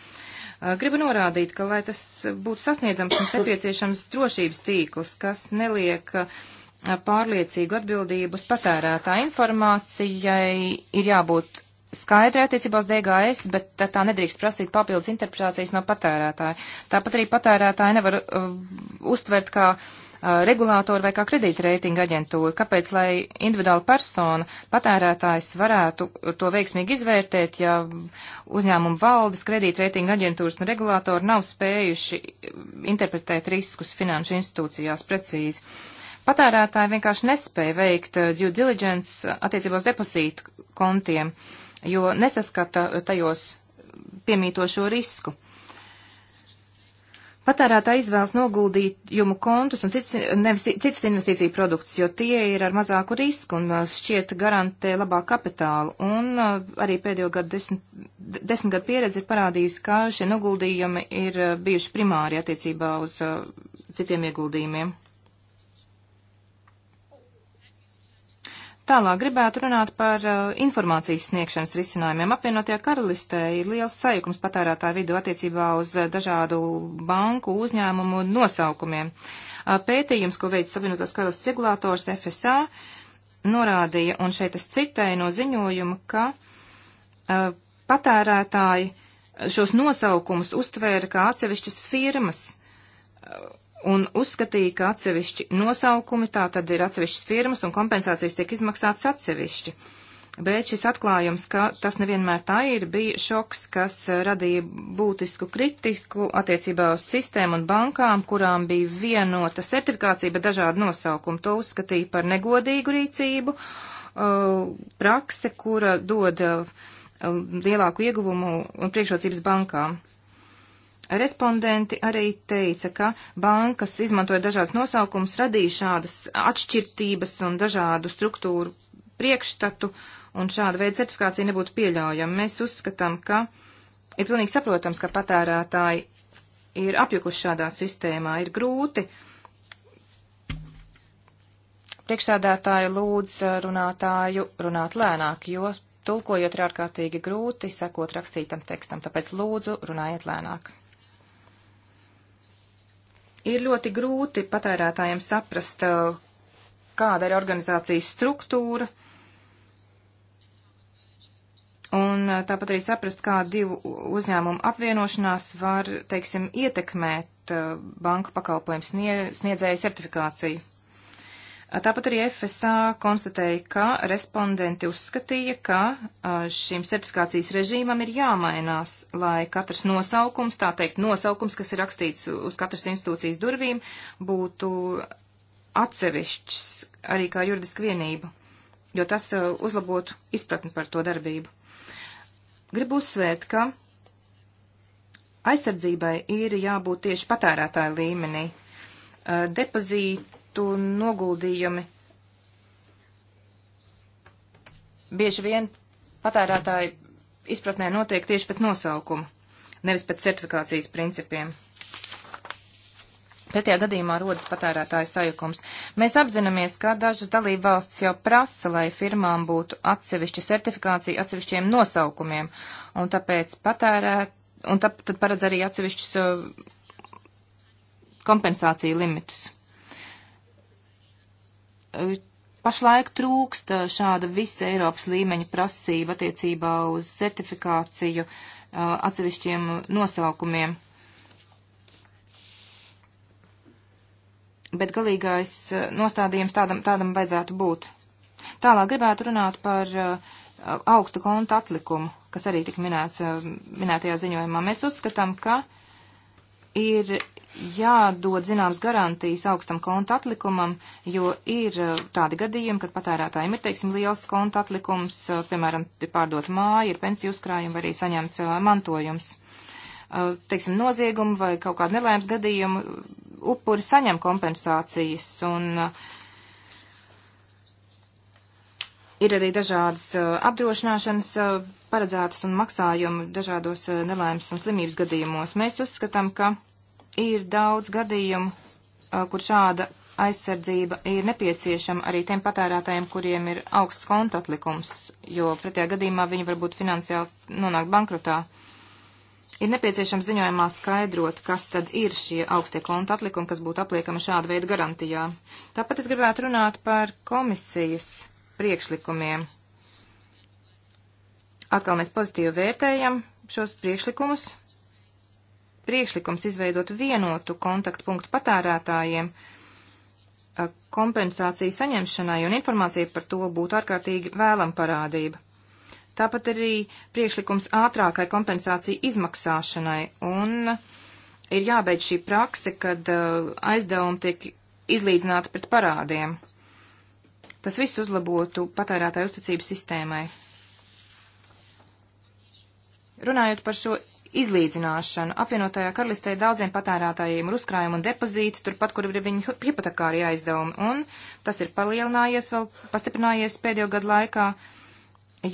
Gribu norādīt, ka, lai tas būtu sasniedzams, mums nepieciešams drošības tīkls, kas neliek pārliecīgu atbildību uz patērētā informācijai, ir jābūt skaidri attiecībā uz DGS, bet tā, tā nedrīkst prasīt papildus interpretācijas no patērētāja. Tāpat arī patērētāji nevar uh, uztvert kā uh, regulātoru vai kā kredītreitinga aģentūru. Kāpēc, lai individuāla persona, patērētājs varētu to veiksmīgi izvērtēt, ja uzņēmuma valdes, kredītreitinga aģentūras un regulātori nav spējuši uh, interpretēt riskus finanšu institūcijās precīzi? Patērētāji vienkārši nespēja veikt uh, due diligence attiecībā uz depozītu kontiem. Uh, jo nesaskata tajos piemītošo risku. Patērētā izvēlas noguldījumu kontus un citus, nevis citus investīciju produktus, jo tie ir ar mazāku risku un uh, šķiet garantē labāku kapitālu. Un uh, arī pēdējo gadu desmit, desmit gadu pieredze ir parādījusi, ka šie noguldījumi ir uh, bijuši primāri attiecībā uz citiem ieguldījumiem. Tālāk gribētu runāt par uh, informācijas sniegšanas risinājumiem. Apvienotajā karalistē ir liels sajukums patērētāju vidu attiecībā uz uh, dažādu banku uzņēmumu nosaukumiem. Uh, pētījums, ko veids Savienotās karalists regulators FSA, norādīja, un šeit es citēju no ziņojuma, ka uh, patērētāji šos nosaukumus uztvēra kā atsevišķas firmas. Uh, un uzskatīja, ka atsevišķi nosaukumi tā tad ir atsevišķas firmas un kompensācijas tiek izmaksātas atsevišķi. Bet šis atklājums, ka tas nevienmēr tā ir, bija šoks, kas eh, radīja būtisku kritiku attiecībā uz sistēmu un bankām, kurām bija vienota certifikācija, bet dažādi nosaukumi. To uzskatīja par negodīgu rīcību, eh, prakse, kura dod eh, lielāku ieguvumu un priekšrocības bankām. Respondenti arī teica, ka bankas izmantoja dažādas nosaukumus, radīja šādas atšķirtības un dažādu struktūru priekšstatu, un šāda veida certifikācija nebūtu pieļaujama. Mēs uzskatām, ka ir pilnīgi saprotams, ka patērētāji ir apjukuši šādā sistēmā, ir grūti. Priekšsēdētāja lūdz runātāju runāt lēnāk, jo tulkojot ir ārkārtīgi grūti sekot rakstītam tekstam, tāpēc lūdzu runājiet lēnāk. Ir ļoti grūti patērētājiem saprast, eh, kāda ir organizācijas struktūra, un eh, tāpat arī saprast, kā divu uzņēmumu apvienošanās var, teiksim, ietekmēt eh, banku pakalpojumu sniedzēju certifikāciju. Tāpat arī FSA konstatēja, ka respondenti uzskatīja, ka šim certifikācijas režīmam ir jāmainās, lai katrs nosaukums, tā teikt, nosaukums, kas ir rakstīts uz katras institūcijas durvīm, būtu atsevišķs arī kā juridiska vienība, jo tas uzlabotu izpratni par to darbību. Gribu uzsvērt, ka aizsardzībai ir jābūt tieši patērētāja līmenī. Depozītu projektu noguldījumi bieži vien patērētāji izpratnē notiek tieši pēc nosaukuma, nevis pēc certifikācijas principiem. Pretējā gadījumā rodas patērētāja sajukums. Mēs apzināmies, ka dažas dalība valsts jau prasa, lai firmām būtu atsevišķa certifikācija atsevišķiem nosaukumiem, un tāpēc patērēt, un tā, tad paredz arī atsevišķus uh, kompensāciju limitus. Pašlaik trūkst šāda visa Eiropas līmeņa prasība attiecībā uz certifikāciju atsevišķiem nosaukumiem. Bet galīgais nostādījums tādam, tādam vajadzētu būt. Tālāk gribētu runāt par augstu kontu atlikumu, kas arī tika minēts minētajā ziņojumā. Mēs uzskatām, ka uh, ir jādod zināms garantijas augstam konta atlikumam, jo ir eh, tādi gadījumi, kad patērētājiem ir, teiksim, liels konta atlikums, eh, piemēram, ir pārdota māja, ir pensiju uzkrājumi vai arī saņemts eh, mantojums. Teiksim, noziegumu vai kaut kādu nelēmas gadījumu upuri saņem kompensācijas un uh, Ir arī dažādas uh, apdrošināšanas uh, paredzētas un maksājumi dažādos uh, nelaimes un slimības gadījumos. Mēs uzskatām, ka ir daudz gadījumu, kur šāda aizsardzība ir nepieciešama arī tiem patērētājiem, kuriem ir augsts kontatlikums, jo pretējā gadījumā viņi varbūt finansiāli nonāk bankrotā. Ir nepieciešams ziņojumā skaidrot, kas tad ir šie augstie konta atlikumi, kas būtu apliekami šāda veida garantijā. Tāpat es gribētu runāt par komisijas priekšlikumiem. Atkal mēs pozitīvi vērtējam šos priekšlikumus. Priekšlikums izveidot vienotu kontaktpunktu patērētājiem kompensāciju saņemšanai un informācija par to būtu ārkārtīgi vēlama parādība. Tāpat arī priekšlikums ātrākai kompensāciju izmaksāšanai un ir jābeidz šī prakse, kad aizdevumi tiek izlīdzināti pret parādiem. Tas viss uzlabotu patērētāju uzticības sistēmai. Runājot par šo izlīdzināšanu, apvienotajā karalistē daudziem patērētājiem ir uzkrājumi un depozīti, turpat, kur ir viņu hipotekārie aizdevumi, un tas ir palielinājies vēl, pastiprinājies pēdējo gadu laikā,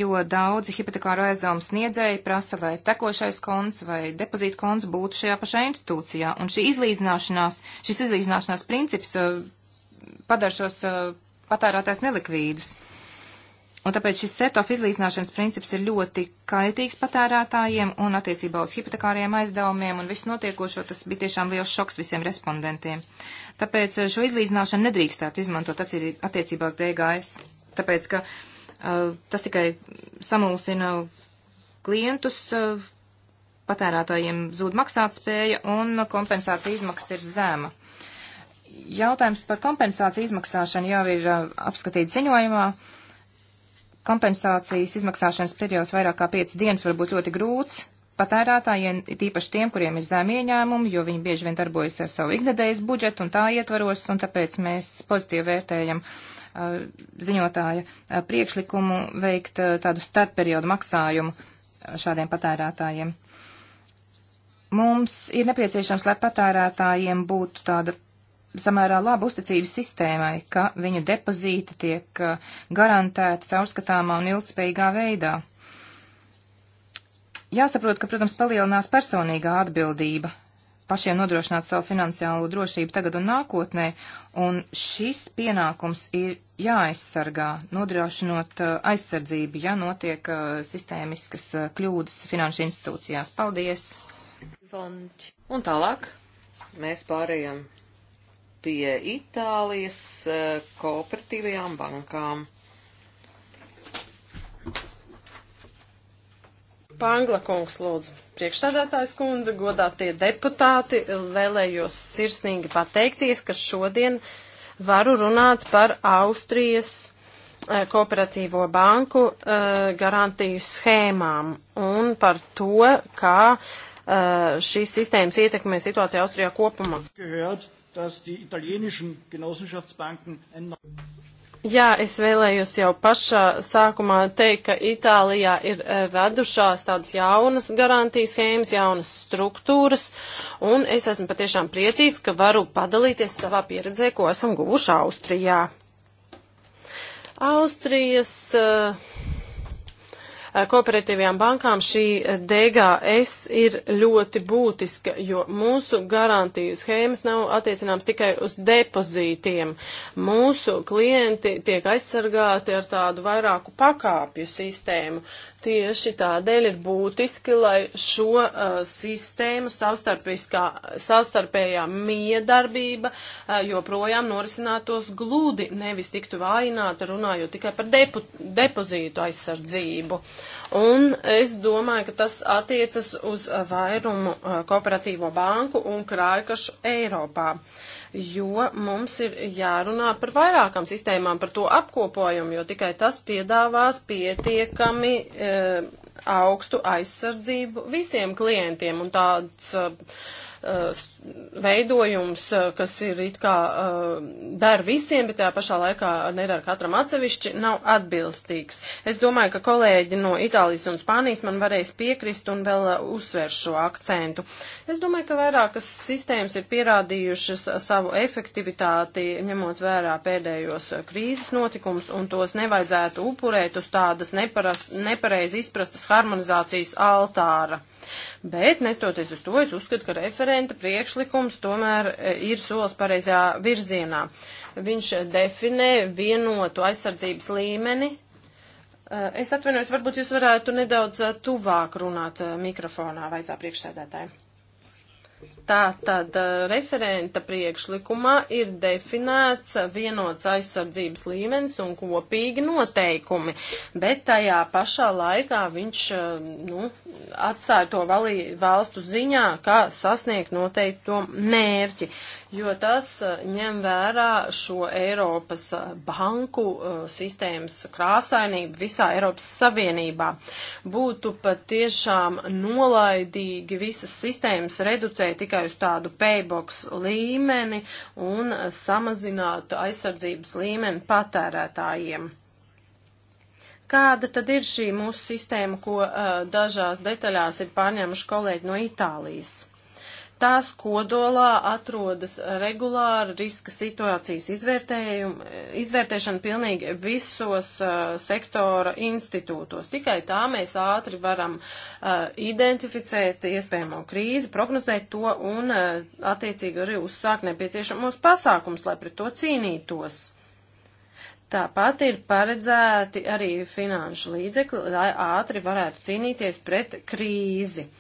jo daudzi hipotekāro aizdevumu sniedzēji prasa, lai tekošais konts vai depozīta konts būtu šajā pašā institūcijā, un šī izlīdzināšanās, šis izlīdzināšanās princips eh, padara šos eh, patērētājs nelikvīdus. Un tāpēc šis setof izlīdzināšanas princips ir ļoti kaitīgs patērētājiem un attiecībā uz hipotekāriem aizdevumiem un visu notiekošo tas bija tiešām liels šoks visiem respondentiem. Tāpēc eh, šo izlīdzināšanu nedrīkstētu izmantot attiecībā uz DGS, tāpēc ka uh, tas tikai samulsina klientus, uh, patērētājiem zūd maksātspēja un kompensācija izmaksas ir zema. Uh, Jautājums par kompensāciju izmaksāšanu jau uh, ir apskatīts ziņojumā. Kompensācijas izmaksāšanas periods vairāk kā 5 dienas var būt ļoti grūts patērētājiem, tīpaši tiem, kuriem ir zem ieņēmumi, jo viņi bieži vien darbojas ar savu ikgadējas budžetu un tā ietvaros, un tāpēc mēs pozitīvi vērtējam uh, ziņotāja uh, priekšlikumu veikt uh, tādu starpperiodu maksājumu uh, šādiem patērētājiem. Mums ir nepieciešams, lai patērētājiem būtu tāda samērā labu uzticību sistēmai, ka viņu depozīti tiek uh, garantēti caurskatāmā un ilgspējīgā veidā. Jāsaprot, ka, protams, palielinās personīgā atbildība pašiem nodrošināt savu finansiālo drošību tagad un nākotnē, un šis pienākums ir jāaizsargā, nodrošinot uh, aizsardzību, ja notiek uh, sistēmiskas kļūdas finanšu institūcijās. Paldies! Un tālāk mēs pārējām pie Itālijas eh, kooperatīvajām bankām. Pangla kungs lūdzu, priekšsādātājs kundze, godātie deputāti, vēlējos sirsnīgi pateikties, ka šodien varu runāt par Austrijas eh, kooperatīvo banku eh, garantiju schēmām un par to, kā šīs sistēmas ietekmē situāciju Austrijā kopumā. Gehört dass die italienischen Genossenschaftsbanken ein Jā, es vēlējos jau pašā sākumā teikt, ka Itālijā ir eh, radušās tādas jaunas garantijas schēmas, jaunas struktūras, un es esmu patiešām priecīgs, ka varu padalīties savā pieredzē, ko esam guvuši Austrijā. Austrijas uh, kooperatīvajām bankām šī DGS ir ļoti būtiska, jo mūsu garantiju schēmas nav attiecināmas tikai uz depozītiem. Mūsu klienti tiek aizsargāti ar tādu vairāku pakāpju sistēmu. Tieši tādēļ ir būtiski, lai šo uh, sistēmu savstarpējā miedarbība uh, joprojām norisinātos glūdi, nevis tiktu vājināta runājot tikai par depu, depozītu aizsardzību. Un es domāju, ka tas attiecas uz vairumu uh, kooperatīvo banku un krājkašu Eiropā. Uh, jo mums ir jārunā par vairākām sistēmām, par to apkopojumu, jo tikai tas piedāvās pietiekami e, augstu aizsardzību visiem klientiem un tāds. E, veidojums, eh, kas ir it kā eh, dar visiem, bet tajā pašā laikā nedara katram atsevišķi, nav atbilstīgs. Es domāju, ka kolēģi no Itālijas un Spānijas man varēs piekrist un vēl eh, uzsvērš šo akcentu. Es domāju, ka vairākas sistēmas ir pierādījušas savu efektivitāti, ņemot vērā pēdējos krīzes notikumus, un tos nevajadzētu upurēt uz tādas nepareiz izprastas harmonizācijas altāra. Bet, nestoties uz to, es uzskatu, ka referenta priekšlikums tomēr e, ir solis pareizajā virzienā. Viņš definē vienotu aizsardzības līmeni. E, es atvainojos, varbūt jūs varētu nedaudz e, tuvāk runāt mikrofonā, vajadzā priekšsēdētāji. Tā tad eh, referenta priekšlikumā ir definēts vienots aizsardzības līmenis un kopīgi noteikumi, bet tajā pašā laikā viņš eh, nu, atstāja to valī, valstu ziņā, kā sasniegt noteikto mērķi jo tas eh, ņem vērā šo Eiropas eh, banku eh, sistēmas krāsainību visā Eiropas Savienībā. Būtu pat tiešām nolaidīgi visas sistēmas reducēt tikai uz tādu paybox līmeni un samazināt aizsardzības līmeni patērētājiem. Kāda tad ir šī mūsu sistēma, ko uh, dažās detaļās ir pārņēmuši kolēģi no Itālijas? Tās kodolā atrodas regulāra riska situācijas izvērtēšana pilnīgi visos uh, sektora institūtos. Tikai tā mēs ātri varam uh, identificēt iespējamo krīzi, prognozēt to un uh, attiecīgi arī uzsākt nepieciešamos pasākums, lai pret to cīnītos. Tāpat ir paredzēti arī finanšu līdzekļi, lai ātri varētu cīnīties pret krīzi.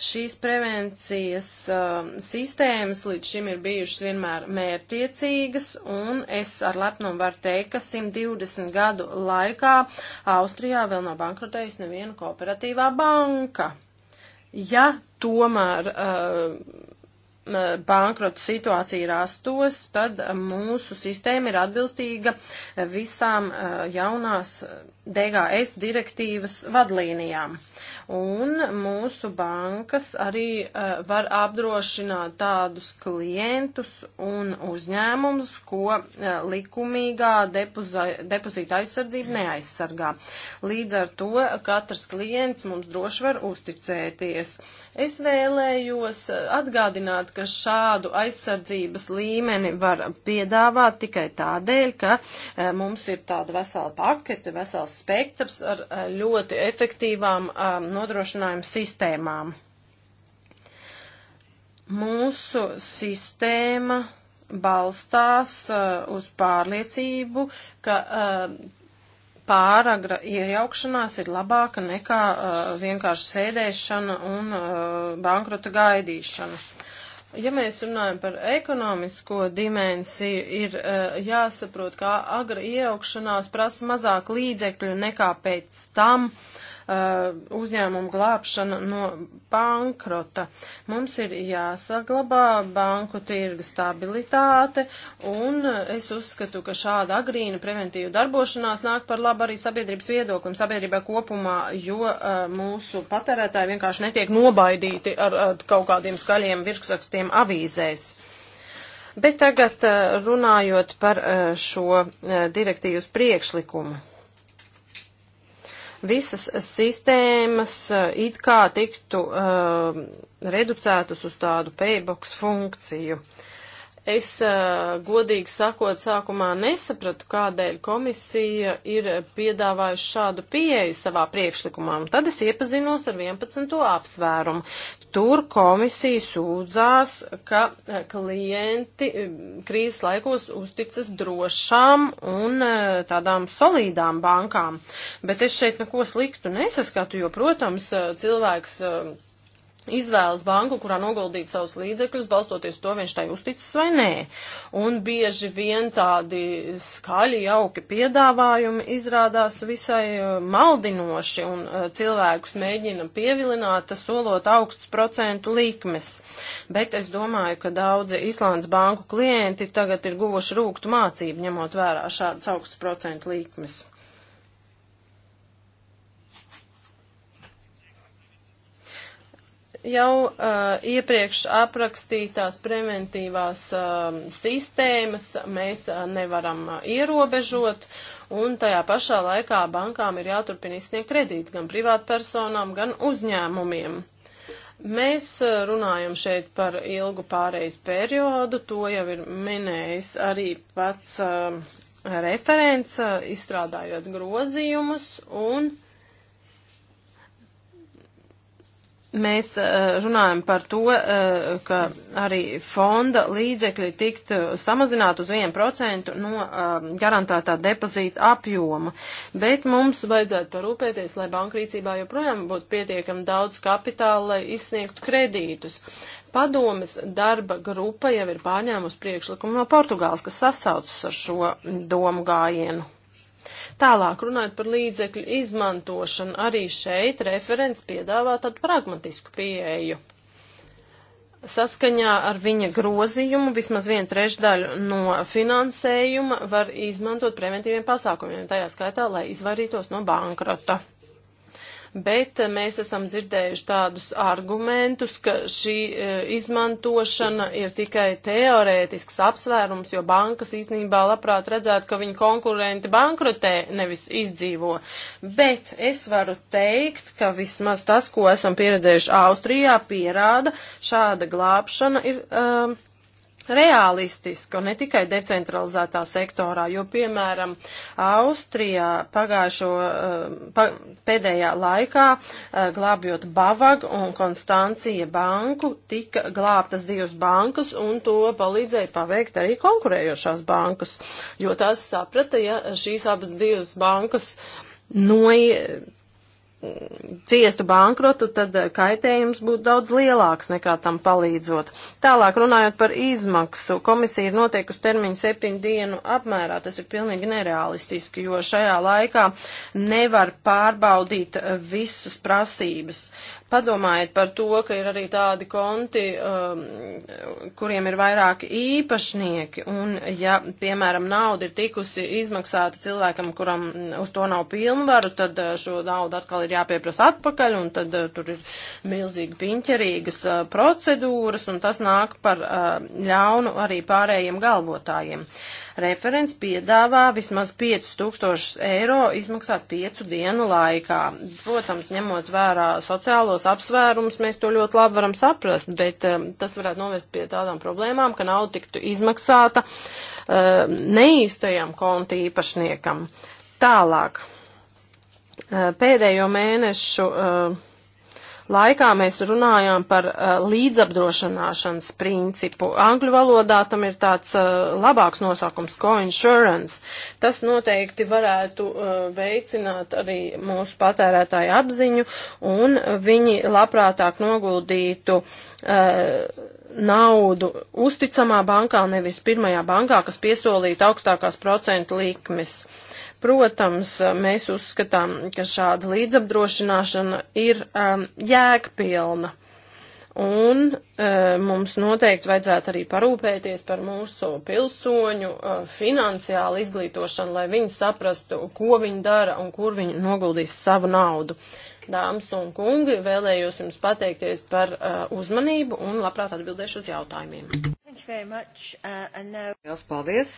Šīs prevencijas uh, sistēmas līdz šim ir bijušas vienmēr mērtiecīgas, un es ar lepnumu varu teikt, ka 120 gadu laikā Austrijā vēl nav bankrotējusi neviena kooperatīvā banka. Ja tomēr uh, bankrota situācija rastos, tad mūsu sistēma ir atbilstīga visām jaunās DGS direktīvas vadlīnijām. Un mūsu bankas arī var apdrošināt tādus klientus un uzņēmumus, ko likumīgā depozīta aizsardzība neaizsargā. Līdz ar to katrs klients mums droši var uzticēties. Es vēlējos atgādināt, ka ka šādu aizsardzības līmeni var piedāvāt tikai tādēļ, ka eh, mums ir tāda vesela pakete, vesels spektrs ar eh, ļoti efektīvām eh, nodrošinājumu sistēmām. Mūsu sistēma balstās uz pārliecību, ka pāragra iejaukšanās ir labāka nekā uh, vienkārši sēdēšana un uh, bankrota gaidīšana. Ja mēs runājam par ekonomisko dimensiju, ir uh, jāsaprot, ka agra iejaukšanās prasa mazāk līdzekļu nekā pēc tam. Uh, Uh, uzņēmumu glābšanu no bankrota. Mums ir jāsaglabā banku tirga stabilitāte, un es uzskatu, ka šāda agrīna preventīva darbošanās nāk par labu arī sabiedrības viedoklim, sabiedrībā kopumā, jo uh, mūsu patērētāji vienkārši netiek nobaidīti ar, ar kaut kādiem skaļiem virsrakstiem avīzēs. Bet tagad uh, runājot par uh, šo direktīvas priekšlikumu visas sistēmas eh, it kā tiktu uh, reducētas uz tādu paybox funkciju. Uh, Es godīgi sakot, sākumā nesapratu, kādēļ komisija ir piedāvājusi šādu pieeju savā priekšlikumā, un tad es iepazinos ar 11. apsvērumu. Tur komisija sūdzās, ka klienti krīzes laikos uzticas drošām un tādām solīdām bankām, bet es šeit neko sliktu nesaskatu, jo, protams, cilvēks izvēlas banku, kurā noguldīt savus līdzekļus, balstoties to, viņš tai uzticis vai nē. Un bieži vien tādi skaļi, jauki piedāvājumi izrādās visai uh, maldinoši un uh, cilvēkus mēģina pievilināt, solot augstus procentu likmes. Bet es domāju, ka daudzi Islandes banku klienti tagad ir guvuši rūktu mācību, ņemot vērā šādas augstas procentu likmes. jau uh, iepriekš aprakstītās preventīvās uh, sistēmas mēs uh, nevaram uh, ierobežot, un tajā pašā laikā bankām ir jāturpina izsniegt kredīti gan privātpersonām, gan uzņēmumiem. Mēs uh, runājam šeit par ilgu pārejas periodu, to jau ir minējis arī pats uh, referents, uh, izstrādājot grozījumus un uh, mēs eh, runājam par to, eh, ka arī fonda līdzekļi tiktu eh, samazināt uz 1% no garantētā depozīta apjoma, bet mums vajadzētu parūpēties, lai bankrīcībā joprojām būtu pietiekami daudz kapitāla, lai izsniegtu kredītus. Padomes darba grupa jau ir pārņēmusi priekšlikumu no Portugāles, kas sasaucas ar šo domu gājienu. Tālāk runājot par līdzekļu izmantošanu, arī šeit referents piedāvā tādu pragmatisku pieeju. Saskaņā ar viņa grozījumu vismaz vienu trešdaļu no finansējuma var izmantot preventīviem pasākumiem, tajā skaitā, lai izvairītos no bankrota bet eh, mēs esam dzirdējuši tādus argumentus, ka šī eh, izmantošana ir tikai teorētisks apsvērums, jo bankas īstenībā labprāt redzētu, ka viņu konkurenti bankrotē, nevis izdzīvo. Bet es varu teikt, ka vismaz tas, ko esam pieredzējuši Austrijā, pierāda šāda glābšana ir. Uh, um, realistiska, ne tikai decentralizētā sektorā, jo, piemēram, Austrijā pagājušo, eh, pa, pēdējā laikā, eh, glābjot Bavagu un Konstancija banku, tika glābtas divas bankas, un to palīdzēja paveikt arī konkurējošās bankas, jo tās saprata, ja šīs abas divas bankas noi ciestu bankrotu, tad eh, kaitējums būtu daudz lielāks nekā tam palīdzot. Tālāk runājot par izmaksu, komisija ir noteikusi termiņu septiņu dienu apmērā. Tas ir pilnīgi nerealistiski, jo šajā laikā nevar pārbaudīt visas prasības. Padomājiet par to, ka ir arī tādi konti, um, kuriem ir vairāki īpašnieki, un ja, piemēram, nauda ir tikusi izmaksāta cilvēkam, kuram uz to nav pilnvaru, tad uh, šo naudu atkal ir jāpieprasa atpakaļ, un tad uh, tur ir milzīgi piņķerīgas uh, procedūras, un tas nāk par uh, ļaunu arī pārējiem galvotājiem. Uh, Referents piedāvā vismaz 5000 eiro izmaksāt 5 dienu laikā. Protams, ņemot vērā sociālos apsvērumus, mēs to ļoti labi varam saprast, bet um, tas varētu novest pie tādām problēmām, ka nauda tiktu izmaksāta uh, neīstajam konta īpašniekam. Tālāk. Uh, pēdējo mēnešu uh, laikā mēs runājām par uh, līdzapdrošināšanas principu. Angļu valodā tam ir tāds uh, labāks nosaukums - coinsurance. Tas noteikti varētu uh, veicināt arī mūsu patērētāju apziņu un viņi labprātāk noguldītu. Uh, naudu uzticamā bankā, nevis pirmajā bankā, kas piesolīta augstākās procentu likmes. Uh, Protams, mēs uzskatām, ka šāda līdzapdrošināšana ir um, jēgpilna. Un e, um, mums noteikti vajadzētu arī parūpēties par mūsu pilsoņu e, uh, finansiālu izglītošanu, lai viņi saprastu, ko viņi dara un kur viņi noguldīs savu naudu. Dāmas un kungi, vēlējos jums pateikties par uh, uzmanību un labprāt atbildēšu uz jautājumiem. Thank you very much. Uh, and now... Paldies!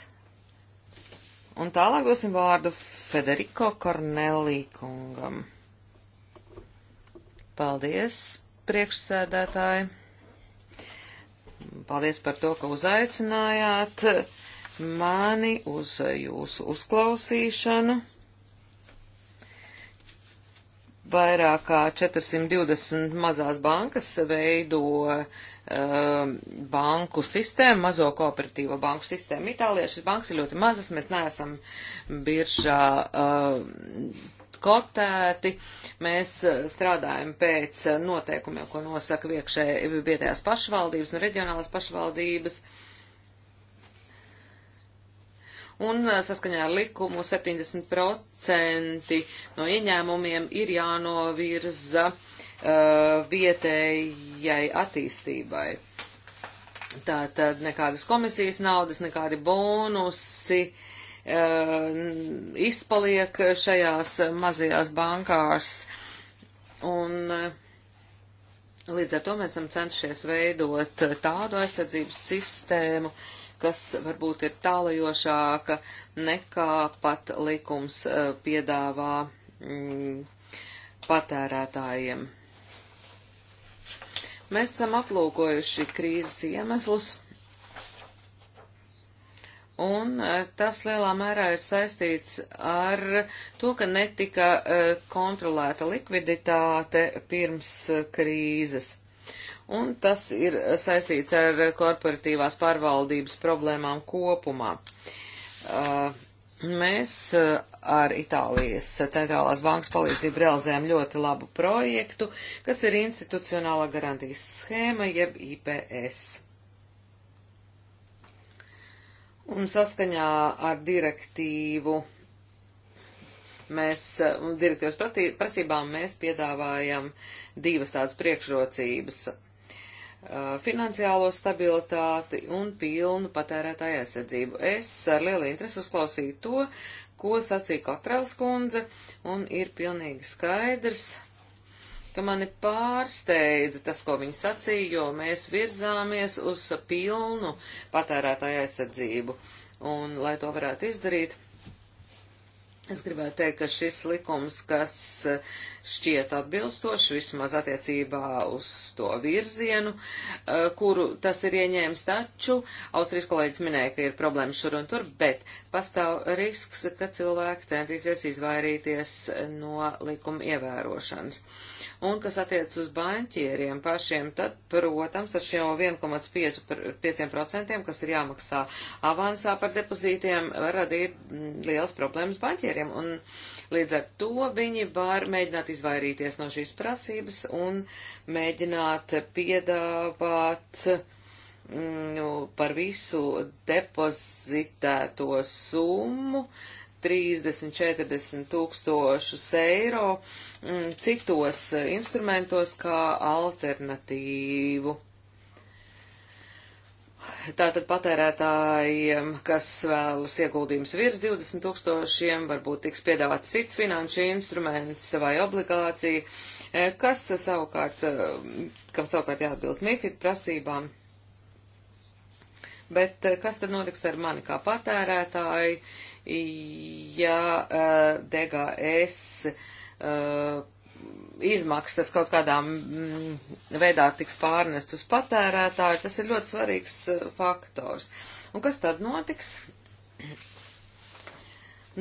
Un tālāk dosim vārdu Federico Kornelī kungam. Paldies, priekšsēdētāji. Paldies par to, ka uzaicinājāt mani uz jūsu uzklausīšanu. Vairāk kā 420 mazās bankas veido uh, banku sistēmu, mazo kooperatīvo banku sistēmu. Itālijā šis banks ir ļoti mazas, mēs neesam biržā uh, kotēti, mēs uh, strādājam pēc noteikumiem, ko nosaka viekšē vietējās pašvaldības un reģionālās pašvaldības. Uh, un saskaņā ar likumu 70% no ieņēmumiem ir jānovirza uh, vietējai attīstībai. Tātad nekādas komisijas naudas, nekādi bonusi uh, izpaliek šajās mazajās bankās. Un uh, Līdz ar to mēs esam cenšies veidot tādu aizsardzības sistēmu, uh, kas varbūt ir tālajošāka nekā pat likums e, piedāvā mm, patērētājiem. Mēs esam aplūkojuši krīzes iemeslus, un e, tas lielā mērā ir saistīts ar to, ka netika e, kontrolēta likviditāte pirms krīzes un tas ir saistīts ar korporatīvās pārvaldības problēmām kopumā. Uh, mēs uh, ar Itālijas centrālās bankas palīdzību realizējam ļoti labu projektu, kas ir institucionālā garantijas schēma jeb IPS. Un saskaņā ar direktīvu mēs, direktīvas prasībām mēs piedāvājam divas tādas priekšrocības finansiālo stabilitāti un pilnu patērētāju aizsardzību. Es ar lielu interesi uzklausīju to, ko sacīja Katrēls kundze, un ir pilnīgi skaidrs, ka mani pārsteidza tas, ko viņi sacīja, jo mēs virzāmies uz pilnu patērētāju aizsardzību. Un, lai to varētu izdarīt, es gribētu teikt, ka šis likums, kas šķiet atbilstoši vismaz attiecībā uz to virzienu, eh, kuru tas ir ieņēmis. Taču Austrijas kolēģis minēja, ka ir problēmas šur un tur, bet pastāv risks, ka cilvēki centīsies izvairīties no likuma ievērošanas. Un kas attiec uz baņķieriem pašiem, tad, protams, ar šo 1,5%, kas ir jāmaksā avansā par depozītiem, var radīt mm, liels problēmas baņķieriem. Un Līdz ar to viņi var mēģināt izvairīties no šīs prasības un mēģināt piedāvāt mm, nu, par visu depozitēto summu 30-40 tūkstošus eiro mm, citos instrumentos kā alternatīvu. Tātad patērētājiem, kas vēlas ieguldījums virs 20 tūkstošiem, varbūt tiks piedāvāts cits finanšu instruments vai obligācija, eh, kas savukārt, eh, kam savukārt jāatbilst MIFID prasībām. Bet eh, kas tad notiks ar mani kā patērētāju, ja DGS izmaksas kaut kādā mm, veidā tiks pārnest uz patērētāju, tas ir ļoti svarīgs eh, faktors. Un kas tad notiks?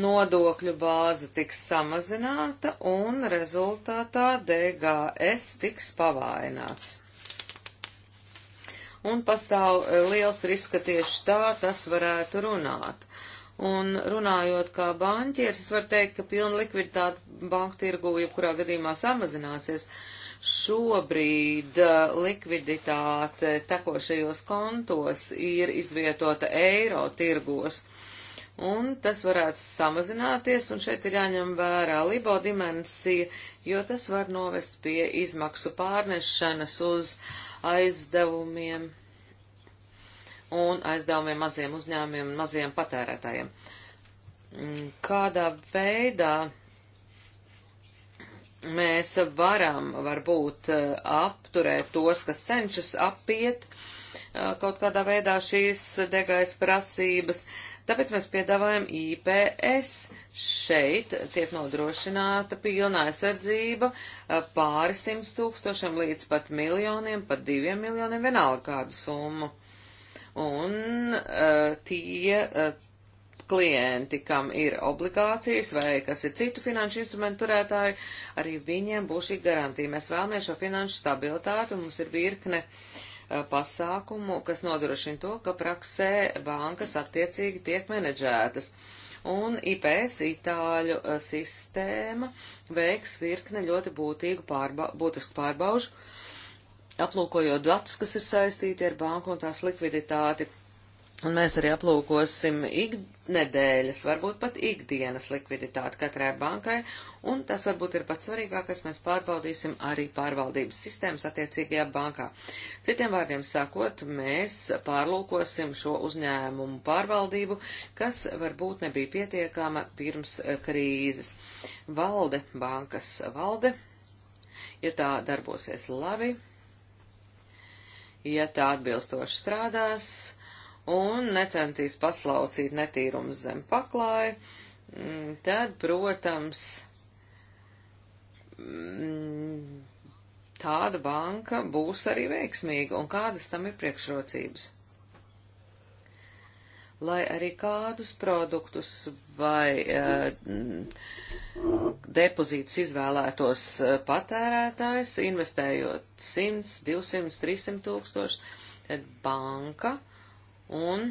Nodokļu bāze tiks samazināta un rezultātā DGS tiks pavaināts. Un pastāv eh, liels risks, ka tieši tā tas varētu runāt. Un runājot kā banķieris, var teikt, ka pilna likviditāte banku tirgu jebkurā gadījumā samazināsies. Šobrīd eh, likviditāte tekošajos kontos ir izvietota eiro tirgos. Un tas varētu samazināties, un šeit ir jāņem vērā libo dimensija, jo tas var novest pie izmaksu pārnešanas uz aizdevumiem un aizdevumiem maziem uzņēmumiem un maziem patērētājiem. Mm, kādā veidā mēs varam varbūt apturēt tos, kas cenšas apiet kaut kādā veidā šīs degais prasības, tāpēc mēs piedāvājam IPS. Šeit tiek nodrošināta pilnā aizsardzība pāri simts tūkstošiem līdz pat miljoniem, pat diviem miljoniem, vienalga kādu summu un uh, tie uh, klienti, kam ir obligācijas vai kas ir citu finanšu instrumentu turētāji, arī viņiem būs šī garantija. Mēs vēlamies šo finanšu stabilitāti, un mums ir virkne uh, pasākumu, kas nodrošina to, ka praksē bankas attiecīgi tiek menedžētas. Un IPS Itāļu uh, sistēma veiks virkne ļoti būtīgu pārba būtisku pārbaužu, aplūkojot datus, kas ir saistīti ar banku un tās likviditāti. Un mēs arī aplūkosim iknedēļas, varbūt pat ikdienas likviditāti katrai bankai, un tas varbūt ir pats svarīgākais, mēs pārbaudīsim arī pārvaldības sistēmas attiecīgajā bankā. Citiem vārdiem sakot, mēs pārlūkosim šo uzņēmumu pārvaldību, kas varbūt nebija pietiekama pirms eh, krīzes. Valde, bankas valde, ja tā darbosies labi, ja tā atbilstoši strādās un necentīs paslaucīt netīrumus zem paklāja, mm, tad, protams, mm, tāda banka būs arī veiksmīga, un kādas tam ir priekšrocības? lai arī kādus produktus vai eh, depozītus izvēlētos eh, patērētājs, investējot 100, 200, 300 tūkstoši, tad banka un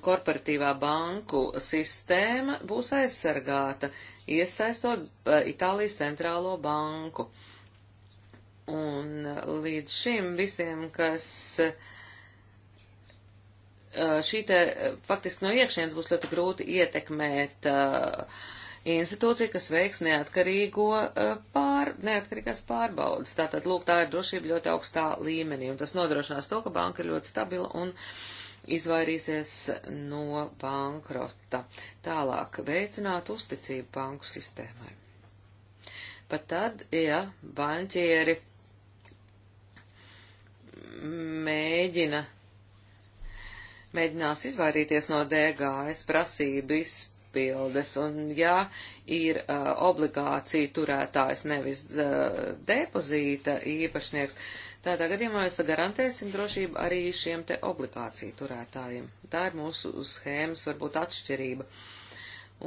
korporatīvā banku sistēma būs aizsargāta, iesaistot eh, Itālijas centrālo banku. Un līdz šim visiem, kas uh, Eh, šī te eh, faktiski no iekšienes būs ļoti grūti ietekmēt uh, institūciju, kas veiks neatkarīgo uh, pār, neatkarīgās pārbaudas. Tātad, lūk, tā ir drošība ļoti augstā līmenī, un tas nodrošinās to, ka banka ir ļoti stabila un izvairīsies no bankrota. Tālāk, veicināt uzticību banku sistēmai. Pat tad, ja banķieri mēģina mēģinās izvairīties no DGS prasību izpildes, un ja ir uh, obligācija turētājs nevis uh, depozīta īpašnieks, tādā gadījumā mēs garantēsim drošību arī šiem te obligāciju turētājiem. Tā ir mūsu schēmas varbūt atšķirība.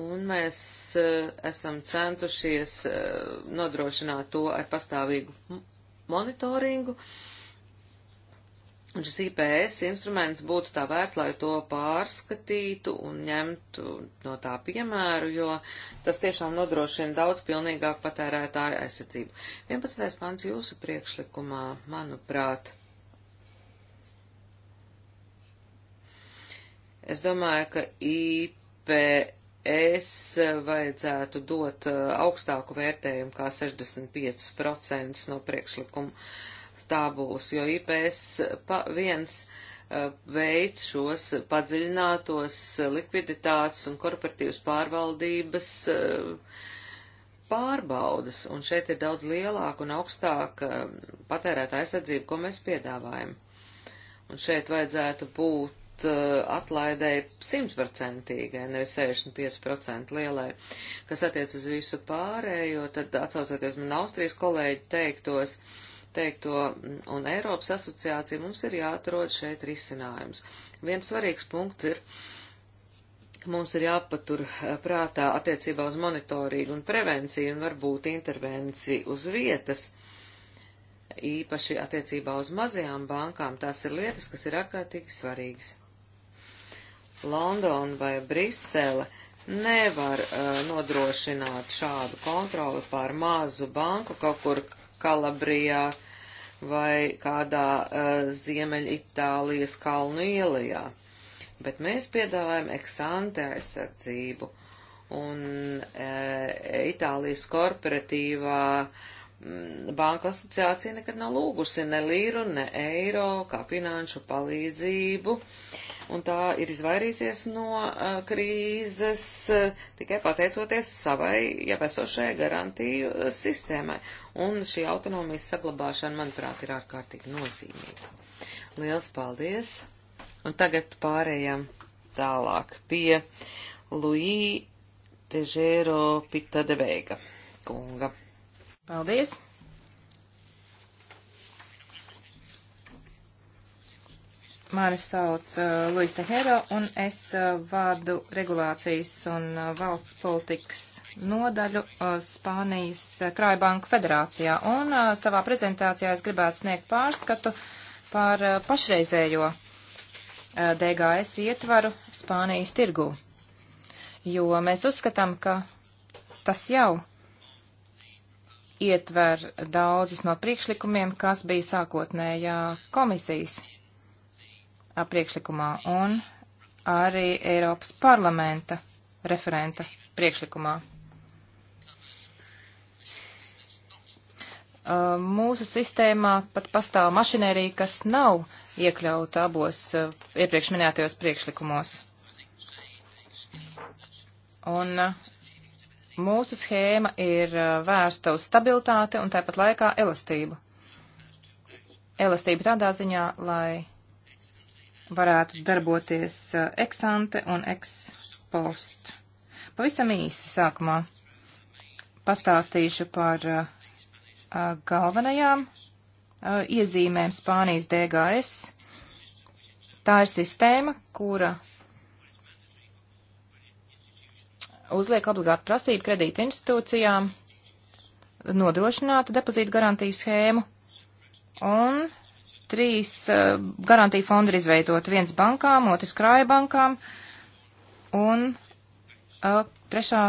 Un mēs uh, esam centušies uh, nodrošināt to ar pastāvīgu monitoringu. Uh, Un šis IPS instruments būtu tā vērts, lai to pārskatītu un ņemtu no tā piemēru, jo tas tiešām nodrošina daudz pilnīgāku patērētāju aizsardzību. 11. pants jūsu priekšlikumā, manuprāt, es domāju, ka IPS vajadzētu dot uh, augstāku vērtējumu kā 65% no priekšlikuma tabulas, jo IPS viens eh, veids šos padziļinātos likviditātes un korporatīvas pārvaldības eh, pārbaudas, un šeit ir daudz lielāka un augstāka eh, patērēta aizsardzība, ko mēs piedāvājam. Un šeit vajadzētu būt atlaidēji 100%, nevis 65% lielai, kas attiec uz visu pārējo, tad atsaucoties man Austrijas kolēģi teiktos, uh, teikto un Eiropas asociāciju, mums ir jāatrod šeit risinājums. Viens svarīgs punkts ir, ka mums ir jāpatur eh, prātā attiecībā uz monitorīgu un prevenciju un varbūt intervenciju uz vietas īpaši attiecībā uz mazajām bankām, tās ir lietas, kas ir ārkārtīgi svarīgas. Londona vai Brisele nevar uh, nodrošināt šādu kontroli pār mazu banku kaut kur Kalabrijā, vai kādā uh, Ziemeļitālijas kalnu ielajā. Bet mēs piedāvājam eksante aizsardzību un uh, Itālijas korporatīvā mm, Banka asociācija nekad nav lūgusi ne līru, ne eiro kā finanšu palīdzību uh, un tā ir izvairīsies no uh, krīzes uh, tikai pateicoties savai jau esošajai garantiju uh, sistēmai. Un šī autonomijas saglabāšana, manuprāt, ir ārkārtīgi nozīmīga. Liels paldies! Un tagad pārējām tālāk pie Luī Težēro Pita de Veiga kunga. Paldies! Mani sauc uh, Luis Tehero un es uh, vādu regulācijas un uh, valsts politikas nodaļu uh, Spānijas uh, Krājbanku federācijā. Un uh, savā prezentācijā es gribētu sniegt pārskatu par uh, pašreizējo uh, DGS ietvaru Spānijas tirgū. Jo mēs uzskatām, ka tas jau ietver daudzus no priekšlikumiem, kas bija sākotnējā komisijas priekšlikumā un arī Eiropas parlamenta referenta priekšlikumā. Uh, mūsu sistēmā pat pastāv mašinērija, kas nav iekļauta abos uh, iepriekš minētajos priekšlikumos. Un uh, mūsu schēma ir vērsta uz stabilitāti un tāpat laikā elastību. Elastību tādā ziņā, lai varētu darboties uh, eksante un ekspost. Pavisam īsi sākumā pastāstīšu par uh, uh galvenajām uh, iezīmēm Spānijas DGS. Tā ir sistēma, kura uzliek obligātu prasību kredīta institūcijām nodrošināt depozītu garantiju schēmu un trīs uh, garantiju fondi ir izveidoti. Viens bankām, otrs krājbankām un uh, trešā,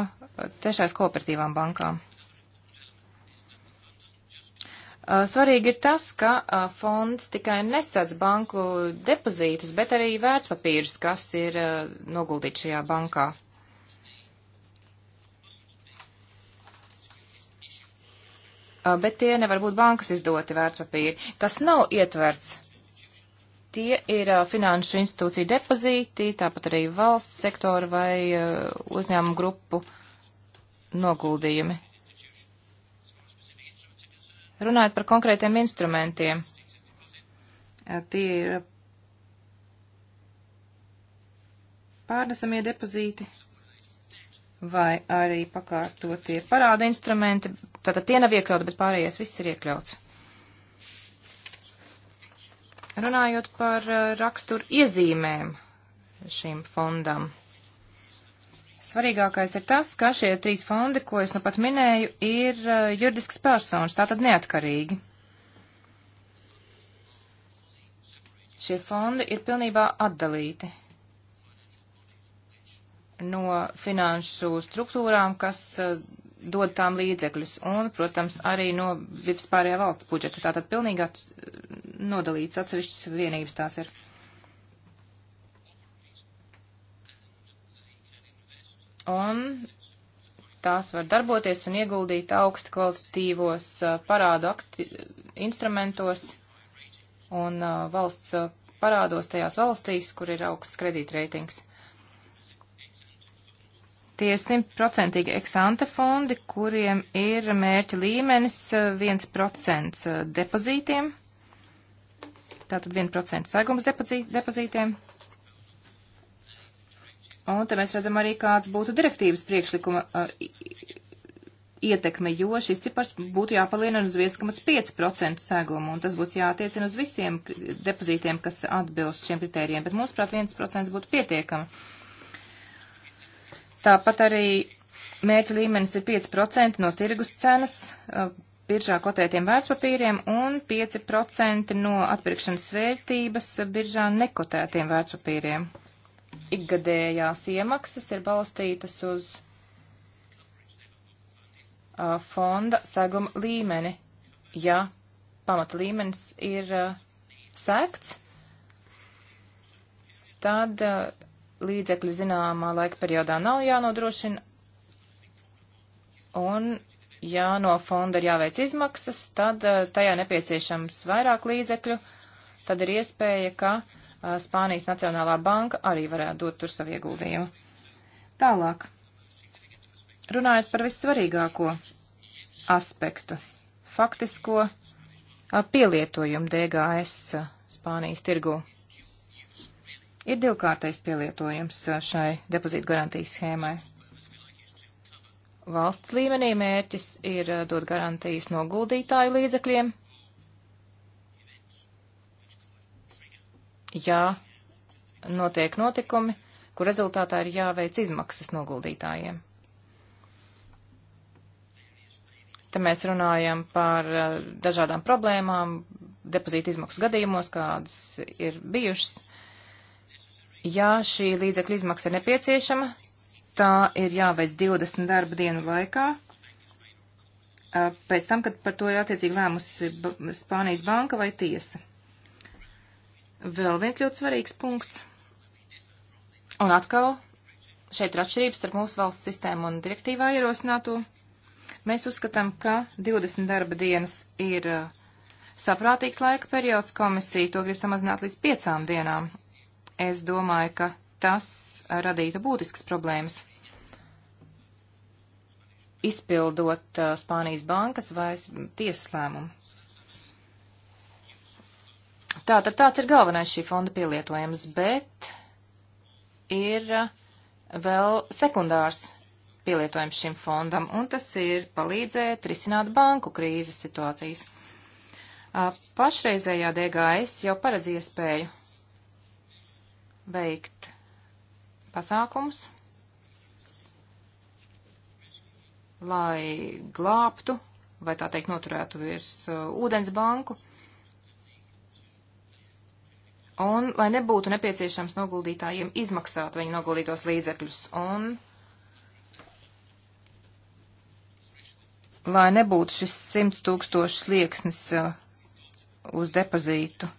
trešais kooperatīvām bankām. Uh, svarīgi ir tas, ka uh, fonds tikai nesadz banku depozītus, bet arī vērtspapīrus, kas ir noguldīti šajā bankā. Uh, bet tie nevar būt bankas izdoti vērtspapīri, kas nav ietverts. Tie ir uh, finanšu institūcija depozīti, tāpat arī valsts sektora vai uh, uzņēmumu grupu noguldījumi. Runājot par konkrētiem instrumentiem, tie ir pārnesamie depozīti vai arī pakārtotie parāda instrumenti. Tātad tie nav iekļauti, bet pārējais viss ir iekļauts. Runājot par uh, raksturu iezīmēm šīm fondam. Svarīgākais ir tas, ka šie trīs fondi, ko es nu pat minēju, ir uh, juridisks personas, tātad neatkarīgi. Šie fondi ir pilnībā atdalīti no finanšu struktūrām, kas eh, dod tām līdzekļus, un, protams, arī no vispārējā valsts budžeta. Tātad pilnīgi ats nodalīts atsevišķas vienības tās ir. Un tās var darboties un ieguldīt augstu kvalitatīvos eh, parādu instrumentos un eh, valsts parādos tajās valstīs, kur ir augsts kredītreitings. Tie ir simtprocentīgi eksante fondi, kuriem ir mērķa līmenis 1% eh, eh, depozītiem, tātad 1% saigums depozītiem. Un te mēs redzam arī, kāds būtu direktīvas priekšlikuma uh, ietekme, jo šis cipars būtu jāpalielina uz 1,5% segumu, un tas būtu jātiecina uz visiem depozītiem, kas atbilst šiem kritērijiem, bet mūsuprāt 1% būtu pietiekami. Uh, Tāpat arī mērķa līmenis ir 5% no tirgus cenas biržā kotētiem vērtspapīriem un 5% no atpirkšanas vērtības biržā nekotētiem vērtspapīriem. Ikgadējās iemaksas ir balstītas uz fonda seguma līmeni, ja pamata līmenis ir sekts, tad līdzekļu zināmā laika periodā nav jānodrošina un ja no fonda ir jāveic izmaksas, tad eh, tajā nepieciešams vairāk līdzekļu, tad ir iespēja, ka eh, Spānijas Nacionālā banka arī varētu dot tur savu ieguldījumu. Tālāk, runājot par vissvarīgāko aspektu, faktisko eh, pielietojumu DGS Spānijas tirgū. Ir divkārtais pielietojums uh, šai depozītu garantijas schēmai. Valsts līmenī mērķis ir uh, dot garantijas noguldītāju līdzekļiem, ja notiek notikumi, kur rezultātā ir jāveic izmaksas noguldītājiem. Te mēs runājam par uh, dažādām problēmām, depozīta izmaksu gadījumos, kādas ir bijušas ja šī līdzekļu izmaksa ir nepieciešama, tā ir jāveic 20 darba dienu laikā. Pēc tam, kad par to ir attiecīgi lēmusi Spānijas banka vai tiesa. Vēl viens ļoti svarīgs punkts. Un atkal, šeit ir atšķirības starp mūsu valsts sistēmu un direktīvā ierosināto. Mēs uzskatām, ka 20 darba dienas ir saprātīgs laika periods komisija to grib samazināt līdz piecām dienām es domāju, ka tas radītu būtisks problēmas. Izpildot uh, Spānijas bankas vai tiesas lēmumu. Tātad tāds ir galvenais šī fonda pielietojums, bet ir uh, vēl sekundārs pielietojums šim fondam, un tas ir palīdzēt risināt banku krīzes situācijas. Uh, pašreizējā DGS jau paredz iespēju veikt pasākumus, lai glābtu vai tā teikt noturētu virs uh, ūdens banku. Un lai nebūtu nepieciešams noguldītājiem izmaksāt viņu noguldītos līdzekļus. Un lai nebūtu šis 100 tūkstoši slieksnis uh, uz depozītu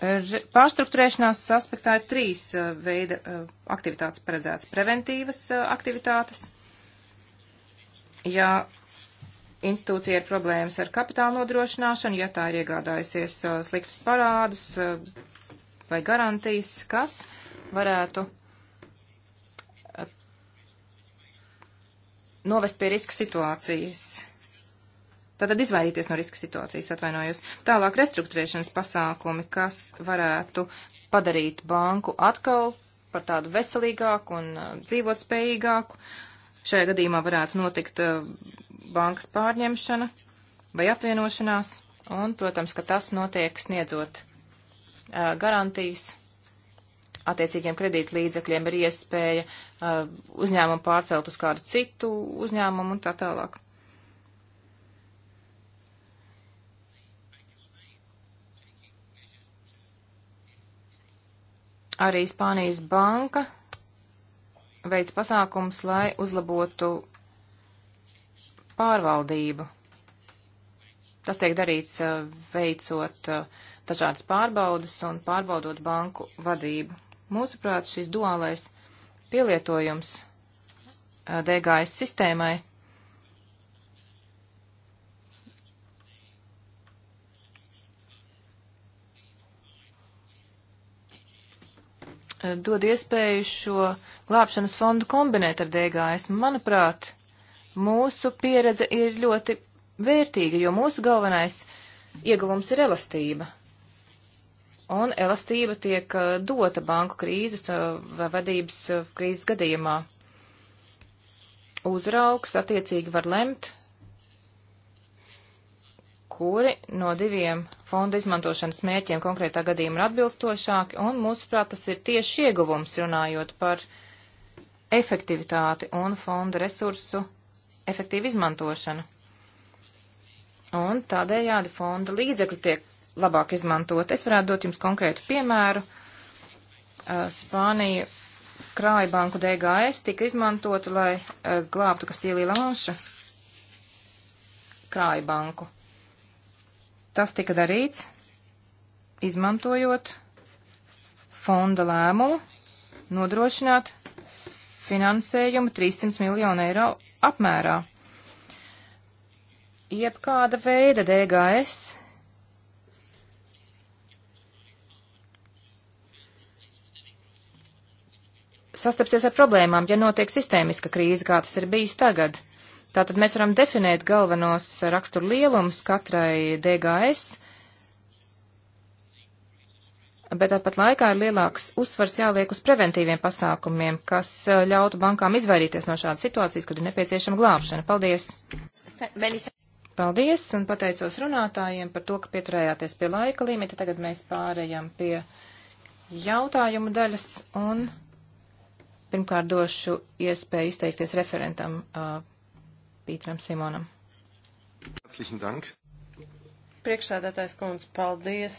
Pārstruktūrēšanās aspektā ir trīs uh, veida uh, aktivitātes paredzētas. Preventīvas uh, aktivitātes, ja institūcija ir problēmas ar kapitāla nodrošināšanu, ja tā ir iegādājusies sliktus parādus vai garantijas, kas varētu novest pie riska situācijas Tātad izvairīties no riska situācijas, atvainojos. Tālāk restruktūrēšanas pasākumi, kas varētu padarīt banku atkal par tādu veselīgāku un uh, dzīvot spējīgāku. Šajā gadījumā varētu notikt uh, bankas pārņemšana vai apvienošanās, un, protams, ka tas notiek sniedzot uh, garantijas attiecīgiem kredītlīdzekļiem ir iespēja uh, uzņēmumu pārcelt uz kādu citu uzņēmumu un tā tālāk. Arī Spānijas banka veids pasākums, lai uzlabotu pārvaldību. Tas tiek darīts eh, veicot eh, dažādas pārbaudas un pārbaudot banku vadību. Mūsuprāt, šis duālais pielietojums eh, DGS sistēmai dod iespēju šo glābšanas fondu kombinēt ar DGS. Manuprāt, mūsu pieredze ir ļoti vērtīga, jo mūsu galvenais ieguvums ir elastība. Un elastība tiek uh, dota banku krīzes uh, vai vadības uh, krīzes gadījumā. Uzraugs attiecīgi var lemt kuri no diviem fonda izmantošanas mērķiem konkrētā gadījumā ir atbilstošāki, un mūsuprāt tas ir tieši ieguvums runājot par efektivitāti un fonda resursu efektīvu izmantošanu. Un tādējādi fonda līdzekļi tiek labāk izmantot. Es varētu dot jums konkrētu piemēru. Uh, Spānija krāja banku DGS tika izmantota, lai uh, glābtu Kastīlī Lanša krāja banku. Tas tika darīts, izmantojot fonda lēmumu nodrošināt finansējumu 300 miljonu eiro apmērā. Jebkāda veida DGS sastapsies ar problēmām, ja notiek sistēmiska krīze, kā tas ir bijis tagad. Tātad mēs varam definēt galvenos raksturu lielumus katrai DGS, bet tāpat laikā ir lielāks uzsvars jāliek uz preventīviem pasākumiem, kas eh, ļautu bankām izvairīties no šādas situācijas, kad ir nepieciešama glābšana. Paldies! Paldies un pateicos runātājiem par to, ka pieturējāties pie laika limita. Tagad mēs pārējām pie jautājumu daļas un pirmkārt došu iespēju izteikties referentam. Uh, Pītram Simonam. Priekšsēdētājs kundze, paldies!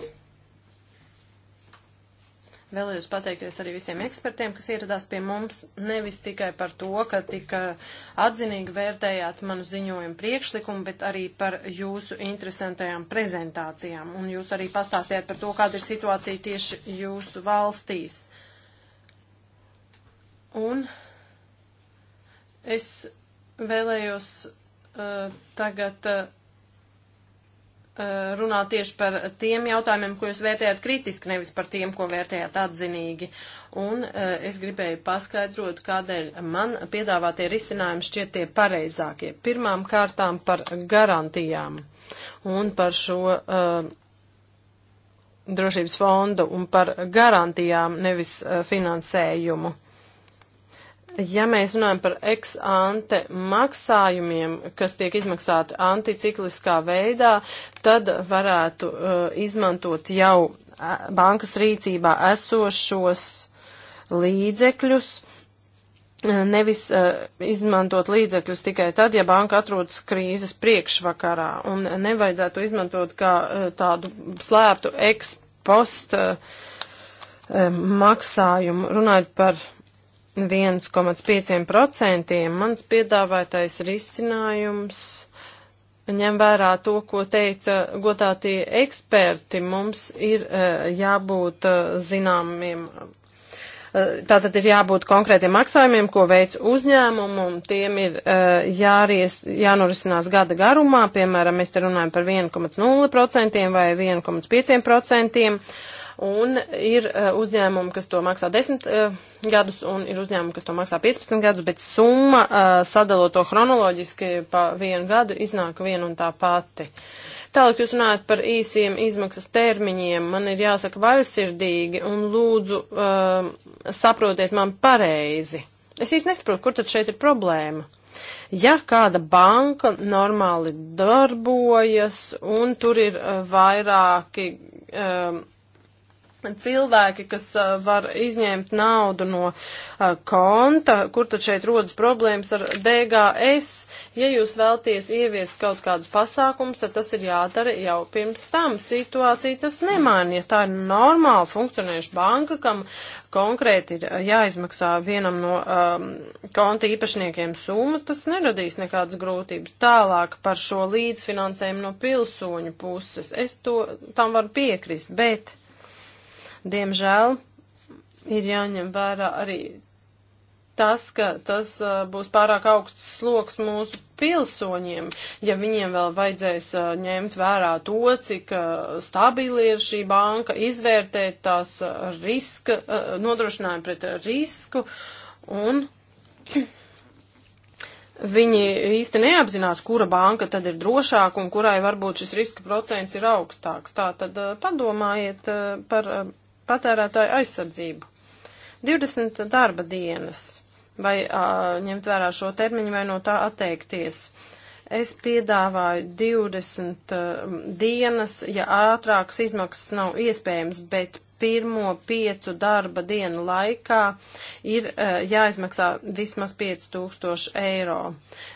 Vēlējos pateikties arī visiem ekspertiem, kas ieradās pie mums nevis tikai par to, ka tika uh, atzinīgi vērtējāt manu ziņojumu priekšlikumu, bet arī par jūsu interesantajām prezentācijām. Un jūs arī pastāstījāt par to, kāda ir situācija tieši jūsu valstīs. Un es Vēlējos uh, tagad uh, runāt tieši par tiem jautājumiem, ko jūs vērtējat kritiski, nevis par tiem, ko vērtējat atzinīgi. Un uh, es gribēju paskaidrot, kādēļ man piedāvātie risinājumi šķiet tie pareizākie. Pirmām kārtām par garantijām un par šo uh, drošības fondu un par garantijām, nevis uh, finansējumu. Ja mēs runājam par ex-ante maksājumiem, kas tiek izmaksāti anticikliskā veidā, tad varētu uh, izmantot jau bankas rīcībā esošos līdzekļus, uh, nevis uh, izmantot līdzekļus tikai tad, ja banka atrodas krīzes priekšvakarā, un nevajadzētu izmantot kā uh, tādu slēptu ex-post uh, uh maksājumu, runājot par 1,5%. Mans piedāvātais risinājums ņem vērā to, ko teica godātie eksperti. Mums ir eh, jābūt eh, zināmiem eh, Tātad ir jābūt konkrētiem maksājumiem, ko veic uzņēmumu, un tiem ir jāries, jānorisinās gada garumā, piemēram, mēs te runājam par 1,0% vai 1,5% un ir e, uzņēmumi, kas to maksā 10 e, gadus, un ir uzņēmumi, kas to maksā 15 gadus, bet summa e, sadalot to chronoloģiski pa vienu gadu iznāk viena un tā pati. Tālāk jūs runājat par īsiem izmaksas termiņiem. Man ir jāsaka vaļsirdīgi un lūdzu uh, saprotiet man pareizi. Es īsti nesaprotu, kur tad šeit ir problēma. Ja kāda banka normāli darbojas un tur ir vairāki. Uh, cilvēki, kas var izņemt naudu no konta, kur tad šeit rodas problēmas ar DGS. Ja jūs vēlties ieviest kaut kādus pasākumus, tad tas ir jādara jau pirms tam. Situācija tas nemaina. Ja tā ir normāla funkcionējuša banka, kam konkrēti ir jāizmaksā vienam no um, konta īpašniekiem summa, tas neradīs nekādas grūtības. Tālāk par šo līdzfinansējumu no pilsoņu puses. Es to tam varu piekrist, bet Diemžēl ir jāņem vērā arī tas, ka tas uh, būs pārāk augsts sloks mūsu pilsoņiem, ja viņiem vēl vajadzēs uh, ņemt vērā to, cik uh, stabili ir šī banka, izvērtēt tās uh, riska, uh, nodrošinājumu pret risku un. Viņi īsti neapzinās, kura banka tad ir drošāka un kurai varbūt šis riska procents ir augstāks. Tā tad uh, padomājiet par patērētāju aizsardzību. 20 darba dienas, vai uh, ņemt vērā šo termiņu, vai no tā atteikties. Es piedāvāju 20 uh, dienas, ja ātrākas izmaksas nav iespējams, bet pirmo piecu darba dienu laikā ir uh, jāizmaksā vismaz 5000 eiro.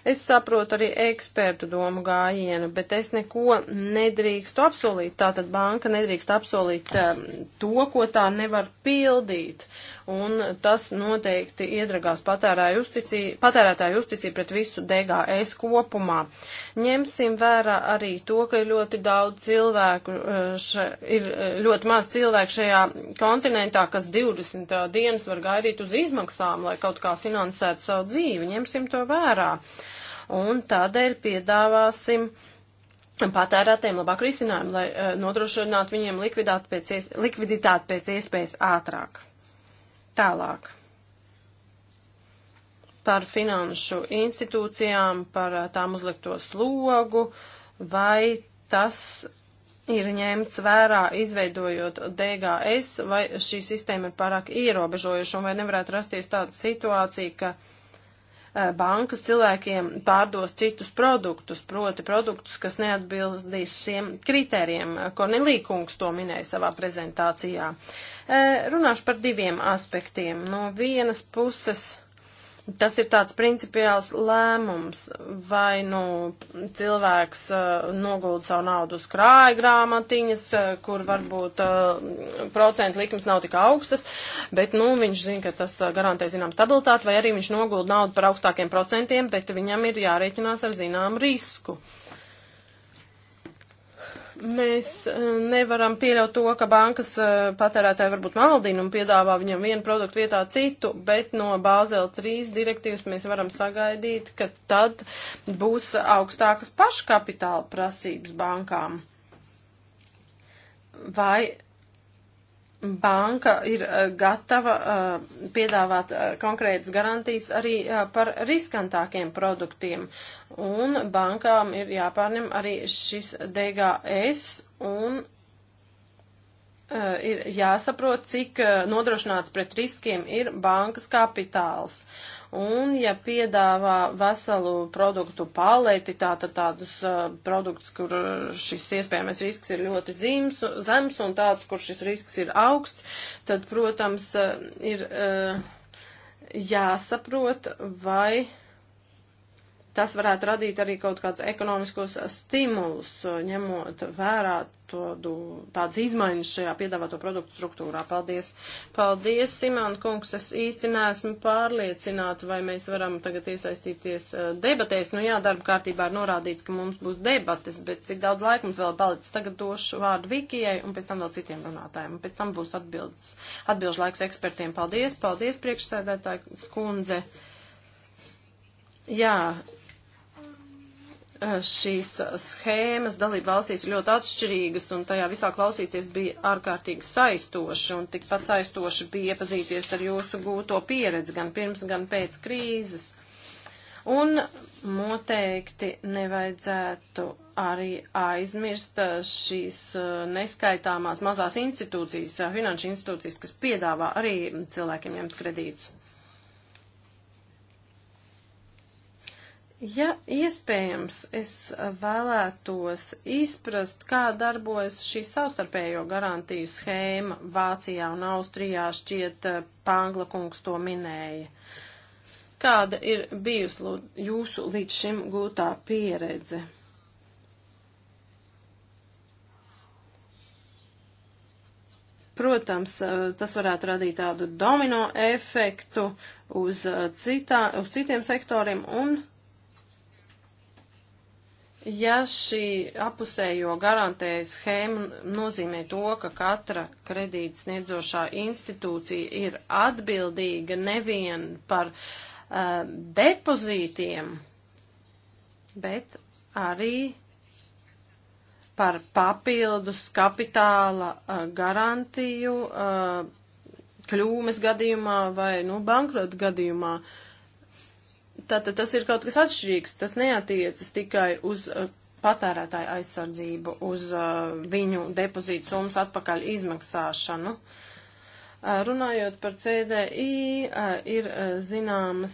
Es saprotu arī ekspertu domu gājienu, bet es neko nedrīkstu apsolīt. Tātad banka nedrīkst apsolīt uh, to, ko tā nevar pildīt. Un tas noteikti iedragās patērētāju uzticību patērētāju uzticī pret visu DGS kopumā. Ņemsim vērā arī to, ka ir ļoti daudz cilvēku, eh, še, ir ļoti maz cilvēku šajā jaunajā kontinentā, kas 20 dienas var gaidīt uz izmaksām, lai kaut kā finansētu savu dzīvi, ņemsim to vērā. Un tādēļ piedāvāsim patērētiem labāk risinājumu, lai uh, nodrošinātu viņiem pēc ies, likviditāti pēc iespējas ātrāk. Tālāk par finanšu institūcijām, par tām uzlikto slogu, vai tas ir ņemts vērā, izveidojot DGS, vai šī sistēma ir pārāk ierobežojuša, un vai nevarētu rasties tāda situācija, ka eh, bankas cilvēkiem pārdos citus produktus, proti produktus, kas neatbildīs šiem kritērijiem. Kornelīkungs to minēja savā prezentācijā. Eh, runāšu par diviem aspektiem. No vienas puses Tas ir tāds principiāls lēmums, vai nu cilvēks uh, noguld savu naudu uz krāja grāmatiņas, uh, kur varbūt uh, procentu likums nav tik augstas, bet nu, viņš zina, ka tas uh, garantē zinām stabilitāti, vai arī viņš noguld naudu par augstākiem procentiem, bet viņam ir jārēķinās ar zinām risku. Uh, Mēs eh, nevaram pieļaut to, ka bankas eh, patērētāji varbūt maldina un piedāvā viņam vienu produktu vietā citu, bet no Bāzela 3 direktīvas mēs varam sagaidīt, ka tad būs augstākas paškapitāla prasības bankām. Vai banka ir eh, gatava eh, piedāvāt eh, konkrētas garantijas arī par riskantākiem produktiem. Un bankām ir jāpārņem arī šis DGS un ir jāsaprot, cik nodrošināts pret riskiem ir bankas kapitāls. Uh, un ja piedāvā veselu produktu paleti, tātad tādus uh, produktus, kur šis iespējamais risks ir ļoti zims, zems un tāds, kur šis risks ir augsts, tad, protams, uh, ir uh, jāsaprot, vai tas varētu radīt arī kaut kādus ekonomiskos stimulus, ņemot vērā tādu, tādas izmaiņas šajā piedāvāto produktu struktūrā. Paldies! Paldies, Simon kungs! Es īsti neesmu pārliecināta, vai mēs varam tagad iesaistīties eh, debatēs. Nu jā, darba kārtībā ir norādīts, ka mums būs debates, bet cik daudz laika mums vēl palicis? Tagad došu vārdu Vikijai un pēc tam vēl citiem runātājiem. Un pēc tam būs atbildes, atbildes laiks ekspertiem. Paldies! Paldies, priekšsēdētāji skundze! Jā, Eh, šīs schēmas dalība valstīs ļoti atšķirīgas, un tajā visā klausīties bija ārkārtīgi saistoši, un tikpat saistoši bija iepazīties ar jūsu gūto pieredzi gan pirms, gan pēc krīzes. Un noteikti nevajadzētu arī aizmirst eh, šīs eh, neskaitāmās mazās institūcijas, finanšu institūcijas, kas piedāvā arī cilvēkiem ņemt kredītus. Ja iespējams, es vēlētos izprast, kā darbojas šī savstarpējo garantiju schēma Vācijā un Austrijā, šķiet, eh, Pāngla kungs to minēja. Kāda ir bijusi jūsu līdz šim gūtā pieredze? Protams, eh, tas varētu radīt tādu domino efektu uz, eh, citā, uz citiem sektoriem un Ja šī apusējo garantēja schēma nozīmē to, ka katra kredīt sniedzošā institūcija ir atbildīga nevien par uh, depozītiem, bet arī par papildus kapitāla uh, garantiju uh, kļūmes gadījumā vai nu, bankrota gadījumā. Uh, Tātad tas ir kaut kas atšķirīgs, tas neatiecas tikai uz uh, patērētāju aizsardzību, uz uh, viņu depozītu summas atpakaļ izmaksāšanu. Uh, Eh, runājot par CDI, eh, ir eh, zināmas,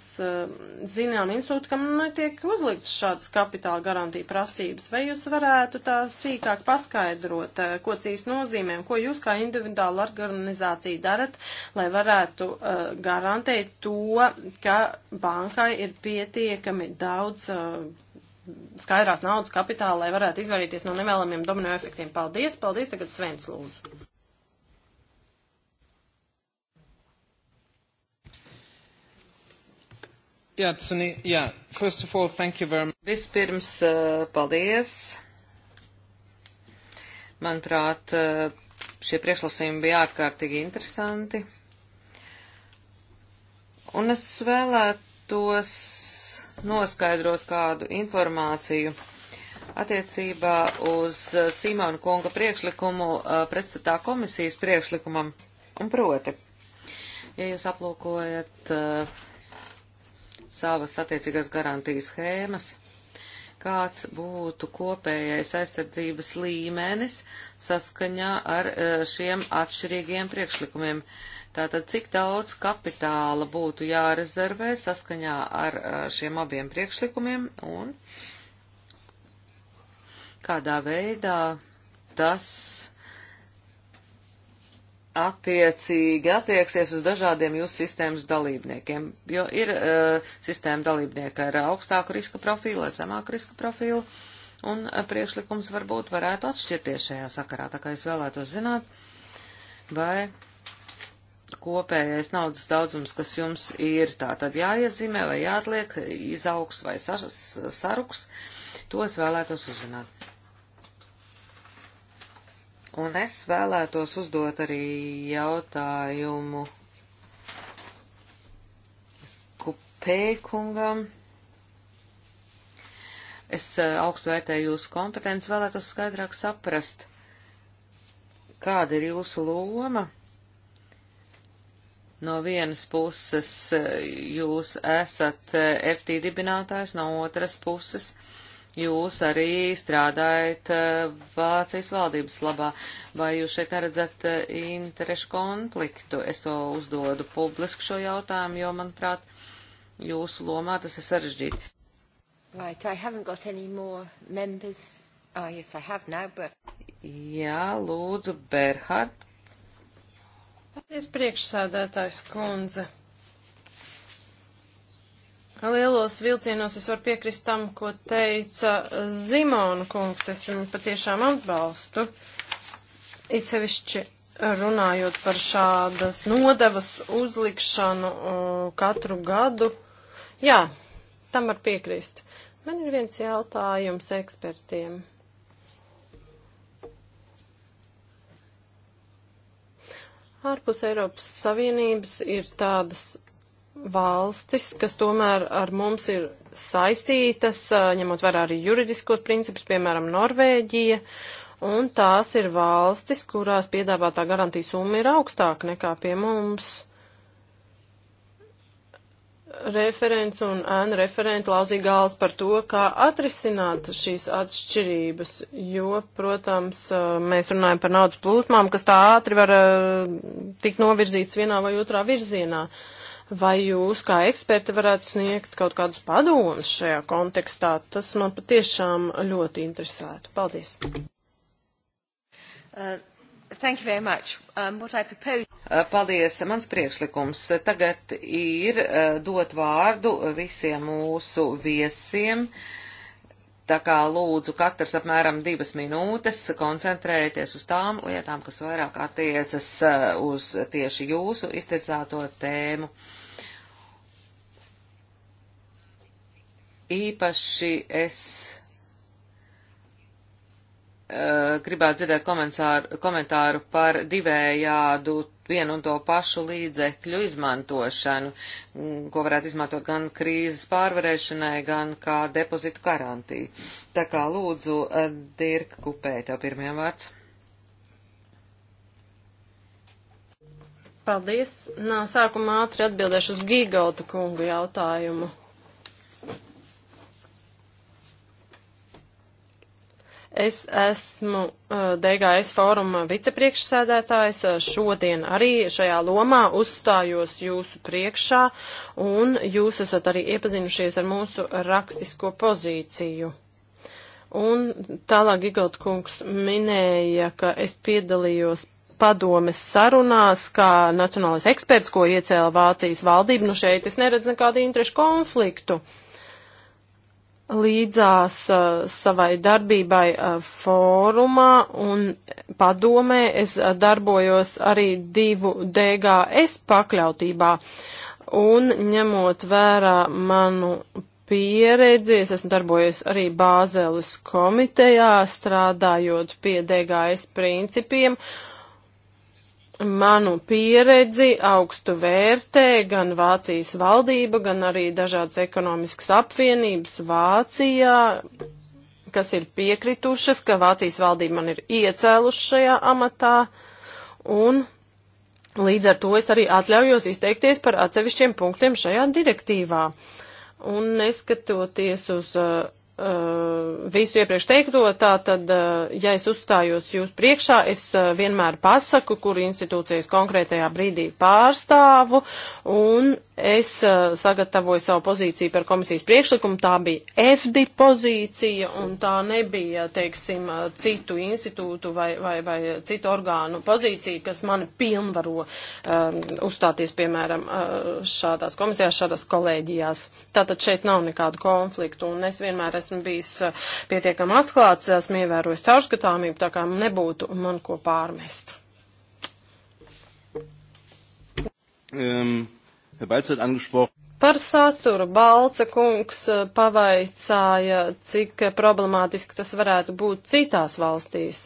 zinām institūti, kam netiek uzlikts šāds kapitāla garantija prasības. Vai jūs varētu tā sīkāk paskaidrot, ko cīs nozīmē, ko jūs kā individuāla organizācija darat, lai varētu garantēt to, ka bankai ir pietiekami daudz skaidrās naudas kapitāla, lai varētu izvairīties no nevēlamiem domino efektiem. Paldies, paldies, tagad Svens lūdzu. Jā, Cunī, jā, first of all, thank you very much. Vispirms, uh, paldies. Manuprāt, uh, šie priekšlasījumi bija ārkārtīgi interesanti. Un es vēlētos noskaidrot kādu informāciju attiecībā uz uh, Simona kunga priekšlikumu pretstatā komisijas priekšlikumam. Un proti, ja jūs aplūkojat uh, savas attiecīgās garantijas schēmas, kāds būtu kopējais aizsardzības līmenis saskaņā ar e, šiem atšķirīgiem priekšlikumiem. Tātad, cik daudz kapitāla būtu jārezervē saskaņā ar e, šiem abiem priekšlikumiem un kādā veidā tas attiecīgi attieksies uz dažādiem jūsu sistēmas dalībniekiem, jo ir uh, sistēma dalībnieki ar augstāku riska profilu, ar zemāku riska profilu, un uh, priekšlikums varbūt varētu atšķirties šajā sakarā, tā kā es vēlētos zināt, vai kopējais naudas daudzums, kas jums ir tā tad jāiezīmē vai jāatliek, izaugs vai sar saruks, to es vēlētos uzzināt. Un es vēlētos uzdot arī jautājumu Kupēkungam. Es eh, augstu vērtēju jūsu kompetenci, vēlētos skaidrāk saprast, kāda ir jūsu loma. No vienas puses eh, jūs esat eh, FT dibinātājs, no otras puses uh, jūs arī strādājat eh, Vācijas valdības labā. Vai jūs šeit neredzat eh, interešu konfliktu? Es to uzdodu publiski šo jautājumu, jo, manuprāt, jūsu lomā tas ir sarežģīti. Right, I haven't got any more members. Oh, yes, I have now, but... Jā, lūdzu, Berhard. Paldies, priekšsādātājs kundze. Lielos vilcienos es varu piekrist tam, ko teica Zimona kungs. Es viņu patiešām atbalstu. It sevišķi runājot par šādas nodevas uzlikšanu uh, katru gadu. Jā, tam var piekrist. Man ir viens jautājums ekspertiem. Ārpus Eiropas Savienības ir tādas valstis, kas tomēr ar mums ir saistītas, ņemot vērā arī juridiskos principus, piemēram, Norvēģija, un tās ir valstis, kurās piedāvātā garantija summa ir augstāka nekā pie mums. Referents un ēnu referenti lauzīja gāls par to, kā atrisināt šīs atšķirības, jo, protams, mēs runājam par naudas plūsmām, kas tā ātri var tikt novirzīts vienā vai otrā virzienā. Uh, Vai jūs kā eksperti varētu sniegt kaut kādus padomus šajā kontekstā? Tas man patiešām ļoti interesētu. Paldies! Uh, thank you very much. Um, what I propose... Uh, paldies. Mans priekšlikums tagad ir uh, dot vārdu visiem mūsu viesiem. Tā kā lūdzu katrs apmēram divas minūtes koncentrēties uz tām lietām, kas vairāk attiecas uh, uz tieši jūsu iztirzāto tēmu. Uh, Īpaši es uh, gribētu dzirdēt komentāru, komentāru par divējādu vienu un to pašu līdzekļu izmantošanu, mm, ko varētu izmantot gan krīzes pārvarēšanai, gan kā depozitu garantiju. Tā kā lūdzu, uh, Dirk Kupē, tev pirmajam vārds. Paldies. Nā, sākumā ātri atbildēšu uz Gigauta kungu jautājumu. Es esmu uh, DGS fóruma vicepriekšsēdētājs. Uh, šodien arī šajā lomā uzstājos jūsu priekšā, un jūs esat arī iepazinušies ar mūsu rakstisko pozīciju. Un tālāk Igot kungs minēja, ka es piedalījos padomes sarunās, kā nacionālais eksperts, ko iecēla Vācijas valdība. Nu šeit es neredzu nekādu interešu konfliktu. Uh, līdzās uh, savai darbībai uh, fórumā un padomē es uh, darbojos arī divu DGS pakļautībā. Un ņemot vērā manu pieredzi, es esmu darbojies arī Bāzeles komitejā, strādājot pie DGS principiem. Uh, manu pieredzi augstu vērtē gan Vācijas valdība, gan arī dažādas ekonomiskas apvienības Vācijā, kas ir piekritušas, ka Vācijas valdība man ir iecēluši šajā amatā, un līdz ar to es arī atļaujos izteikties par atsevišķiem punktiem šajā direktīvā. Un neskatoties uz uh, Uh, visu iepriekš teikto, tā tad, uh, ja es uzstājos jūs priekšā, es uh, vienmēr pasaku, kur institūcijas konkrētajā brīdī pārstāvu, un Es uh, sagatavoju savu pozīciju par komisijas priekšlikumu, tā bija EFDI pozīcija un tā nebija, teiksim, citu institūtu vai, vai, vai citu orgānu pozīcija, kas mani pilnvaro uh, uzstāties, piemēram, uh, šādās komisijās, šādās kolēģijās. Tātad šeit nav nekādu konfliktu un es vienmēr esmu bijis uh, pietiekami atklāts, esmu ievērojis caurskatāmību, tā kā nebūtu man ko pārmest. Um. Par saturu Balca kungs eh, pavaicāja, cik eh, problemātiski tas varētu būt citās valstīs,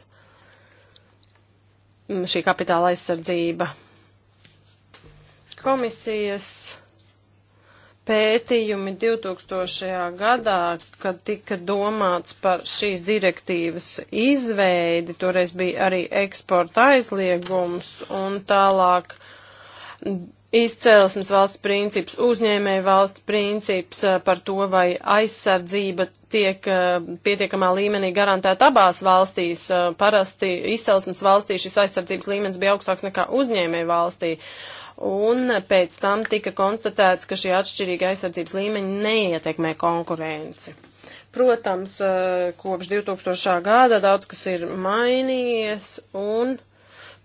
mm, šī kapitāla aizsardzība. Komisijas pētījumi 2000. gadā, kad tika domāts par šīs direktīvas izveidi, toreiz bija arī eksporta aizliegums un tālāk izcēlesmes valsts princips, uzņēmēja valsts princips eh, par to, vai aizsardzība tiek eh, pietiekamā līmenī garantēta abās valstīs. Eh, parasti izcēlesmes valstī šis aizsardzības līmenis bija augstāks nekā uzņēmēja valstī. Un pēc tam tika konstatēts, ka šie atšķirīgi aizsardzības līmeņi neietekmē konkurenci. Protams, kopš 2000. gada daudz kas ir mainījies un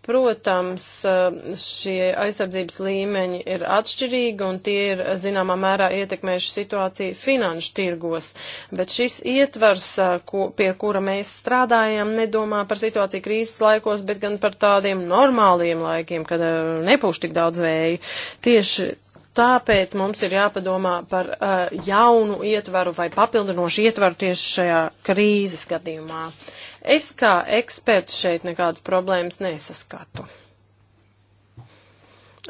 Protams, eh, šie aizsardzības līmeņi ir atšķirīgi un tie ir eh, zināmā mērā ietekmējuši situāciju finanšu tirgos, bet šis ietvers, eh, ko, pie kura mēs strādājam, nedomā par situāciju krīzes laikos, bet gan par tādiem normāliem laikiem, kad nepūš tik daudz vēju. Tieši Tāpēc mums ir jāpadomā par uh, jaunu ietvaru vai papildinošu ietvaru tieši šajā krīzes gadījumā. Es kā eksperts šeit nekādas problēmas nesaskatu.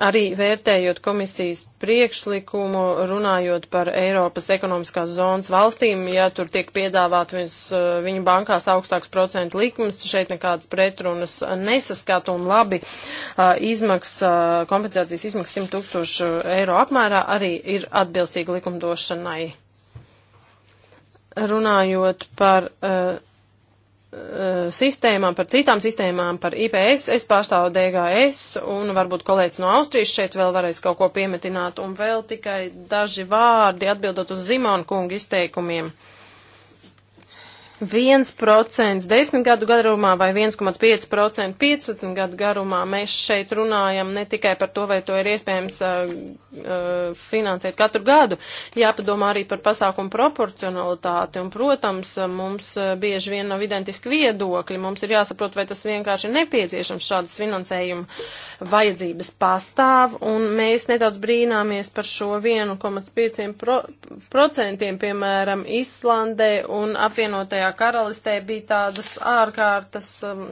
Arī vērtējot komisijas priekšlikumu, runājot par Eiropas ekonomiskās zonas valstīm, ja tur tiek piedāvāt viņus, eh, viņu bankās augstāks procentu likums, šeit nekādas pretrunas nesaskat un labi eh, izmaksas, eh, kompensācijas izmaksas 100 tūkstošu eiro apmērā arī ir atbilstīgi likumdošanai. Runājot par. Uh, Eh, sistēmām, par citām sistēmām, par IPS, es pārstāvu DGS, un varbūt kolēģis no Austrijas šeit vēl varēs kaut ko piemetināt, un vēl tikai daži vārdi atbildot uz Zimona kunga izteikumiem. 1% 10 gadu garumā vai 1,5% 15 gadu garumā. Mēs šeit runājam ne tikai par to, vai to ir iespējams uh, uh, finansēt katru gadu, jāpadomā arī par pasākumu proporcionalitāti. Un, protams, mums uh, bieži vien nav identiski viedokļi. Mums ir jāsaprot, vai tas vienkārši ir nepieciešams šādas finansējuma vajadzības pastāv. Un mēs nedaudz brīnāmies par šo 1,5% piemēram Islandē un apvienotajā apvienotajā karalistē bija tādas ārkārtas um,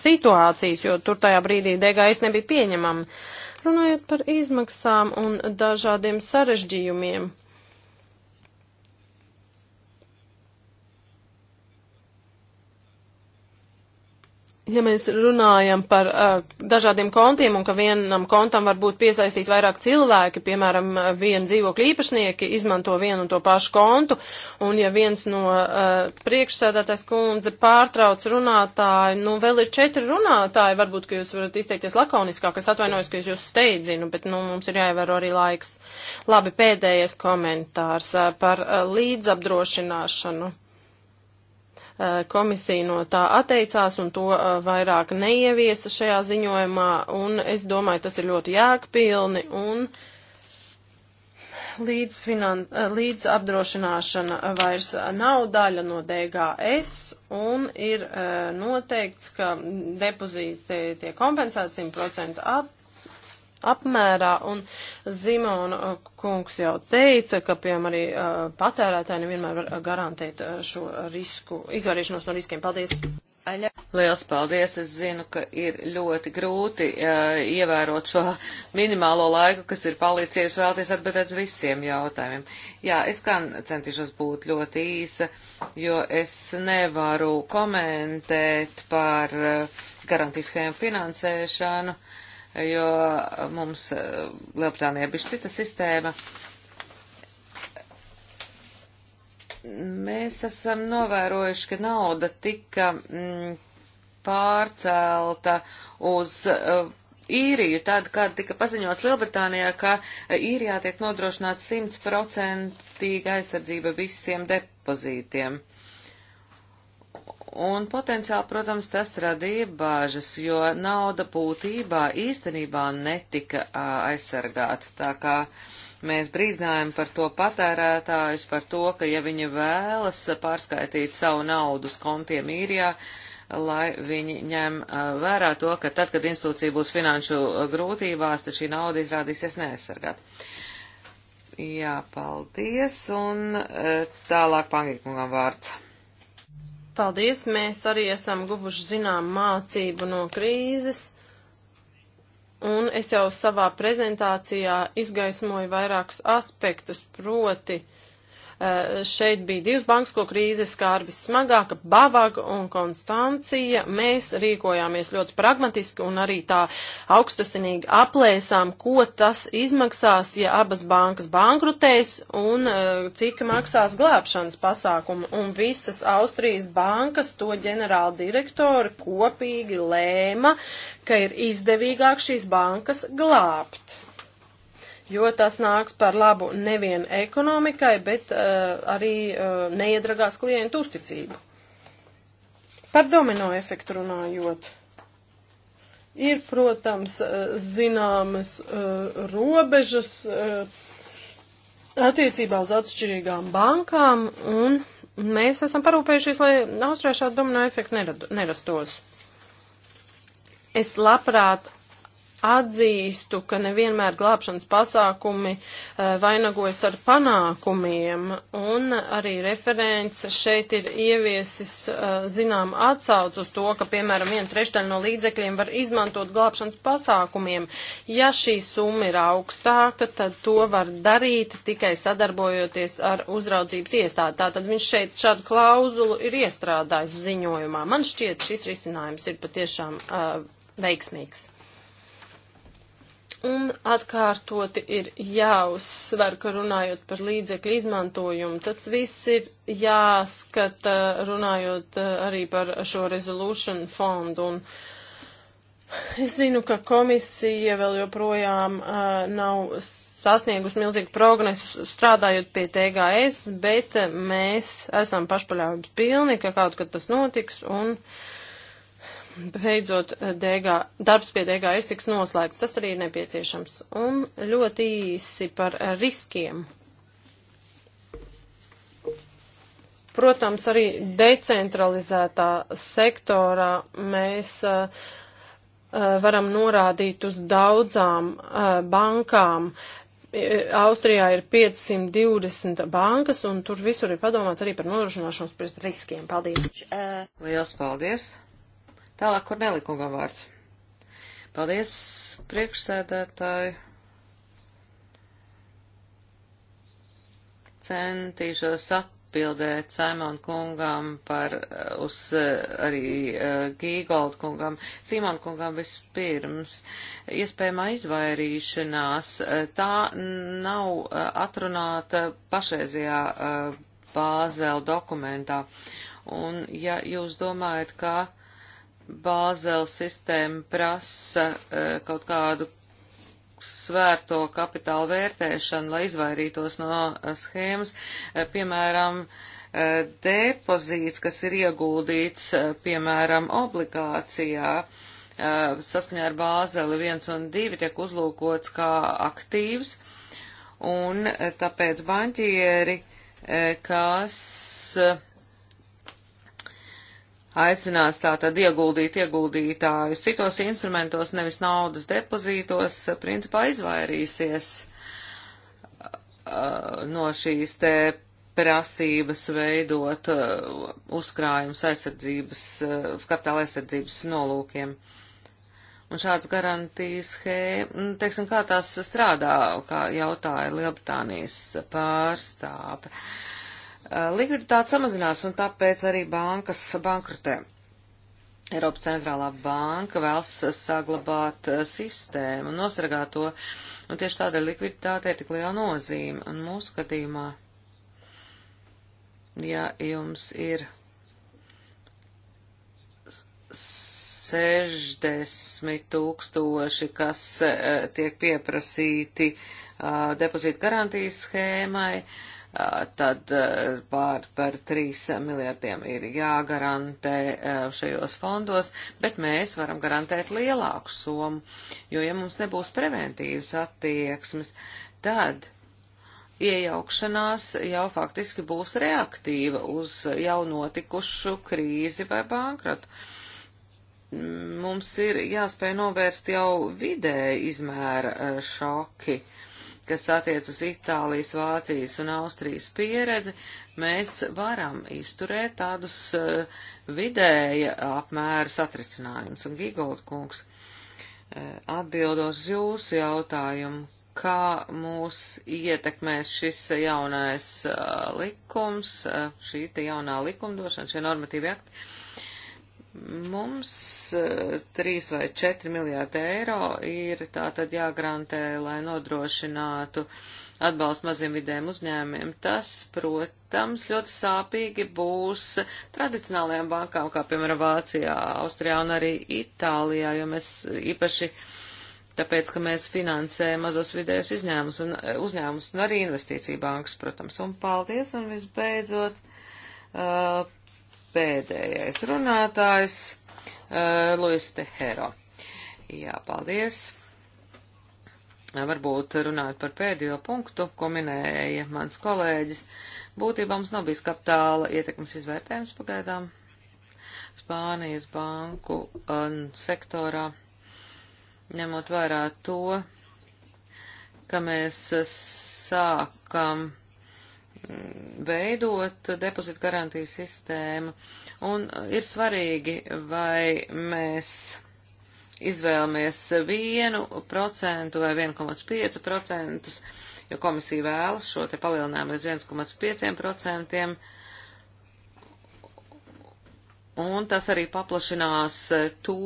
situācijas, jo tur tajā brīdī degais nebija pieņemami. Runājot par izmaksām un dažādiem sarežģījumiem. Ja mēs runājam par uh, dažādiem kontiem un ka vienam kontam var būt piesaistīt vairāk cilvēki, piemēram, viena dzīvokļa īpašnieki izmanto vienu un to pašu kontu, un ja viens no uh, priekšsēdētājs kundze pārtrauc runātāju, nu vēl ir četri runātāji, varbūt, ka jūs varat izteikties lakoniskāk, es atvainojos, ka es jūs steidzinu, bet, nu, mums ir jāievēro arī laiks. Labi, pēdējais komentārs uh, par uh, līdzapdrošināšanu. Eh, komisija no tā atteicās un to eh, vairāk neieviesa šajā ziņojumā, un es domāju, tas ir ļoti jēgpilni un līdz, finan... Eh, līdz apdrošināšana vairs nav daļa no DGS un ir noteikts, ka depozīti tiek kompensēti 100% apdrošināšana apmērā, un Zimona uh, kungs jau teica, ka, piemēram, arī uh, patērētāji nevienmēr var uh, garantēt uh, šo risku, izvairīšanos no riskiem. Paldies! Liels paldies! Es zinu, ka ir ļoti grūti uh, ievērot šo minimālo laiku, kas ir palicies vēlties atbildēt visiem jautājumiem. Jā, es kā centīšos būt ļoti īsa, jo es nevaru komentēt par uh, garantijas schēmu finansēšanu. Uh, jo mums eh, Lielbritānijā bija cita sistēma. Mēs esam novērojuši, ka nauda tika mm, pārcelta uz uh, īriju, tad, kad tika paziņots Lielbritānijā, ka eh, īrijā tiek nodrošināts 100% aizsardzība visiem depozītiem. Uh, Un potenciāli, protams, tas radīja bāžas, jo nauda būtībā īstenībā netika aizsargāta. Tā kā mēs brīdinājam par to patērētājus, par to, ka ja viņi vēlas pārskaitīt savu naudu uz kontiem īrijā, lai viņi ņem vērā to, ka tad, kad institūcija būs finanšu grūtībās, tad šī nauda izrādīsies neaizsargāta. Jā, paldies, un tālāk pangīkungam vārds. Paldies, mēs arī esam guvuši zinām mācību no krīzes. Un es jau savā prezentācijā izgaismoju vairākus aspektus, proti, uh, Eh, šeit bija divas bankas, ko krīze skāra vissmagāk - Bavaga un Konstancija. Mēs rīkojāmies ļoti pragmatiski un arī tā augstasinīgi aplēsām, ko tas izmaksās, ja abas bankas bankrutēs un eh, cik maksās glābšanas pasākumu. Un visas Austrijas bankas to ģenerāla direktori kopīgi lēma, ka ir izdevīgāk šīs bankas glābt jo tas nāks par labu nevien ekonomikai, bet uh, arī uh, neiedragās klientu uzticību. Par domino efektu runājot. Ir, protams, eh, zināmas uh, robežas uh, attiecībā uz atšķirīgām bankām, un mēs esam parūpējušies, lai Austrijā šāda domino efekta nerastos. Es labprāt atzīstu, ka nevienmēr glābšanas pasākumi eh, vainagojas ar panākumiem, un arī referents šeit ir ieviesis, eh, zinām, atsauc uz to, ka, piemēram, viena trešdaļa no līdzekļiem var izmantot glābšanas pasākumiem. Ja šī summa ir augstāka, tad to var darīt tikai sadarbojoties ar uzraudzības iestādi. Tātad viņš šeit šādu klauzulu ir iestrādājis ziņojumā. Man šķiet, šis risinājums ir patiešām uh, veiksmīgs. Un atkārtoti ir jāuzsver, ka runājot par līdzekļu izmantojumu, tas viss ir jāskata runājot eh, arī par šo resolution fondu. Un es zinu, ka komisija vēl joprojām uh, nav sasniegus milzīgu progresu strādājot pie TGS, bet eh, mēs esam pašpaļāvības pilni, ka kaut kad tas notiks un. Uh, beidzot DG, darbs pie DGS tiks noslēgts. Tas arī ir nepieciešams. Un ļoti īsi par riskiem. Protams, arī decentralizētā sektorā mēs uh, uh varam norādīt uz daudzām uh, bankām. Austrijā ir 520 bankas, un tur visur ir padomāts arī par nodrošināšanos pret riskiem. Paldies! Liels paldies! Tālāk, kur nelikungam vārds. Paldies, priekšsēdētāji. Centīšos atbildēt Saimon kungam par, eh, uz eh, arī eh, Gīgold kungam, Simon kungam vispirms. Iespējamā izvairīšanās tā nav atrunāta pašreizajā bāzēla dokumentā. Un ja jūs domājat, ka Bāzela sistēma prasa e, kaut kādu svērto kapitālu vērtēšanu, lai izvairītos no e, schēmas, e, piemēram, depozīts, kas ir ieguldīts, piemēram, obligācijā, saskaņā ar Bāzeli 1 un 2 tiek uzlūkots kā aktīvs, un tāpēc banķieri, kas aicinās tātad ieguldīt ieguldītājus citos instrumentos, nevis naudas depozītos, principā izvairīsies uh, no šīs te prasības veidot uh, uzkrājums aizsardzības, uh, kapitāla aizsardzības nolūkiem. Un šāds garantijas schēma, nu, teiksim, kā tās strādā, kā jautāja Lielbritānijas pārstāve. Uh, Eh, likviditāte samazinās un tāpēc arī bankas bankrutē. Eiropas centrālā banka vēlas saglabāt eh, sistēmu un nosargāt to, un tieši tādēļ likviditāte ir tik liela nozīme. Un mūsu gadījumā, ja jums ir 60 tūkstoši, kas eh, tiek pieprasīti depozīta garantijas schēmai, uh, tad eh, pār par 3 miljardiem ir jāgarantē eh, šajos fondos, bet mēs varam garantēt lielāku summu, jo ja mums nebūs preventīvas attieksmes, tad iejaukšanās jau faktiski būs reaktīva uz jau notikušu krīzi vai bankrotu mums ir jāspēj novērst jau vidē izmēra eh, šoki kas attiec uz Itālijas, Vācijas un Austrijas pieredzi, mēs varam izturēt tādus uh, vidēja apmēra satricinājumus. Un Gigold kungs, uh, eh, atbildot uz jūsu jautājumu, kā mūs ietekmēs šis jaunais uh, likums, šī jaunā likumdošana, šie normatīvi akti, Mums uh, eh, 3 vai 4 miljārdi eiro ir tātad jāgarantē, lai nodrošinātu atbalstu maziem vidējiem uzņēmiem. Tas, protams, ļoti sāpīgi būs tradicionālajām bankām, kā piemēram Vācijā, Austrijā un arī Itālijā, jo mēs īpaši tāpēc, ka mēs finansējam mazos vidējos uzņēmumus un, eh, uzņēmumus un arī investīciju bankas, protams. Un paldies, un visbeidzot, uh, pēdējais runātājs uh, Luis Tehero. Jā, paldies. Varbūt runājot par pēdējo punktu, ko minēja mans kolēģis, būtībā mums nav bijis kapitāla ietekmes izvērtējums pagaidām Spānijas banku um, sektorā, ņemot vērā to, ka mēs sākam veidot depozitu garantijas sistēmu, un ir svarīgi, vai mēs izvēlamies 1% vai 1,5%, jo komisija vēlas šo te palielinājumu līdz 1,5%, un tas arī paplašinās to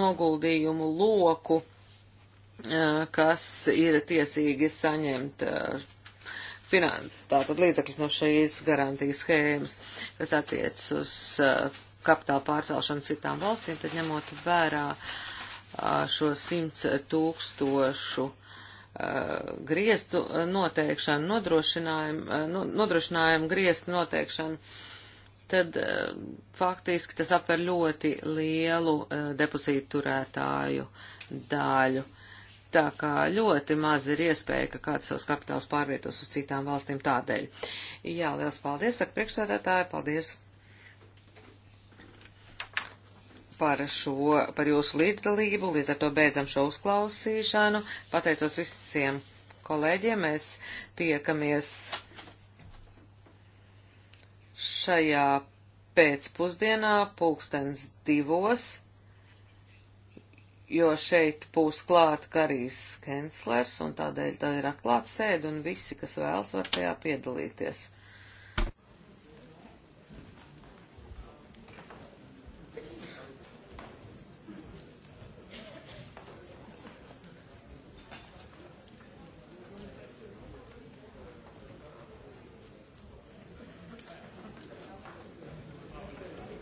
noguldījumu loku, eh, kas ir tiesīgi saņemt eh, finanses, tātad līdzekļus no šīs garantijas schēmas, kas attiecas uz uh, kapitāla pārcelšanu citām valstīm, tad ņemot vērā uh, šo 100 tūkstošu uh, griestu noteikšanu, nodrošinājumu, uh, no, nodrošinājumu griestu noteikšanu, tad uh, faktiski tas apver ļoti lielu uh, depozītu turētāju daļu. Uh, Tā kā ļoti maz ir iespēja, ka kāds savus kapitālus pārvietos uz citām valstīm tādēļ. Jā, liels paldies, saka priekšsēdētāji, paldies par šo, par jūsu līdzdalību. Līdz ar to beidzam šo uzklausīšanu. Pateicos visiem kolēģiem. Mēs tiekamies šajā pēcpusdienā pulkstens divos jo šeit būs klāt Karīs Kenslers, un tādēļ tā ir atklāta sēde, un visi, kas vēlas, var tajā piedalīties.